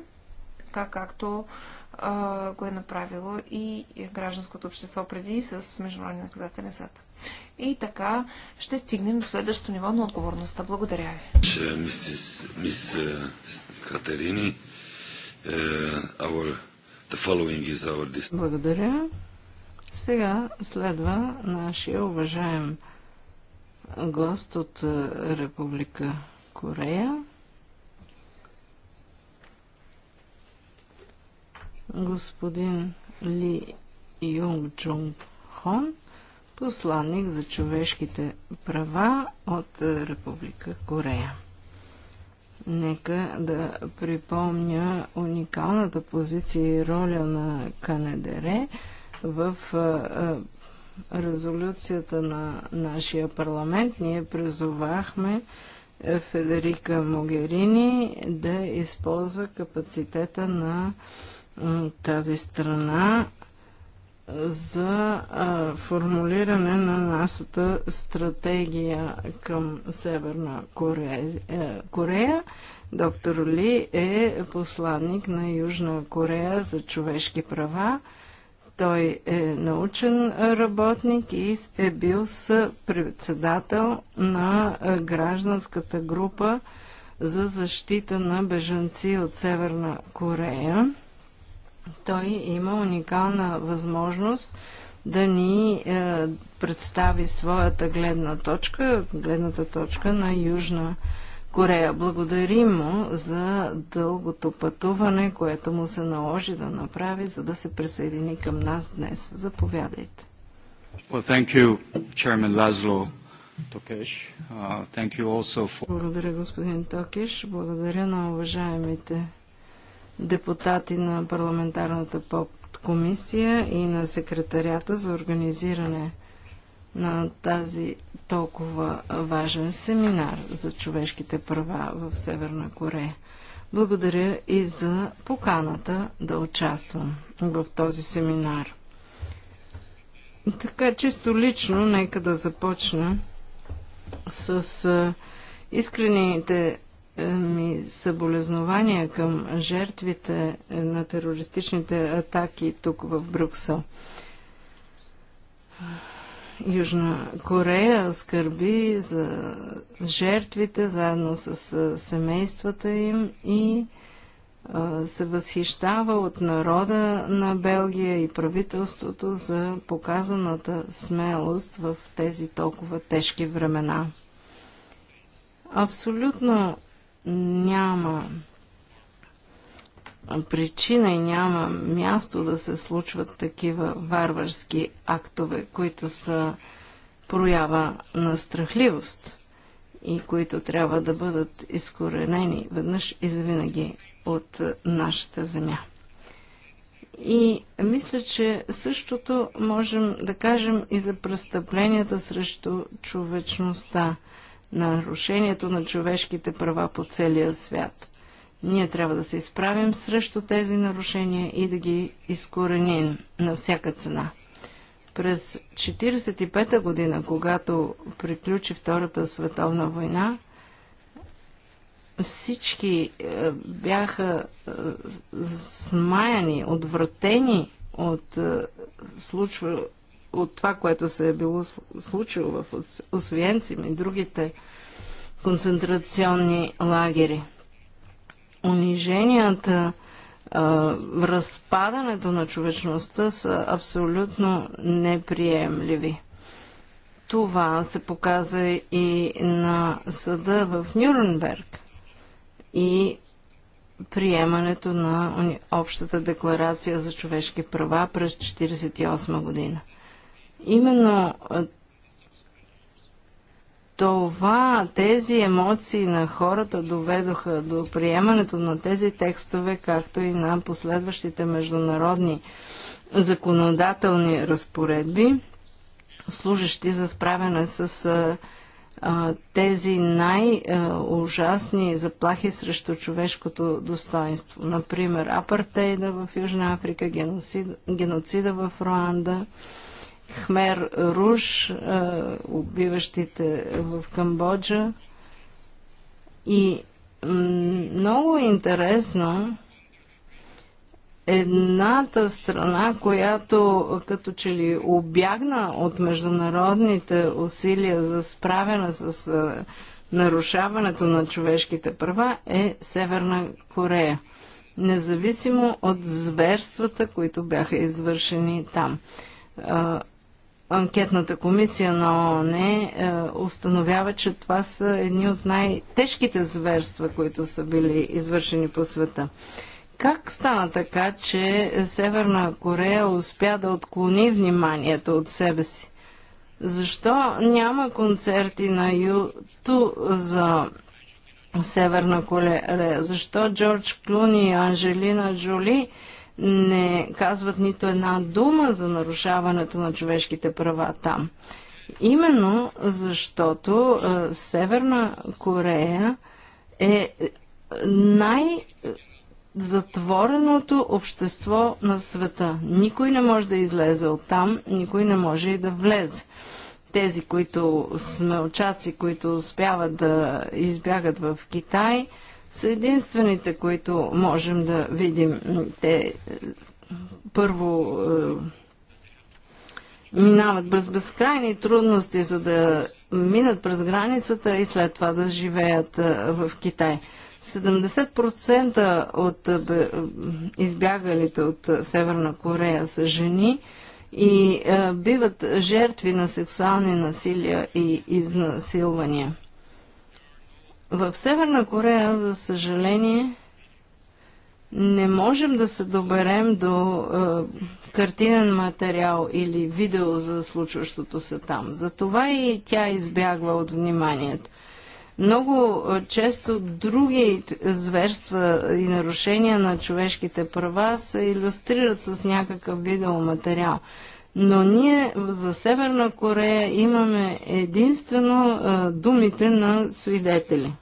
така както а, го е направило и гражданското общество преди с Международния наказателен съд. И така ще стигнем до следващото ниво на отговорността. Благодаря ви. Мис е, Катерини, е, Благодаря. Сега следва нашия уважаем гост от е, Република Корея. Господин Ли Юнг Чунг Хон, посланник за човешките права от е, Република Корея. Нека да припомня уникалната позиция и роля на КНДР в е, резолюцията на нашия парламент ние призовахме Федерика Могерини да използва капацитета на тази страна за формулиране на нашата стратегия към Северна Корея. Е, Корея. Доктор Ли е посланник на Южна Корея за човешки права той е научен работник и е бил председател на гражданската група за защита на бежанци от Северна Корея. Той има уникална възможност да ни е, представи своята гледна точка, гледната точка на Южна Корея Корея. Благодарим му за дългото пътуване, което му се наложи да направи, за да се присъедини към нас днес. Заповядайте. Well, thank you, Chairman Laszlo Uh, thank you also for... Благодаря, господин Токеш. Благодаря на уважаемите депутати на парламентарната поп комисия и на секретарята за организиране на тази толкова важен семинар за човешките права в Северна Корея. Благодаря и за поканата да участвам в този семинар. Така, чисто лично, нека да започна с искрените ми съболезнования към жертвите е, на терористичните атаки тук в Брюксел. Южна Корея скърби за жертвите, заедно с семействата им и се възхищава от народа на Белгия и правителството за показаната смелост в тези толкова тежки времена. Абсолютно няма причина и няма място да се случват такива варварски актове, които са проява на страхливост и които трябва да бъдат изкоренени веднъж и завинаги от нашата земя. И мисля, че същото можем да кажем и за престъпленията срещу човечността, нарушението на човешките права по целия свят – ние трябва да се изправим срещу тези нарушения и да ги изкореним на всяка цена. През 1945 година, когато приключи Втората световна война, всички е, бяха е, смаяни, отвратени от, е, случва, от това, което се е било случило в Освенцим и другите концентрационни лагери униженията, разпадането на човечността са абсолютно неприемливи. Това се показа и на съда в Нюрнберг и приемането на Общата декларация за човешки права през 1948 година. Именно това тези емоции на хората доведоха до приемането на тези текстове, както и на последващите международни законодателни разпоредби, служащи за справяне с а, а, тези най-ужасни заплахи срещу човешкото достоинство. Например, апартейда в Южна Африка, геноцида, геноцида в Руанда, Хмер Руш, убиващите в Камбоджа. И много интересно, едната страна, която като че ли обягна от международните усилия за справяне с нарушаването на човешките права, е Северна Корея независимо от зверствата, които бяха извършени там анкетната комисия на ООН е, установява, че това са едни от най-тежките зверства, които са били извършени по света. Как стана така, че Северна Корея успя да отклони вниманието от себе си? Защо няма концерти на Юту за Северна Корея? Защо Джордж Клуни и Анжелина Джоли не казват нито една дума за нарушаването на човешките права там. Именно защото е, Северна Корея е най- затвореното общество на света. Никой не може да излезе от там, никой не може и да влезе. Тези, които смелчаци, които успяват да избягат в Китай – са единствените, които можем да видим. Те е, първо е, минават през безкрайни трудности, за да минат през границата и след това да живеят е, в Китай. 70% от избягалите от Северна Корея са жени и биват жертви на сексуални насилия и изнасилвания. В Северна Корея, за съжаление, не можем да се доберем до е, картинен материал или видео за случващото се там. Затова и тя избягва от вниманието. Много е, често други зверства и нарушения на човешките права се иллюстрират с някакъв видеоматериал. материал. Но ние за Северна Корея имаме единствено а, думите на свидетели.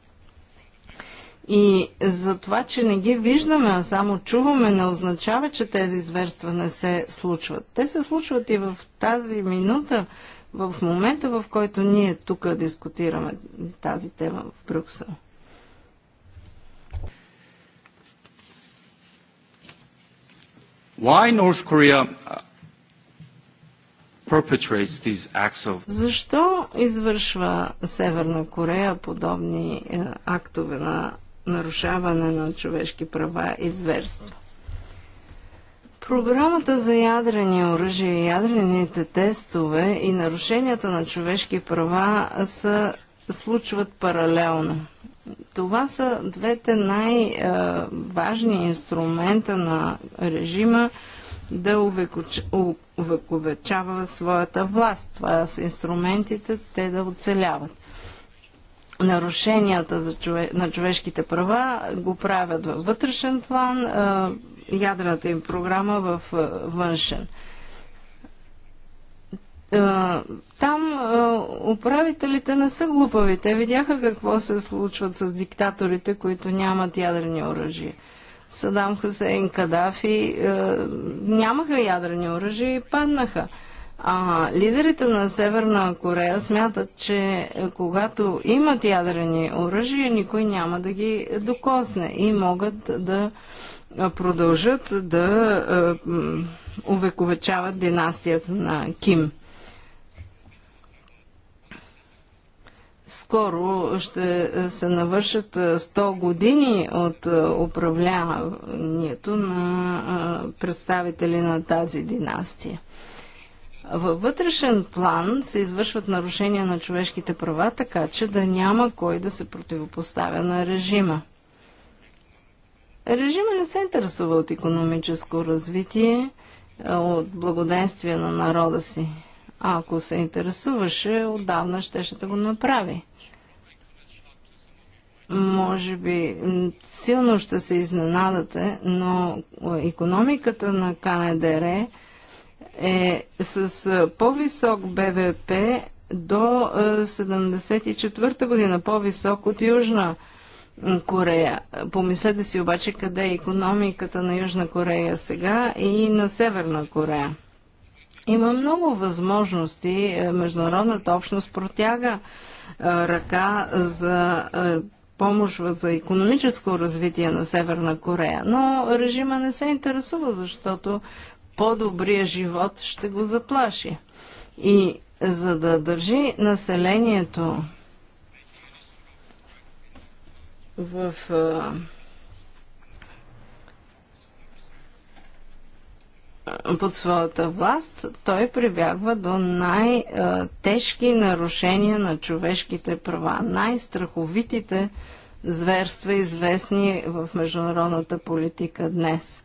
И за това, че не ги виждаме, а само чуваме, не означава, че тези зверства не се случват. Те се случват и в тази минута, в момента, в който ние тук дискутираме тази тема в Брюксел. Why North Korea защо извършва Северна Корея подобни е, актове на нарушаване на човешки права и зверства? Програмата за ядрени оръжия и ядрените тестове и нарушенията на човешки права са случват паралелно. Това са двете най-важни е, инструмента на режима да увекоч увековечава своята власт. Това са инструментите те да оцеляват. Нарушенията за чове... на човешките права го правят във вътрешен план, ядрената им програма в външен. Там управителите не са глупави. Те видяха какво се случват с диктаторите, които нямат ядрени оръжия. Садам Хусейн Кадафи е, нямаха ядрени оръжия и паднаха. А лидерите на Северна Корея смятат, че когато имат ядрени оръжия, никой няма да ги докосне и могат да продължат да е, увековечават династията на Ким. скоро ще се навършат 100 години от управлението на представители на тази династия. Във вътрешен план се извършват нарушения на човешките права, така че да няма кой да се противопоставя на режима. Режима не се интересува от економическо развитие, от благоденствие на народа си. А ако се интересуваше, отдавна щеше да го направи. Може би силно ще се изненадате, но економиката на КНДР е, е с е, по-висок БВП до 74 е, година, по-висок от Южна Корея. Помислете си обаче къде е економиката на Южна Корея сега и на Северна Корея. Има много възможности. Е, международната общност протяга е, ръка за е, помощ за економическо развитие на Северна Корея. Но режима не се интересува, защото по-добрия живот ще го заплаши. И за да държи населението в под своята власт, той прибягва до най-тежки нарушения на човешките права, най-страховитите зверства, известни в международната политика днес.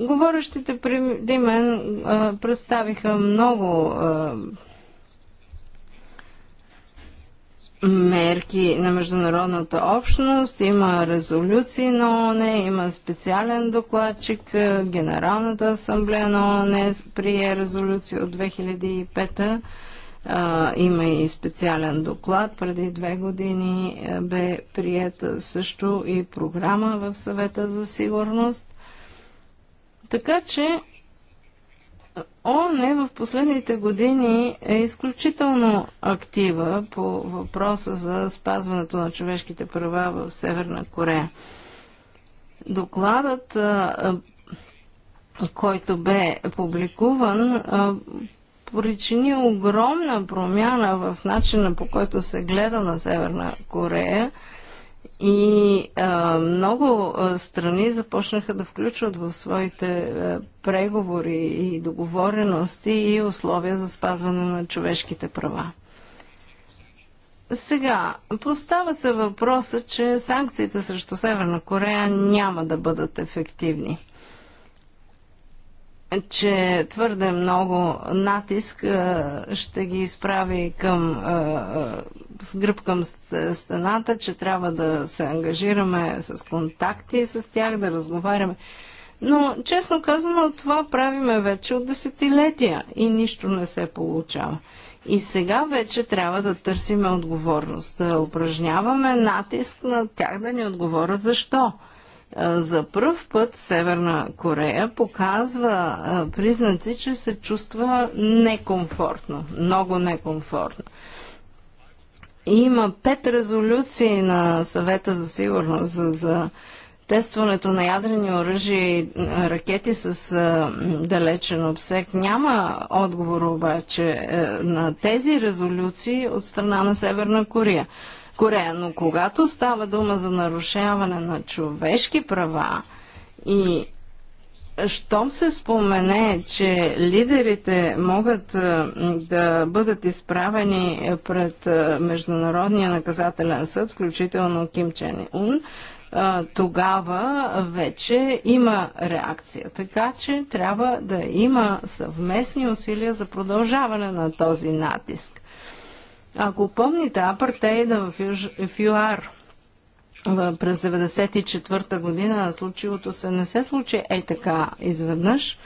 Говорещите преди мен представиха много мерки на международната общност, има резолюции на ООН, има специален докладчик, Генералната асамблея на ООН прие резолюция от 2005 -та. Има и специален доклад. Преди две години е, бе приета също и програма в съвета за сигурност. Така че ООН в последните години е изключително актива по въпроса за спазването на човешките права в Северна Корея. Докладът, който бе публикуван, причини огромна промяна в начина по който се гледа на Северна Корея – и а, много страни започнаха да включват в своите а, преговори и договорености и условия за спазване на човешките права. Сега, постава се въпроса, че санкциите срещу Северна Корея няма да бъдат ефективни че твърде много натиск ще ги изправи към с гръб към стената, че трябва да се ангажираме с контакти с тях, да разговаряме. Но, честно казано, това правиме вече от десетилетия и нищо не се получава. И сега вече трябва да търсиме отговорност, да упражняваме натиск на тях да ни отговорят защо. За първ път Северна Корея показва признаци, че се чувства некомфортно, много некомфортно. Има пет резолюции на съвета за сигурност за, за тестването на ядрени оръжия и ракети с а, далечен обсек. Няма отговор обаче е, на тези резолюции от страна на Северна Корея. Корея. Но когато става дума за нарушаване на човешки права и щом се спомене, че лидерите могат е, да бъдат изправени пред е, Международния наказателен съд, включително Ким Чен Ун, е, тогава вече има реакция. Така че трябва да има съвместни усилия за продължаване на този натиск. Ако помните, апартейда в, ФЮАР ЮАР през 1994 година случилото се не се случи е така изведнъж.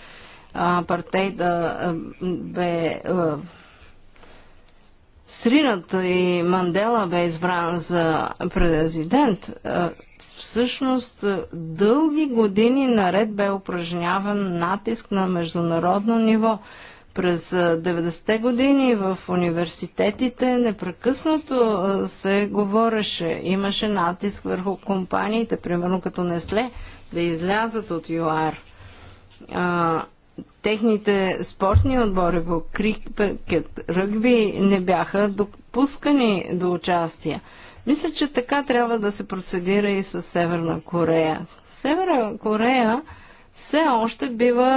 Апартейда бе сринат и Мандела бе избран за президент, всъщност дълги години наред бе упражняван натиск на международно ниво. През 90-те години в университетите непрекъснато се говореше, имаше натиск върху компаниите, примерно като Несле, да излязат от ЮАР. А, техните спортни отбори по крикет, ръгби не бяха допускани до участие. Мисля, че така трябва да се процедира и с Северна Корея. Северна Корея все още бива,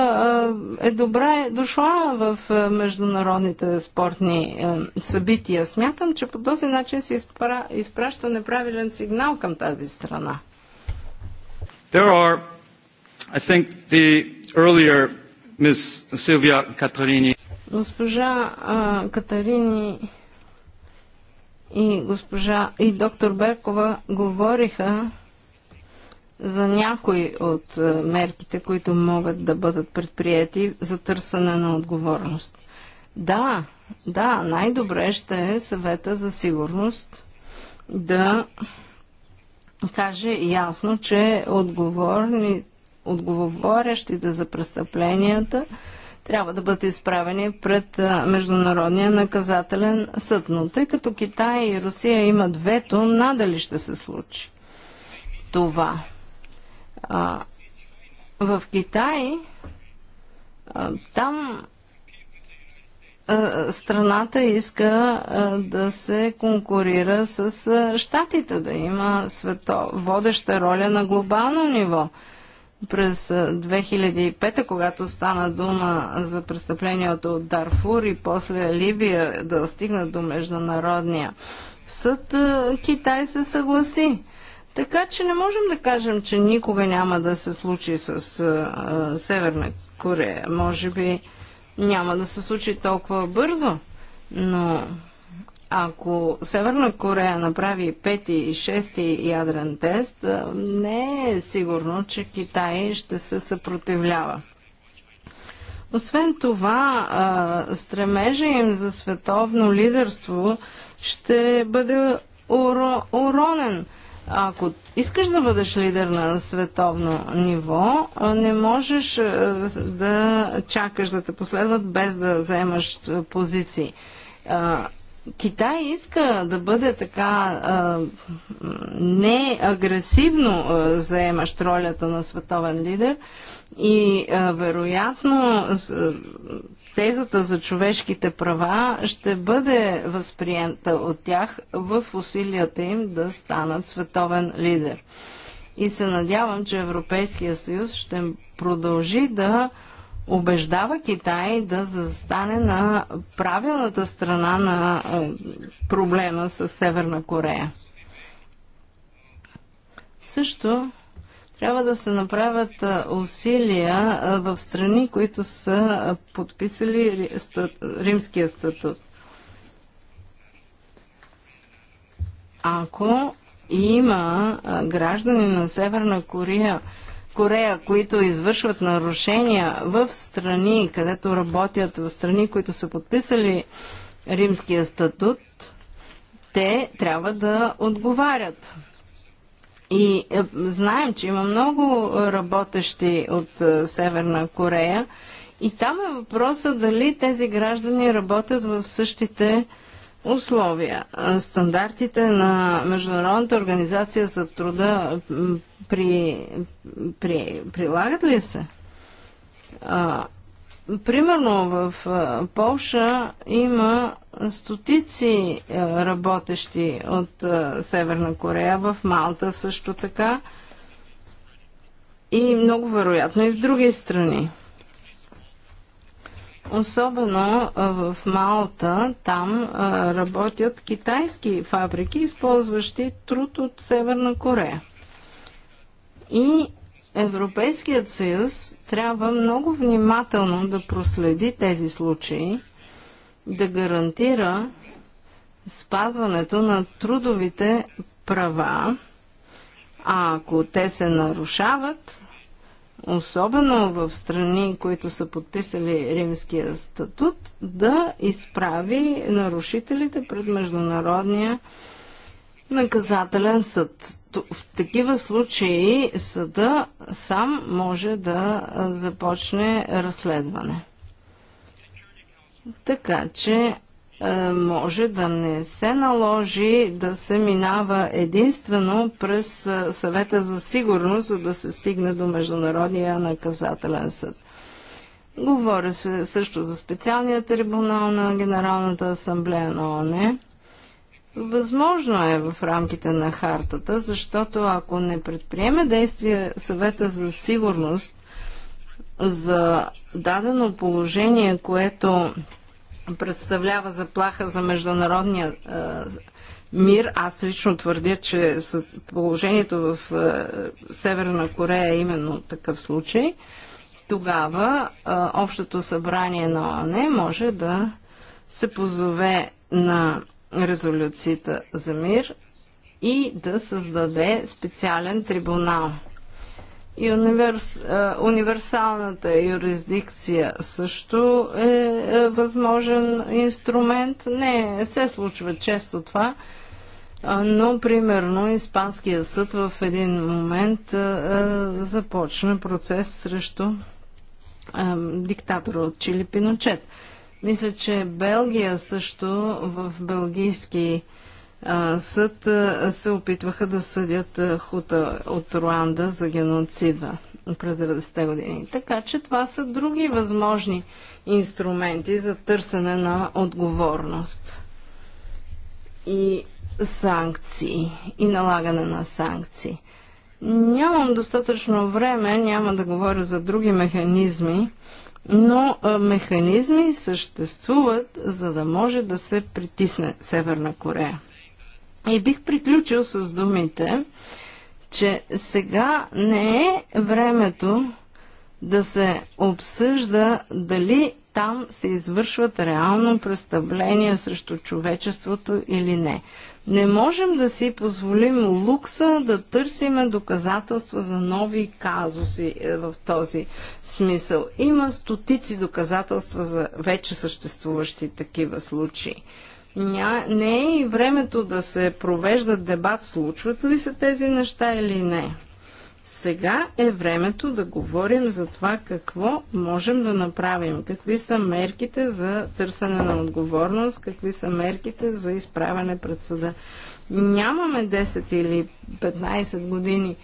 е добре дошла в международните спортни събития. Смятам, че по този начин се изпра... изпраща неправилен сигнал към тази страна. There are, I think the earlier Miss Silvia Катарини. Госпожа а, Катарини и госпожа и доктор Беркова говориха за някои от е, мерките, които могат да бъдат предприяти за търсене на отговорност. Да, да, най-добре ще е съвета за сигурност да каже ясно, че отговорни, отговорящите за престъпленията трябва да бъдат изправени пред е, Международния наказателен съд. Но тъй като Китай и Русия имат вето, надали ще се случи това. А, в Китай а, там а, страната иска а, да се конкурира с а, щатите, да има свето, водеща роля на глобално ниво през 2005, когато стана дума за престъплението от Дарфур и после Либия да стигнат до Международния съд, Китай се съгласи. Така че не можем да кажем, че никога няма да се случи с а, Северна Корея. Може би няма да се случи толкова бързо, но ако Северна Корея направи пети и шести ядрен тест, не е сигурно, че Китай ще се съпротивлява. Освен това, стремежа им за световно лидерство ще бъде уронен. Ако искаш да бъдеш лидер на световно ниво, не можеш да чакаш да те последват без да вземаш позиции. Китай иска да бъде така неагресивно заемащ ролята на световен лидер и вероятно тезата за човешките права ще бъде възприента от тях в усилията им да станат световен лидер. И се надявам, че Европейския съюз ще продължи да убеждава Китай да застане на правилната страна на е, проблема с Северна Корея. Също трябва да се направят усилия в страни, които са подписали римския статут. Ако има граждани на Северна Корея, Корея, които извършват нарушения в страни, където работят в страни, които са подписали римския статут, те трябва да отговарят. И е, знаем, че има много работещи от е, Северна Корея. И там е въпроса дали тези граждани работят в същите условия. Е, стандартите на Международната организация за труда при, при, прилагат ли се? Примерно в Полша има стотици работещи от Северна Корея, в Малта също така и много вероятно и в други страни. Особено в Малта, там работят китайски фабрики, използващи труд от Северна Корея. И Европейският съюз трябва много внимателно да проследи тези случаи, да гарантира спазването на трудовите права, а ако те се нарушават, особено в страни, които са подписали римския статут, да изправи нарушителите пред Международния наказателен съд в такива случаи съда сам може да започне разследване. Така че може да не се наложи да се минава единствено през съвета за сигурност, за да се стигне до Международния наказателен съд. Говоря се също за специалния трибунал на Генералната асамблея на ОНЕ. Възможно е в рамките на хартата, защото ако не предприеме действие съвета за сигурност за дадено положение, което представлява заплаха за международния е, мир, аз лично твърдя, че положението в е, Северна Корея е именно такъв случай, тогава е, Общото събрание на ОНЕ може да се позове на резолюцията за мир и да създаде специален трибунал. И универс, е, универсалната юрисдикция също е, е възможен инструмент. Не се случва често това, е, но примерно Испанския съд в един момент започна процес срещу диктатора от Чили Пиночет. Мисля, че Белгия също в белгийски съд се опитваха да съдят хута от Руанда за геноцида през 90-те години. Така че това са други възможни инструменти за търсене на отговорност и санкции и налагане на санкции. Нямам достатъчно време, няма да говоря за други механизми, но механизми съществуват, за да може да се притисне Северна Корея. И бих приключил с думите, че сега не е времето да се обсъжда дали там се извършват реално престъпления срещу човечеството или не. Не можем да си позволим лукса да търсиме доказателства за нови казуси е, в този смисъл. Има стотици доказателства за вече съществуващи такива случаи. Ня, не е и времето да се провеждат дебат, случват ли се тези неща или не. Сега е времето да говорим за това какво можем да направим, какви са мерките за търсене на отговорност, какви са мерките за изправяне пред съда. Нямаме 10 или 15 години.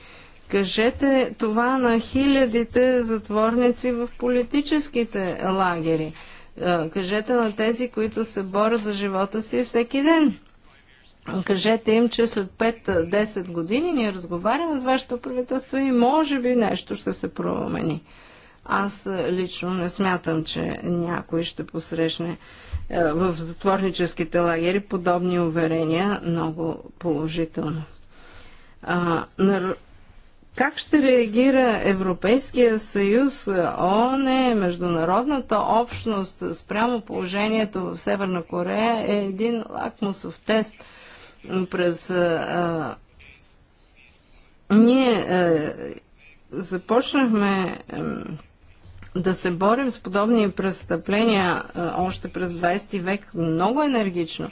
Кажете това на хилядите затворници в политическите лагери. Е, кажете на тези, които се борят за живота си всеки ден. Кажете им, че след 5-10 години ние разговаряме с вашето правителство и може би нещо ще се промени. Аз е, лично не смятам, че някой ще посрещне е, в затворническите лагери подобни уверения много положително. А, Как ще реагира Европейския съюз, е, ООН, международната общност спрямо положението в Северна Корея е един лакмусов тест – през а, ние а, започнахме а, да се борим с подобни престъпления а, още през 20 век много енергично.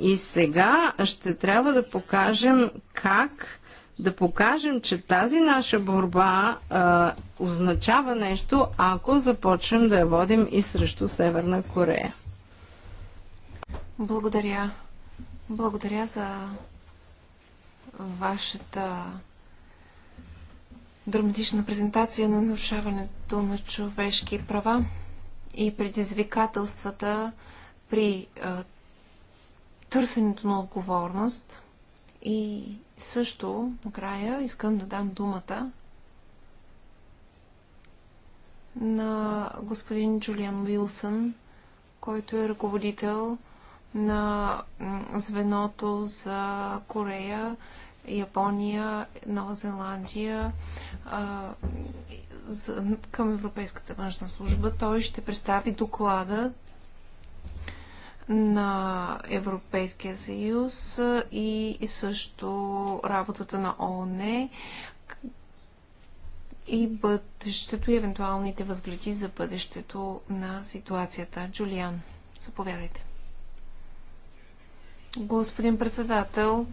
И сега ще трябва да покажем как да покажем, че тази наша борба а, означава нещо, ако започнем да я водим и срещу Северна Корея. Благодаря, благодаря за вашата драматична презентация на нарушаването на човешки права и предизвикателствата при а, търсенето на отговорност. И също, накрая, искам да дам думата на господин Джулиан Уилсън, който е ръководител на звеното за Корея, Япония, Нова Зеландия към Европейската външна служба. Той ще представи доклада на Европейския съюз и, и също работата на ООН и бъдещето и евентуалните възгледи за бъдещето на ситуацията. Джулиан, заповядайте. Господин председател,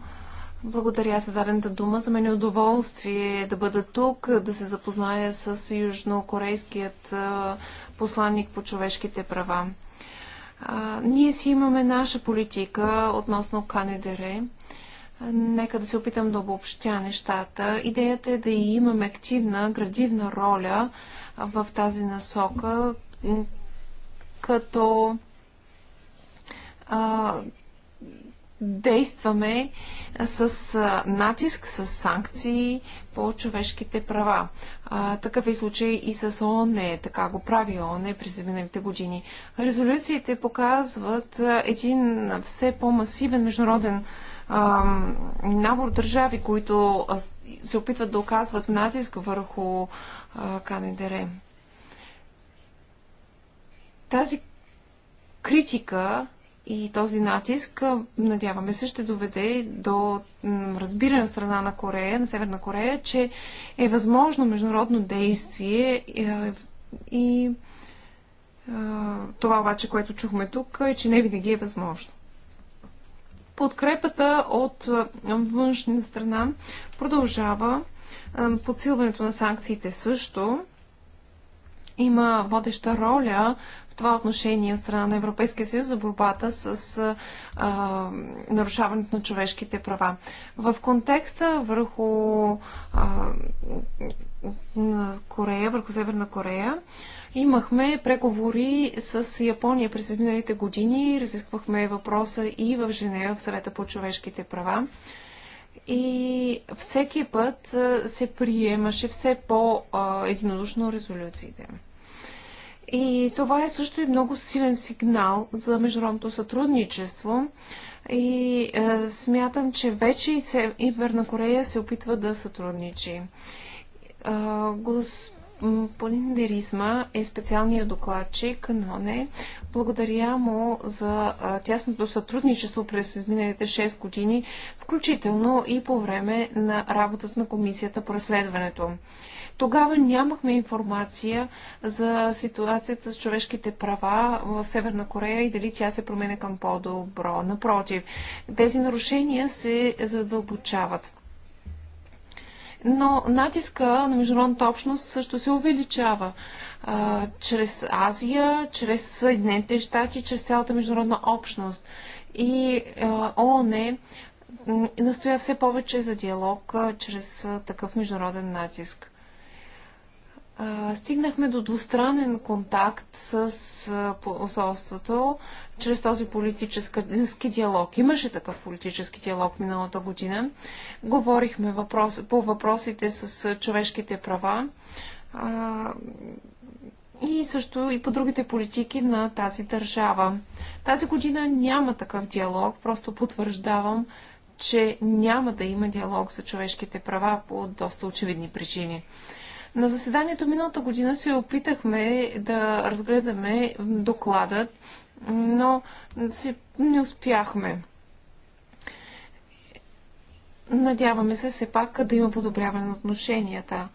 благодаря за дадената дума. За мен е удоволствие да бъда тук, да се запозная с южнокорейският посланник по човешките права. А, ние си имаме наша политика относно КНДР. Нека да се опитам да обобщя нещата. Идеята е да имаме активна, градивна роля в тази насока, като а, действаме с натиск, с санкции по човешките права. А, такъв е случай и с ООН, така го прави ООН през миналите години. Резолюциите показват един все по-масивен международен а, набор държави, които се опитват да оказват натиск върху КНДР. Тази критика и този натиск, надяваме се, ще доведе до разбиране от страна на Корея, на Северна Корея, че е възможно международно действие е, и това обаче, което чухме тук, е, че не винаги е възможно. Подкрепата от външна страна продължава. Подсилването на санкциите също има водеща роля това отношение от страна на Европейския съюз за борбата с а, нарушаването на човешките права. В контекста върху а, Корея, върху Северна Корея, Имахме преговори с Япония през изминалите години, разисквахме въпроса и в Женева, в съвета по човешките права. И всеки път се приемаше все по-единодушно резолюциите. И това е също и много силен сигнал за международното сътрудничество. И е, смятам, че вече и, Северна Корея се опитва да сътрудничи. Е, господин Деризма е специалният докладчик на ОНЕ. Благодаря му за е, тясното сътрудничество през изминалите 6 години, включително и по време на работата на комисията по разследването. Тогава нямахме информация за ситуацията с човешките права в Северна Корея и дали тя се променя към по-добро. Напротив, тези нарушения се задълбочават. Но натиска на международната общност също се увеличава а, чрез Азия, чрез Съединените щати, чрез цялата международна общност. И а, ООН настоя все повече за диалог а, чрез а, такъв международен натиск а, стигнахме до двустранен контакт с а, посолството чрез този политически диалог. Имаше такъв политически диалог миналата година. Говорихме въпрос, по въпросите с човешките права а, и също и по другите политики на тази държава. Тази година няма такъв диалог, просто потвърждавам, че няма да има диалог за човешките права по доста очевидни причини. На заседанието миналата година се опитахме да разгледаме докладът, но се, не успяхме. Надяваме се все пак да има подобряване на отношенията.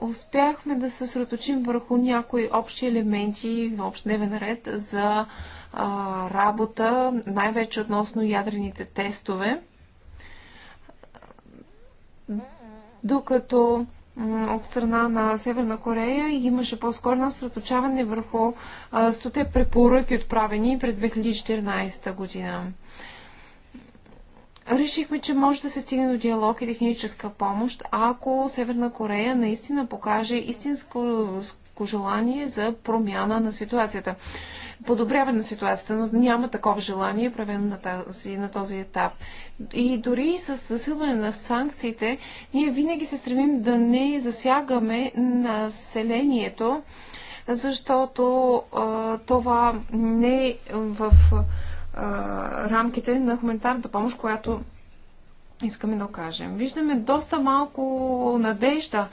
Успяхме да се съсредоточим върху някои общи елементи, общ дневен ред за а, работа, най-вече относно ядрените тестове. Докато от страна на Северна Корея и имаше по-скоро насредоточаване върху стоте препоръки, отправени през 2014 година. Решихме, че може да се стигне до диалог и техническа помощ, ако Северна Корея наистина покаже истинско желание за промяна на ситуацията. Подобряване на ситуацията, но няма такова желание, правено на, на този етап. И дори с засилване на санкциите, ние винаги се стремим да не засягаме населението, защото а, това не е в а, рамките на хуманитарната помощ, която искаме да окажем. Виждаме доста малко надежда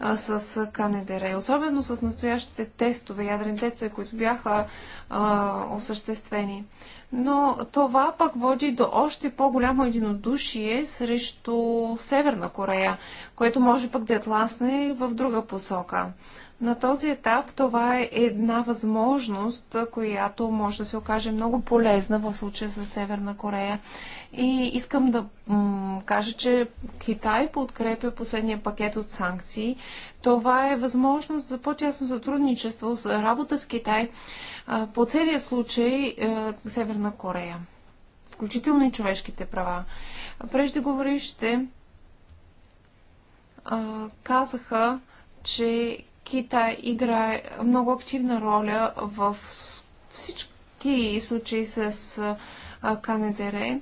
а, с КНДР, особено с настоящите тестове, ядрени тестове, които бяха а, осъществени но това пък води до още по-голямо единодушие срещу Северна Корея, което може пък да тласне в друга посока. На този етап това е една възможност, която може да се окаже много полезна в случая с Северна Корея. И искам да кажа, че Китай подкрепя последния пакет от санкции. Това е възможност за по-тясно сътрудничество, работа с Китай по целия случай е, Северна Корея, включително и човешките права. Преждеговорище е, казаха, че Китай играе много активна роля в всички случаи с е, КНДР.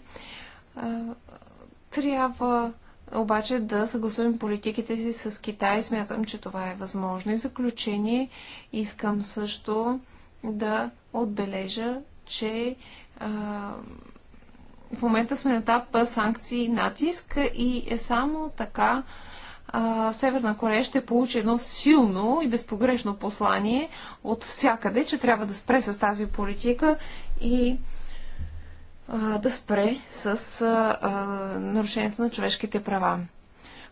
Трябва обаче да съгласуваме политиките си с Китай. Смятам, че това е възможно. И заключение искам също да отбележа, че а, в момента сме на етап санкции и натиск и е само така а, Северна Корея ще получи едно силно и безпогрешно послание от всякъде, че трябва да спре с тази политика и а, да спре с а, нарушението на човешките права.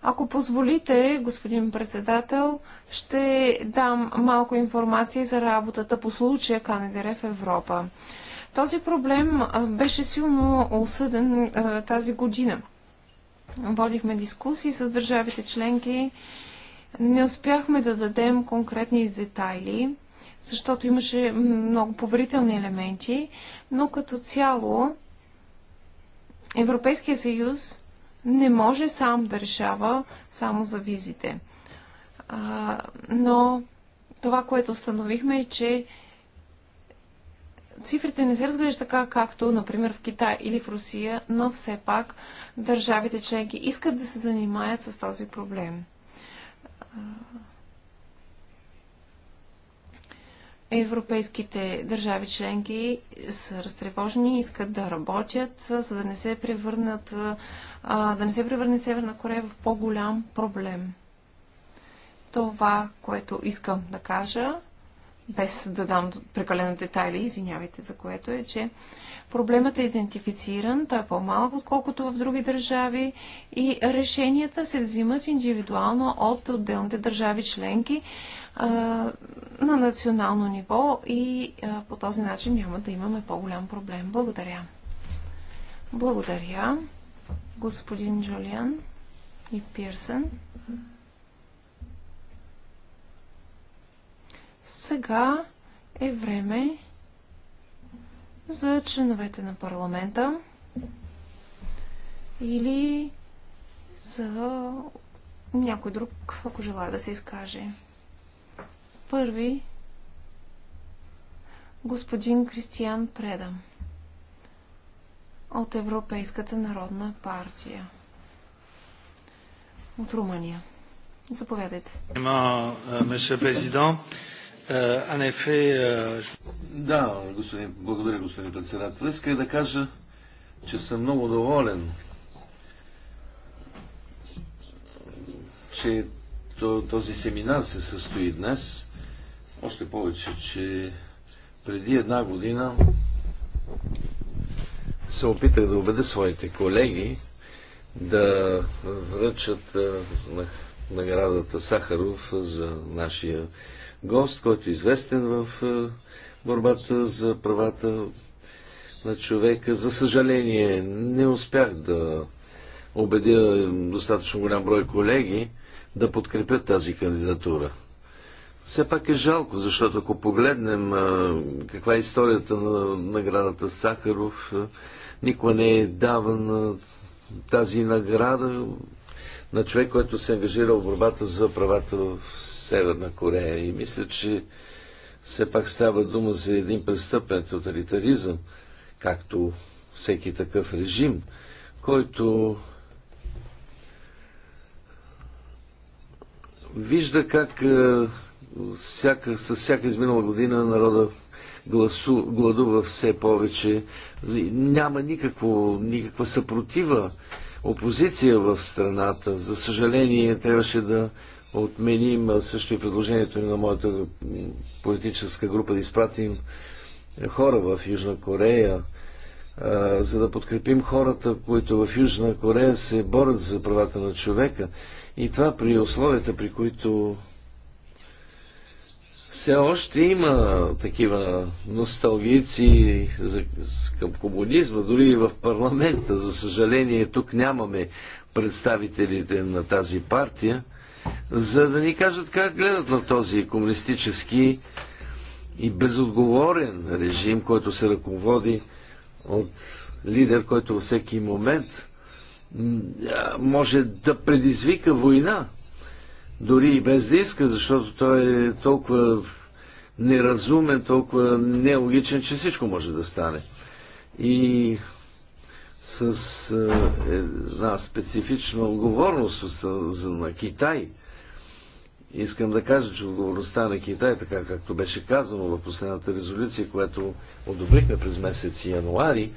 Ако позволите, господин председател, ще дам малко информация за работата по случая КНДР в Европа. Този проблем беше силно осъден тази година. Водихме дискусии с държавите членки. Не успяхме да дадем конкретни детайли, защото имаше много поверителни елементи, но като цяло Европейския съюз не може сам да решава само за визите. А, но това, което установихме е, че цифрите не се разглеждат така, както, например, в Китай или в Русия, но все пак държавите членки искат да се занимаят с този проблем. Европейските държави членки са разтревожени, искат да работят, за да не се превърнат, да не се превърне Северна Корея в по-голям проблем. Това, което искам да кажа, без да дам прекалено детайли, извинявайте за което, е, че проблемът е идентифициран, той е по-малък, отколкото в други държави и решенията се взимат индивидуално от отделните държави членки на национално ниво и по този начин няма да имаме по-голям проблем. Благодаря. Благодаря, господин Джулиан и Пирсън. Сега е време за членовете на парламента или за някой друг, ако желая да се изкаже. Първи господин Кристиян Преда от Европейската народна партия от Румъния. Заповядайте. Е, е, е, да, господин, благодаря, господин председател. Исках да кажа, че съм много доволен, че този семинар се състои днес. Още повече, че преди една година се опитах да убедя своите колеги да връчат наградата Сахаров за нашия гост, който е известен в борбата за правата на човека. За съжаление, не успях да убедя достатъчно голям брой колеги да подкрепят тази кандидатура все пак е жалко, защото ако погледнем а, каква е историята на наградата Сахаров, а, никога не е даван тази награда на човек, който се ангажира в борбата за правата в Северна Корея. И мисля, че все пак става дума за един престъпен тоталитаризъм, както всеки такъв режим, който вижда как всяка, с всяка изминала година народа гласу, гладува все повече. Няма никакво, никаква съпротива, опозиция в страната. За съжаление, трябваше да отменим също и предложението на моята политическа група да изпратим хора в Южна Корея, за да подкрепим хората, които в Южна Корея се борят за правата на човека. И това при условията, при които все още има такива носталгици към комунизма, дори и в парламента. За съжаление, тук нямаме представителите на тази партия, за да ни кажат как гледат на този комунистически и безотговорен режим, който се ръководи от лидер, който във всеки момент може да предизвика война дори и без да иска, защото той е толкова неразумен, толкова нелогичен, че всичко може да стане. И с е, една специфична отговорност на Китай, Искам да кажа, че отговорността на Китай, така както беше казано в последната резолюция, която одобрихме през месец януари,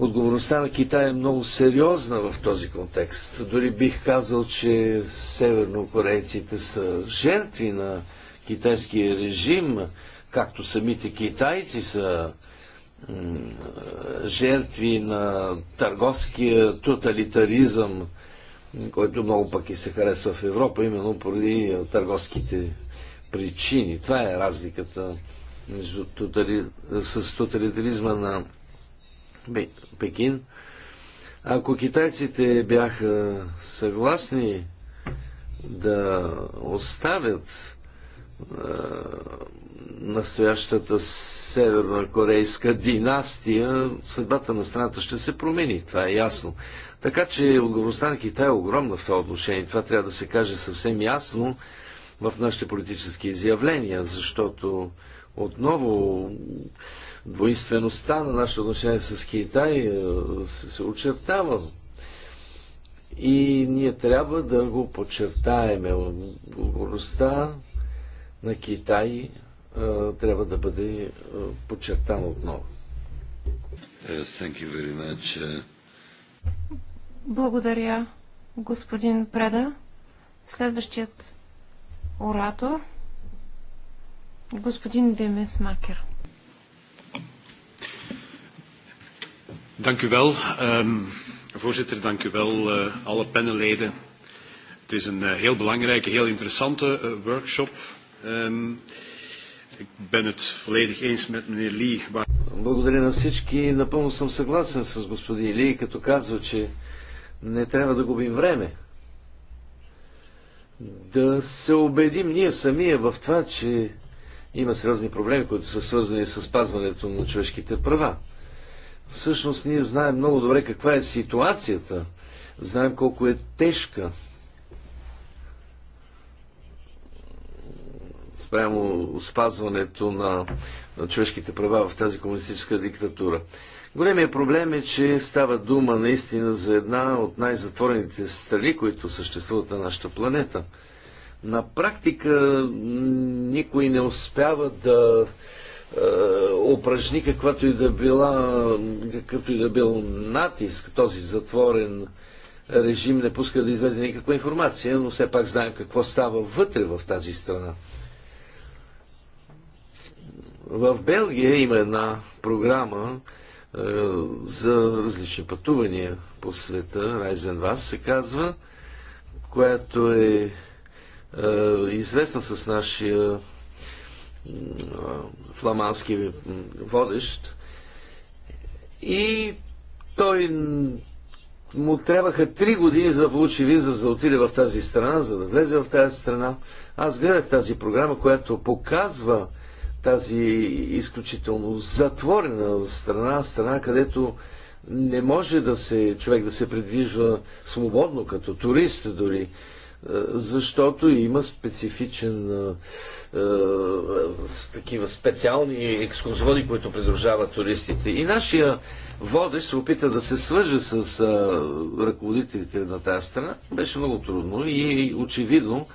Отговорността на Китай е много сериозна в този контекст. Дори бих казал, че севернокорейците са жертви на китайския режим, както самите китайци са жертви на търговския тоталитаризъм, който много пък и се харесва в Европа, именно поради търговските причини. Това е разликата между тотали... с тоталитаризма на Пекин. Ако китайците бяха съгласни да оставят е, настоящата корейска династия, съдбата на страната ще се промени. Това е ясно. Така че отговорността на Китай е огромна в това отношение. Това трябва да се каже съвсем ясно в нашите политически изявления, защото отново двойствеността на нашето отношение с Китай е, се очертава. И ние трябва да го подчертаеме. Отговорността на Китай е, трябва да бъде е, подчертана отново. Благодаря, господин Преда. Следващият оратор. Господин Демес Макер. Dank u wel. Um, voorzitter, dank u wel uh, alle panelleden. Het is een uh, heel belangrijke, heel interessante uh, workshop. Um, ik ben het volledig eens met meneer Lee. Waar... Благодаря на всички. Напълно съм съгласен с господин Ли, като казва, че не трябва да губим време. Да се убедим ние самия в това, че има сериозни проблеми, които са свързани с спазването на човешките права. Всъщност ние знаем много добре каква е ситуацията. Знаем колко е тежка. спрямо спазването на, на човешките права в тази комунистическа диктатура. Големия проблем е, че става дума наистина за една от най-затворените страни, които съществуват на нашата планета. На практика никой не успява да е, упражни каквато и да била, какъвто и да бил натиск, този затворен режим не пуска да излезе никаква информация, но все пак знаем какво става вътре в тази страна. В Белгия има една програма е, за различни пътувания по света, Райзен Вас се казва, която е е, известна с нашия фламандски водещ. И той му трябваха три години за да получи виза, за да отиде в тази страна, за да влезе в тази страна. Аз гледах тази програма, която показва тази изключително затворена страна, страна, където не може да се, човек да се предвижва свободно, като турист дори. Е, защото има специфичен е, е, такива специални екскурзоводи, които придружават туристите. И нашия водещ се опита да се свърже с ръководителите на тази страна. Беше много трудно и очевидно,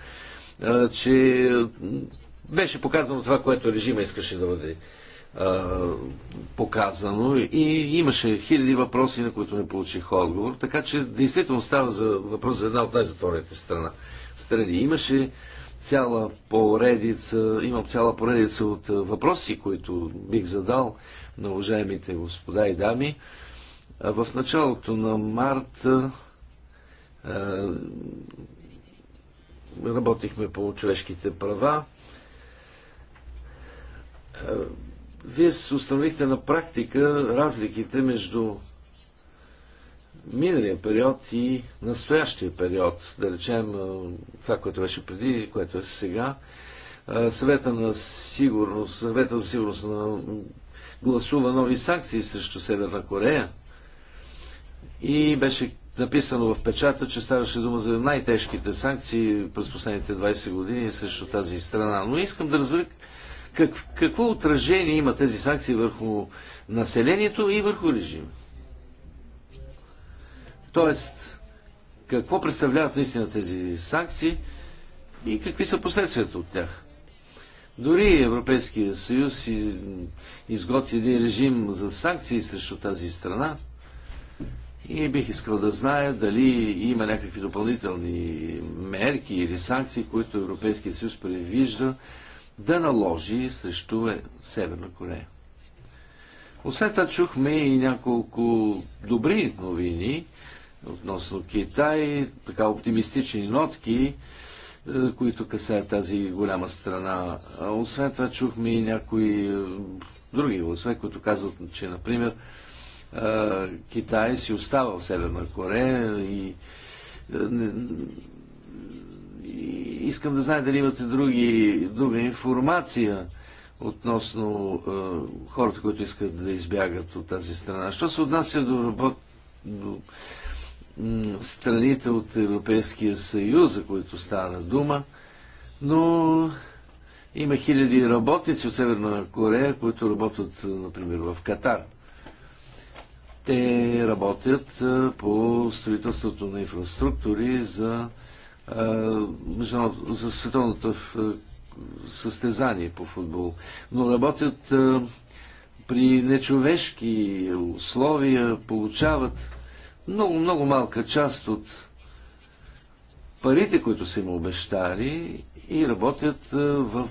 че беше показано това, което режима искаше да бъде показано и имаше хиляди въпроси, на които не получих отговор, така че действително става за въпрос за една от най-затворените страна. страни. Имаше цяла поредица, имам цяла поредица от въпроси, които бих задал на уважаемите господа и дами. В началото на март работихме по човешките права вие установихте на практика разликите между миналия период и настоящия период, да речем това, което беше преди, което е сега. Съвета, на сигурност, съвета за сигурност на гласува нови санкции срещу Северна Корея и беше написано в печата, че ставаше дума за най-тежките санкции през последните 20 години срещу тази страна. Но искам да разбера как, какво отражение има тези санкции върху населението и върху режима? Тоест, какво представляват наистина тези санкции и какви са последствията от тях? Дори Европейския съюз изготви един режим за санкции срещу тази страна и бих искал да знае дали има някакви допълнителни мерки или санкции, които Европейския съюз предвижда да наложи срещу е, Северна Корея. Освен това чухме и няколко добри новини относно Китай, така оптимистични нотки, е, които касаят тази голяма страна. Освен това чухме и някои е, други гласове, които казват, че, например, Китай си остава в Северна Корея и искам да знае дали имате други, друга информация относно е, хората, които искат да избягат от тази страна. Що се отнася до, работ... до страните от Европейския съюз, за които стана дума, но има хиляди работници от Северна Корея, които работят, е, например, в Катар. Те работят е, по строителството на инфраструктури за за световното е, състезание по футбол, но работят е, при нечовешки условия, получават много, много малка част от парите, които са им обещали и работят е, в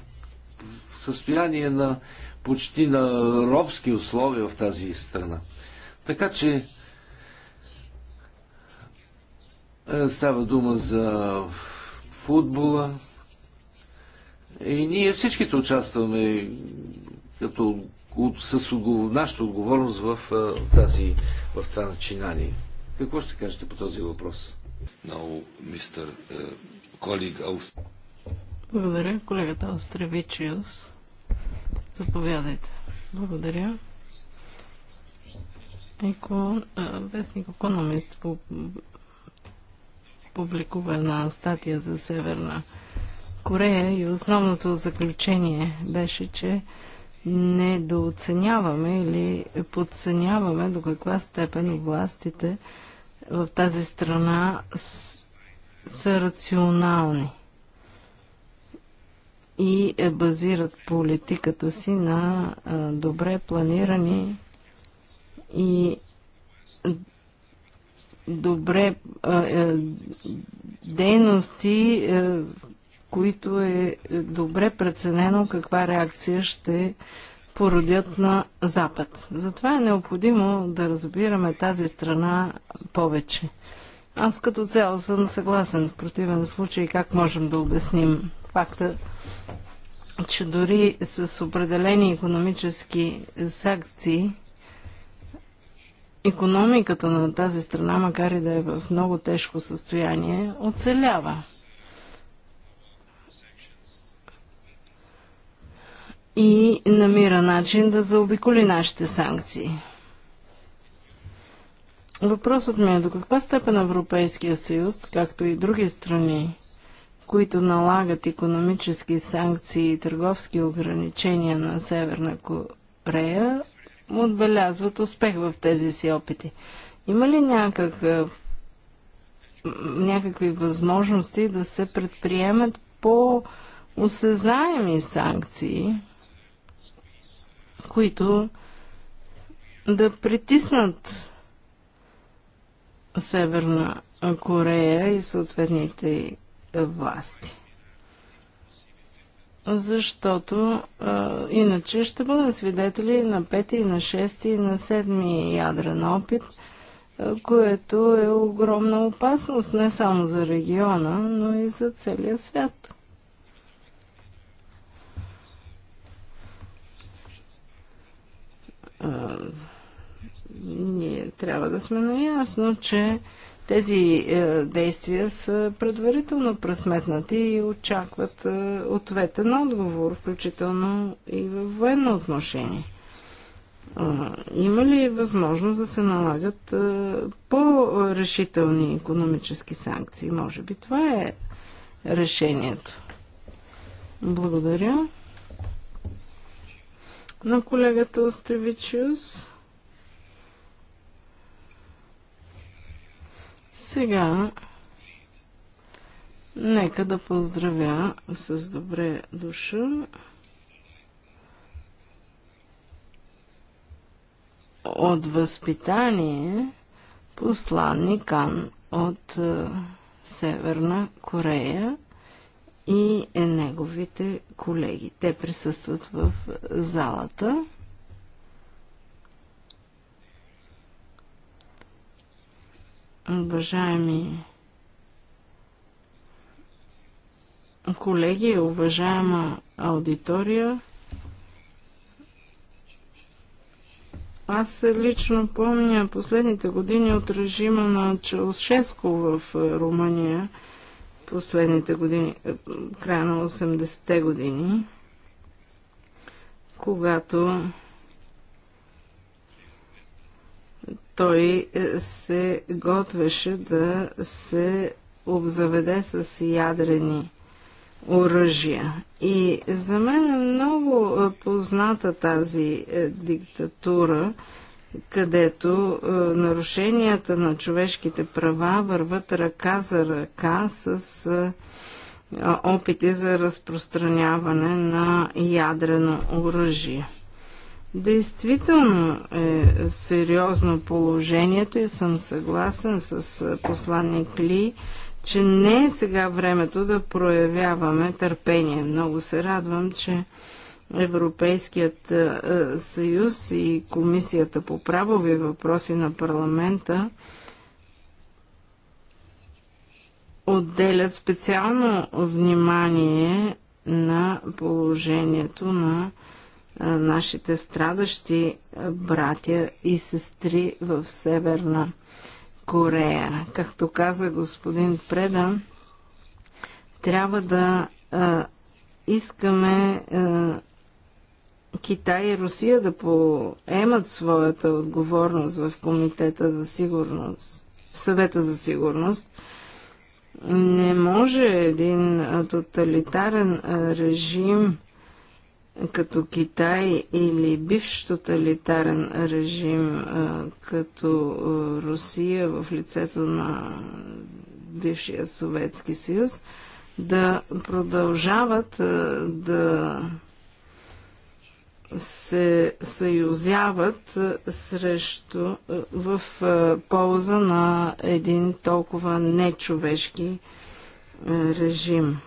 състояние на почти на робски условия в тази страна. Така че е, става дума за футбола. И ние всичките участваме като от, с отговор, нашата отговорност в, в, е, тази, в това начинание. Какво ще кажете по този въпрос? Now, Mr. Uh, е, Благодаря. Колегата Остревичиус. Заповядайте. Благодаря. Еко, вестник Економист публикува една статия за Северна Корея и основното заключение беше, че недооценяваме или подценяваме до каква степен властите в тази страна са рационални и базират политиката си на добре планирани и добре е, дейности, е, които е добре преценено каква реакция ще породят на Запад. Затова е необходимо да разбираме тази страна повече. Аз като цяло съм съгласен. В противен случай как можем да обясним факта, че дори с определени економически санкции економиката на тази страна, макар и да е в много тежко състояние, оцелява. И намира начин да заобиколи нашите санкции. Въпросът ми е до каква степен Европейския съюз, както и други страни, които налагат економически санкции и търговски ограничения на Северна Корея, отбелязват успех в тези си опити. Има ли някакъв, е, някакви възможности да се предприемат по осезаеми санкции, които да притиснат Северна Корея и съответните власти защото а, иначе ще бъдем свидетели на пети, и на шести, и на седми ядрен опит, а, което е огромна опасност не само за региона, но и за целия свят. А, ние трябва да сме наясно, че а, тези е, действия са предварително пресметнати и очакват е, ответен отговор, включително и във военно отношение. Е, има ли възможност да се налагат по-решителни економически санкции? Може би това е решението. Благодаря на колегата Остревичиус. Сега нека да поздравя с добре душа от възпитание посланникан от е, Северна Корея и неговите колеги. Те присъстват в залата. Уважаеми колеги, уважаема аудитория, Аз лично помня последните години от режима на Челшеско в е, Румъния, последните години, е, края на 80-те години, когато той е, се готвеше да се обзаведе с ядрени оръжия. И за мен е много е, позната тази е, диктатура, където нарушенията на човешките права върват ръка за ръка с опити за разпространяване на ядрено оръжие. Действително е сериозно положението и съм съгласен с посланник Ли, че не е сега времето да проявяваме търпение. Много се радвам, че Европейският съюз и Комисията по правови въпроси на парламента отделят специално внимание на положението на нашите страдащи братя и сестри в Северна Корея. Както каза господин Преда, трябва да а, искаме а, Китай и Русия да поемат своята отговорност в Комитета за сигурност, в съвета за сигурност. Не може един тоталитарен режим като Китай или бивш тоталитарен режим като Русия в лицето на бившия Съветски съюз да продължават да се съюзяват срещу в полза на един толкова нечовешки режим.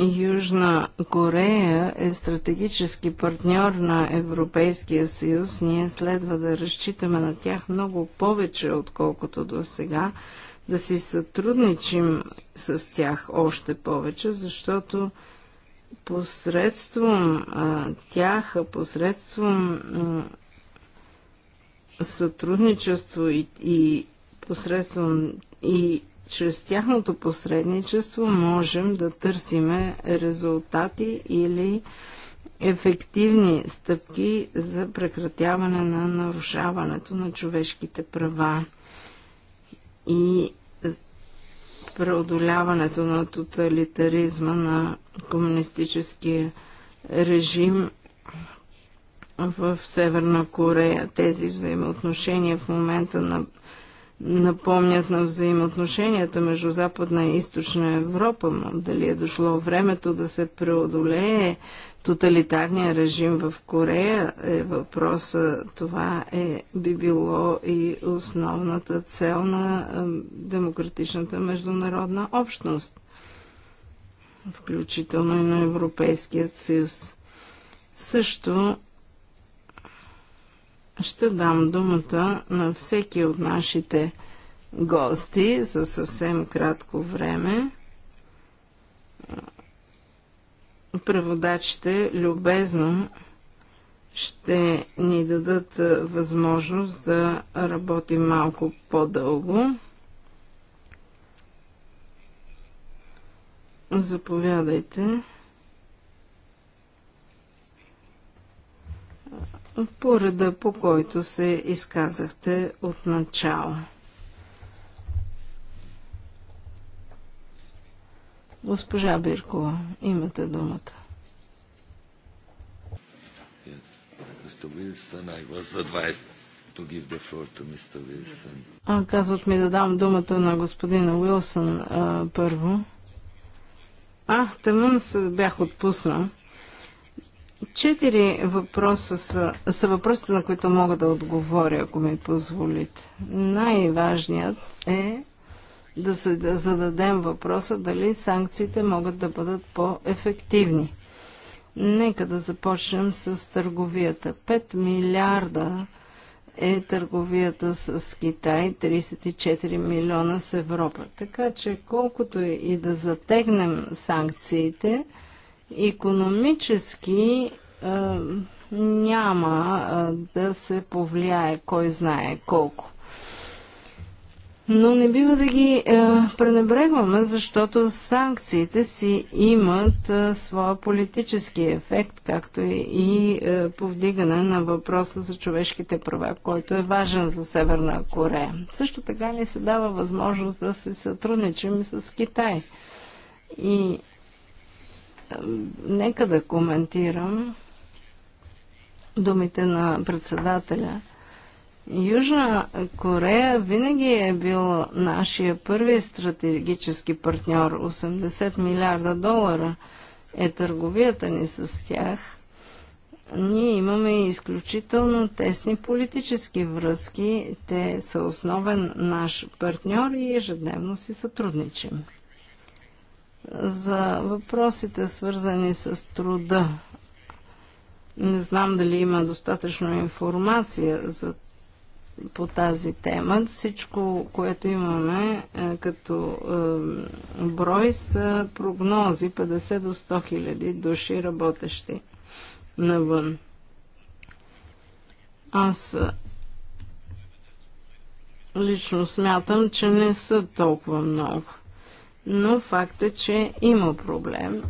Южна Корея е стратегически партньор на Европейския съюз. Ние следва да разчитаме на тях много повече, отколкото до сега, да си сътрудничим с тях още повече, защото посредством а, тях, посредством а, сътрудничество и, и посредством и чрез тяхното посредничество можем да търсиме резултати или ефективни стъпки за прекратяване на нарушаването на човешките права и преодоляването на тоталитаризма на комунистическия режим в Северна Корея. Тези взаимоотношения в момента на напомнят на взаимоотношенията между Западна и Източна Европа, но дали е дошло времето да се преодолее тоталитарния режим в Корея е въпроса. Това е, би било и основната цел на демократичната международна общност, включително и на Европейският съюз. Също ще дам думата на всеки от нашите гости за съвсем кратко време. Преводачите любезно ще ни дадат възможност да работим малко по-дълго. Заповядайте по реда, по който се изказахте от начало. Госпожа Биркова, имате думата. А, казват ми да дам думата на господина Уилсън а, първо. А, тъмън се бях отпуснал. Четири въпроса са, са въпросите, на които мога да отговоря, ако ми позволите. Най-важният е да се да зададем въпроса дали санкциите могат да бъдат по-ефективни. Нека да започнем с търговията. 5 милиарда е търговията с Китай, 34 милиона с Европа. Така че колкото и да затегнем санкциите, економически а, няма а, да се повлияе кой знае колко. Но не бива да ги пренебрегваме, защото санкциите си имат своя политически ефект, както и повдигане на въпроса за човешките права, който е важен за Северна Корея. Също така ни се дава възможност да се сътрудничим с Китай. И нека да коментирам думите на председателя. Южна Корея винаги е бил нашия първи стратегически партньор. 80 милиарда долара е търговията ни с тях. Ние имаме изключително тесни политически връзки. Те са основен наш партньор и ежедневно си сътрудничим за въпросите свързани с труда. Не знам дали има достатъчно информация за, по тази тема. Всичко, което имаме е, като е, брой са прогнози 50 до 100 хиляди души работещи навън. Аз е, лично смятам, че не са толкова много но факт е, че има проблем.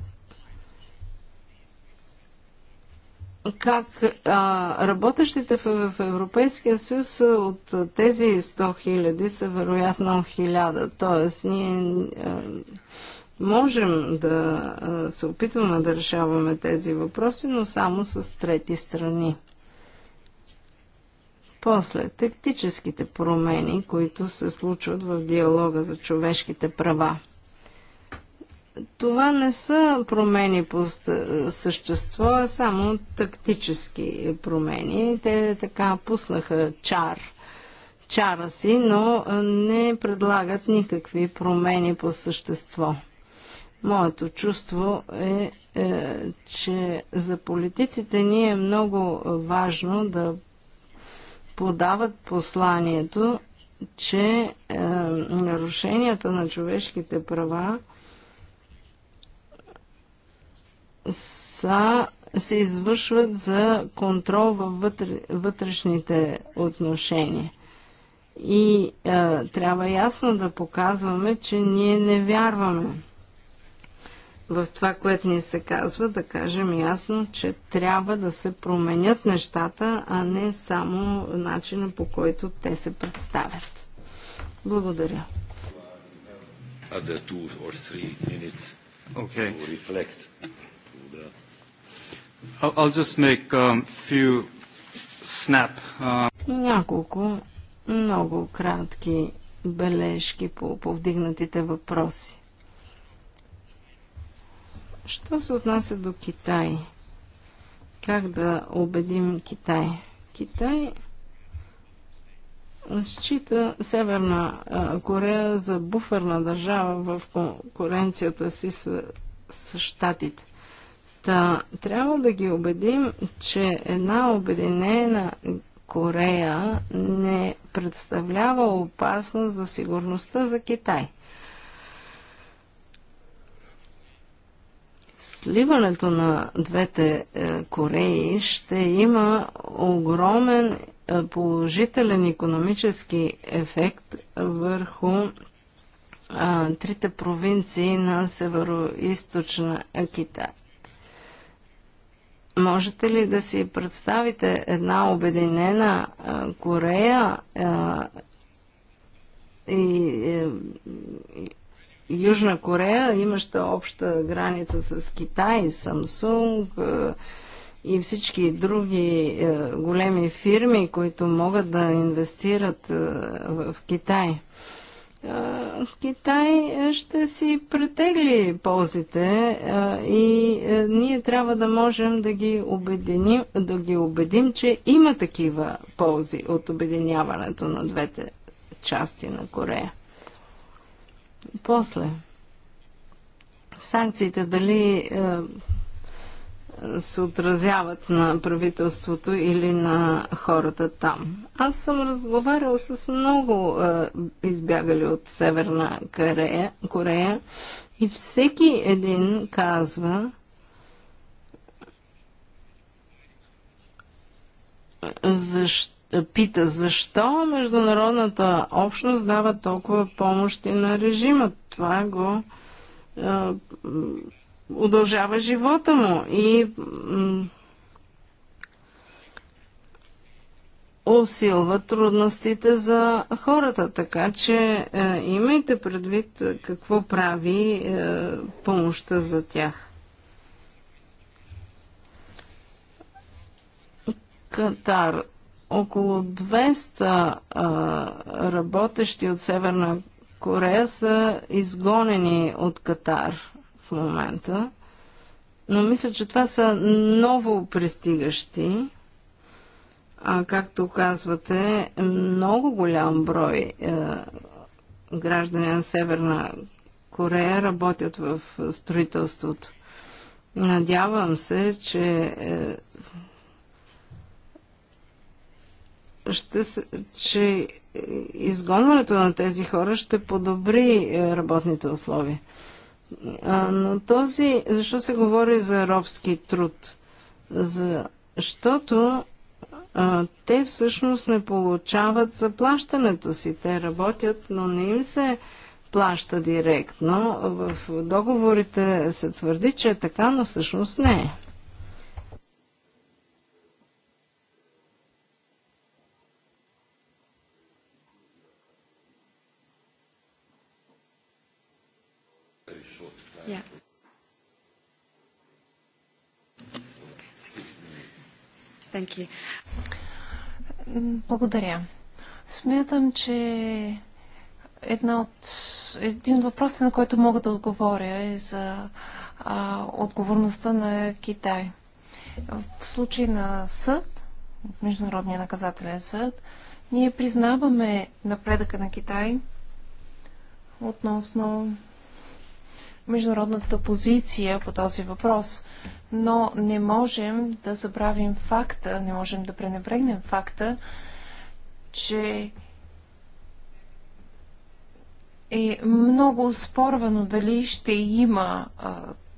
Как а, работещите в, в Европейския съюз от тези 100 хиляди са вероятно 1000, т.е. ние а, можем да а, се опитваме да решаваме тези въпроси, но само с трети страни. После, тактическите промени, които се случват в диалога за човешките права това не са промени по същество, а само тактически промени. Те така пуснаха чар, чара си, но не предлагат никакви промени по същество. Моето чувство е, е че за политиците ни е много важно да подават посланието, че е, нарушенията на човешките права са, се извършват за контрол във вътре, вътрешните отношения. И е, трябва ясно да показваме, че ние не вярваме в това, което ни се казва, да кажем ясно, че трябва да се променят нещата, а не само начина по който те се представят. Благодаря. Okay. I'll just make few snap. Uh, Няколко много кратки бележки по повдигнатите въпроси. Що се отнася до Китай? Как да убедим Китай? Китай счита Северна Корея за буферна държава в конкуренцията си с, с Штатите. Та, трябва да ги убедим, че една обединена Корея не представлява опасност за сигурността за Китай. Сливането на двете е, Кореи ще има огромен е, положителен економически ефект върху а, е, трите провинции на северо-источна Китай Можете ли да си представите една обединена Корея и е, Южна Корея, имаща обща граница с Китай, Самсунг е, и всички други е, големи фирми, които могат да инвестират в Китай? Китай ще си претегли ползите и е, ние трябва да можем да ги, обединим, да ги убедим, че има такива ползи от обединяването на двете части на Корея. После, санкциите дали е, се отразяват на правителството или на хората там. Аз съм разговарял с много е, избягали от Северна Корея, Корея и всеки един казва, защо, пита защо международната общност дава толкова помощи на режима. Това го е, удължава живота му. И усилва трудностите за хората. Така че е, имайте предвид е, какво прави е, помощта за тях. Катар. Около 200 е, работещи от Северна Корея са изгонени от Катар в момента, но мисля, че това са ново пристигащи, а както казвате, много голям брой е, граждани на Северна Корея работят в строителството. Надявам се, че е, ще се, че изгонването на тези хора ще подобри е, работните условия но този, защо се говори за робски труд? Защото а, те всъщност не получават заплащането си. Те работят, но не им се плаща директно. В договорите се твърди, че е така, но всъщност не е. Вики. Благодаря. Смятам, че една от, един от въпросите, на който мога да отговоря е за а, отговорността на Китай. В случай на съд, Международния наказателен съд, ние признаваме напредъка на Китай относно международната позиция по този въпрос. Но не можем да забравим факта, не можем да пренебрегнем факта, че е много спорвано дали ще има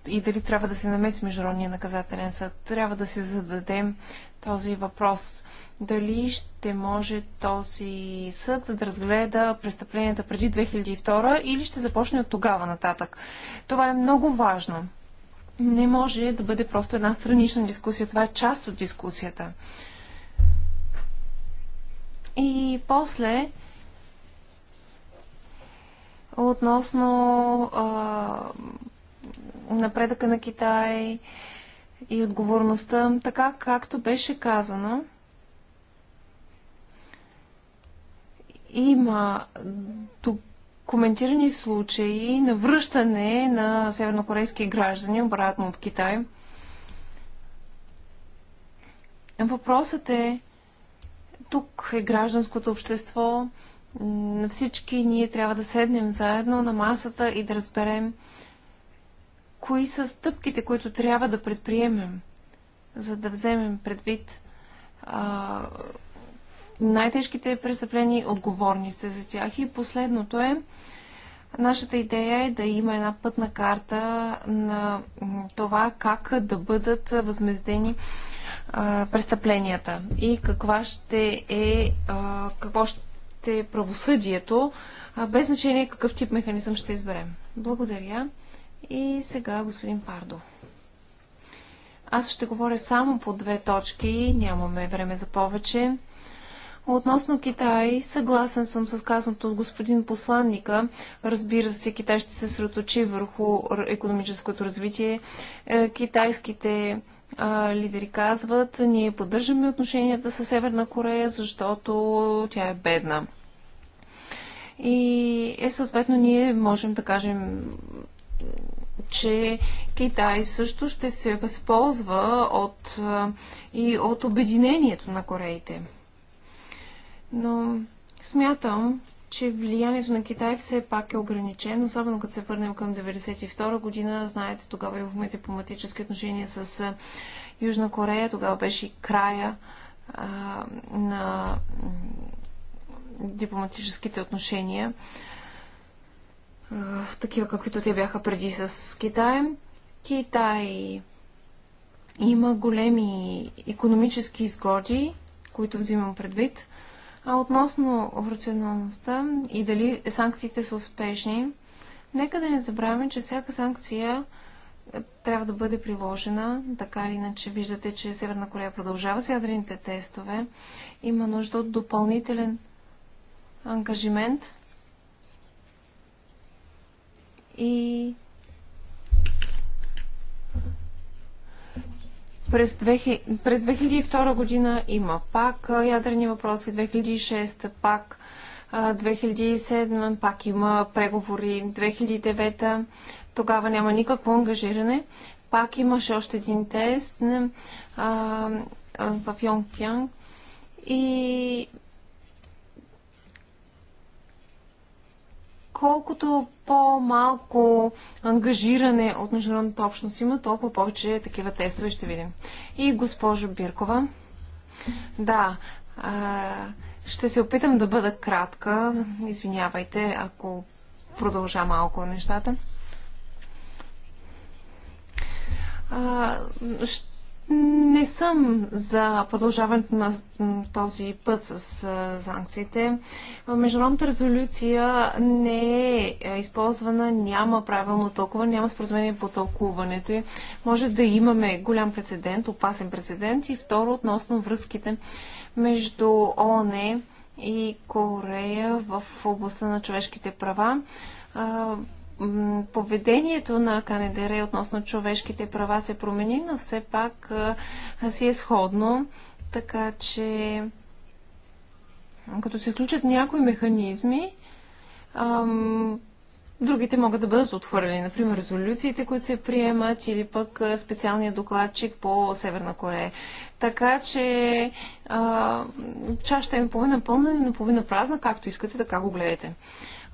и дали трябва да се намеси Международния наказателен съд. Трябва да се зададем този въпрос дали ще може този съд да разгледа престъпленията преди 2002 или ще започне от тогава нататък. Това е много важно. Не може да бъде просто една странична дискусия. Това е част от дискусията. И после, относно а, напредъка на Китай и отговорността, така както беше казано, Има коментирани случаи на връщане на севернокорейски граждани обратно от Китай. Въпросът е, тук е гражданското общество, на всички ние трябва да седнем заедно на масата и да разберем кои са стъпките, които трябва да предприемем, за да вземем предвид а, най-тежките престъпления, отговорни сте за тях. И последното е, нашата идея е да има една пътна карта на това как да бъдат възмездени а, престъпленията и каква ще е, а, какво ще е правосъдието, а, без значение какъв тип механизъм ще изберем. Благодаря. И сега господин Пардо. Аз ще говоря само по две точки, нямаме време за повече. Относно Китай, съгласен съм с казаното от господин посланника. Разбира се, Китай ще се сръточи върху економическото развитие. Е, китайските лидери казват, ние поддържаме отношенията с Северна Корея, защото тя е бедна. И е, съответно ние можем да кажем че Китай също ще се възползва от, и от обединението на кореите. Но смятам, че влиянието на Китай все пак е ограничено, особено като се върнем към 1992 година. Знаете, тогава имахме дипломатически отношения с Южна Корея. Тогава беше и края а, на дипломатическите отношения, а, такива каквито те бяха преди с Китай. Китай има големи економически изгоди, които взимам предвид – а относно рационалността и дали санкциите са успешни, нека да не забравяме, че всяка санкция е, трябва да бъде приложена, така или иначе виждате, че Северна Корея продължава с ядрените тестове. Има нужда от допълнителен ангажимент и През, 2000, през 2002 година има пак ядрени въпроси, 2006 пак, 2007 пак има преговори, 2009 тогава няма никакво ангажиране. Пак имаше още един тест а, а, в Йонгфянг и колкото по-малко ангажиране от международната общност има, толкова повече такива тестове ще видим. И госпожо Биркова, да, ще се опитам да бъда кратка. Извинявайте, ако продължа малко нещата. Ще не съм за продължаването на този път с санкциите. Международната резолюция не е използвана, няма правилно тълкуване, няма споразумение по тълкуването и може да имаме голям прецедент, опасен прецедент и второ относно връзките между ООН и Корея в областта на човешките права поведението на Канедере относно човешките права се промени, но все пак си е сходно. Така че, като се включат някои механизми, ам, другите могат да бъдат отхвърлени. Например, резолюциите, които се приемат или пък специалния докладчик по Северна Корея. Така че а, чашата е наполовина пълна и наполовина празна, както искате, така го гледате.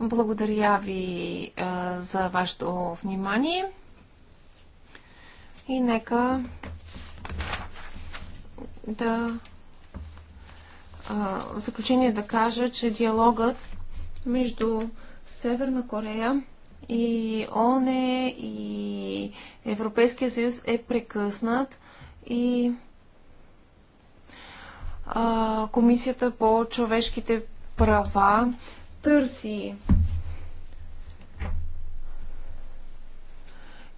Благодаря ви а, за вашето внимание. И нека да а, в заключение да кажа, че диалогът между Северна Корея и ОНЕ и Европейския съюз е прекъснат и а, Комисията по човешките права търси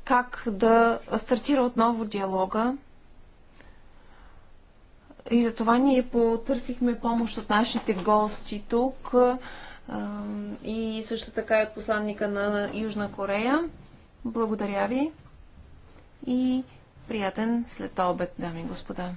как да стартира отново диалога. И затова ние потърсихме помощ от нашите гости тук и също така и от посланника на Южна Корея. Благодаря ви и приятен след обед, дами и господа.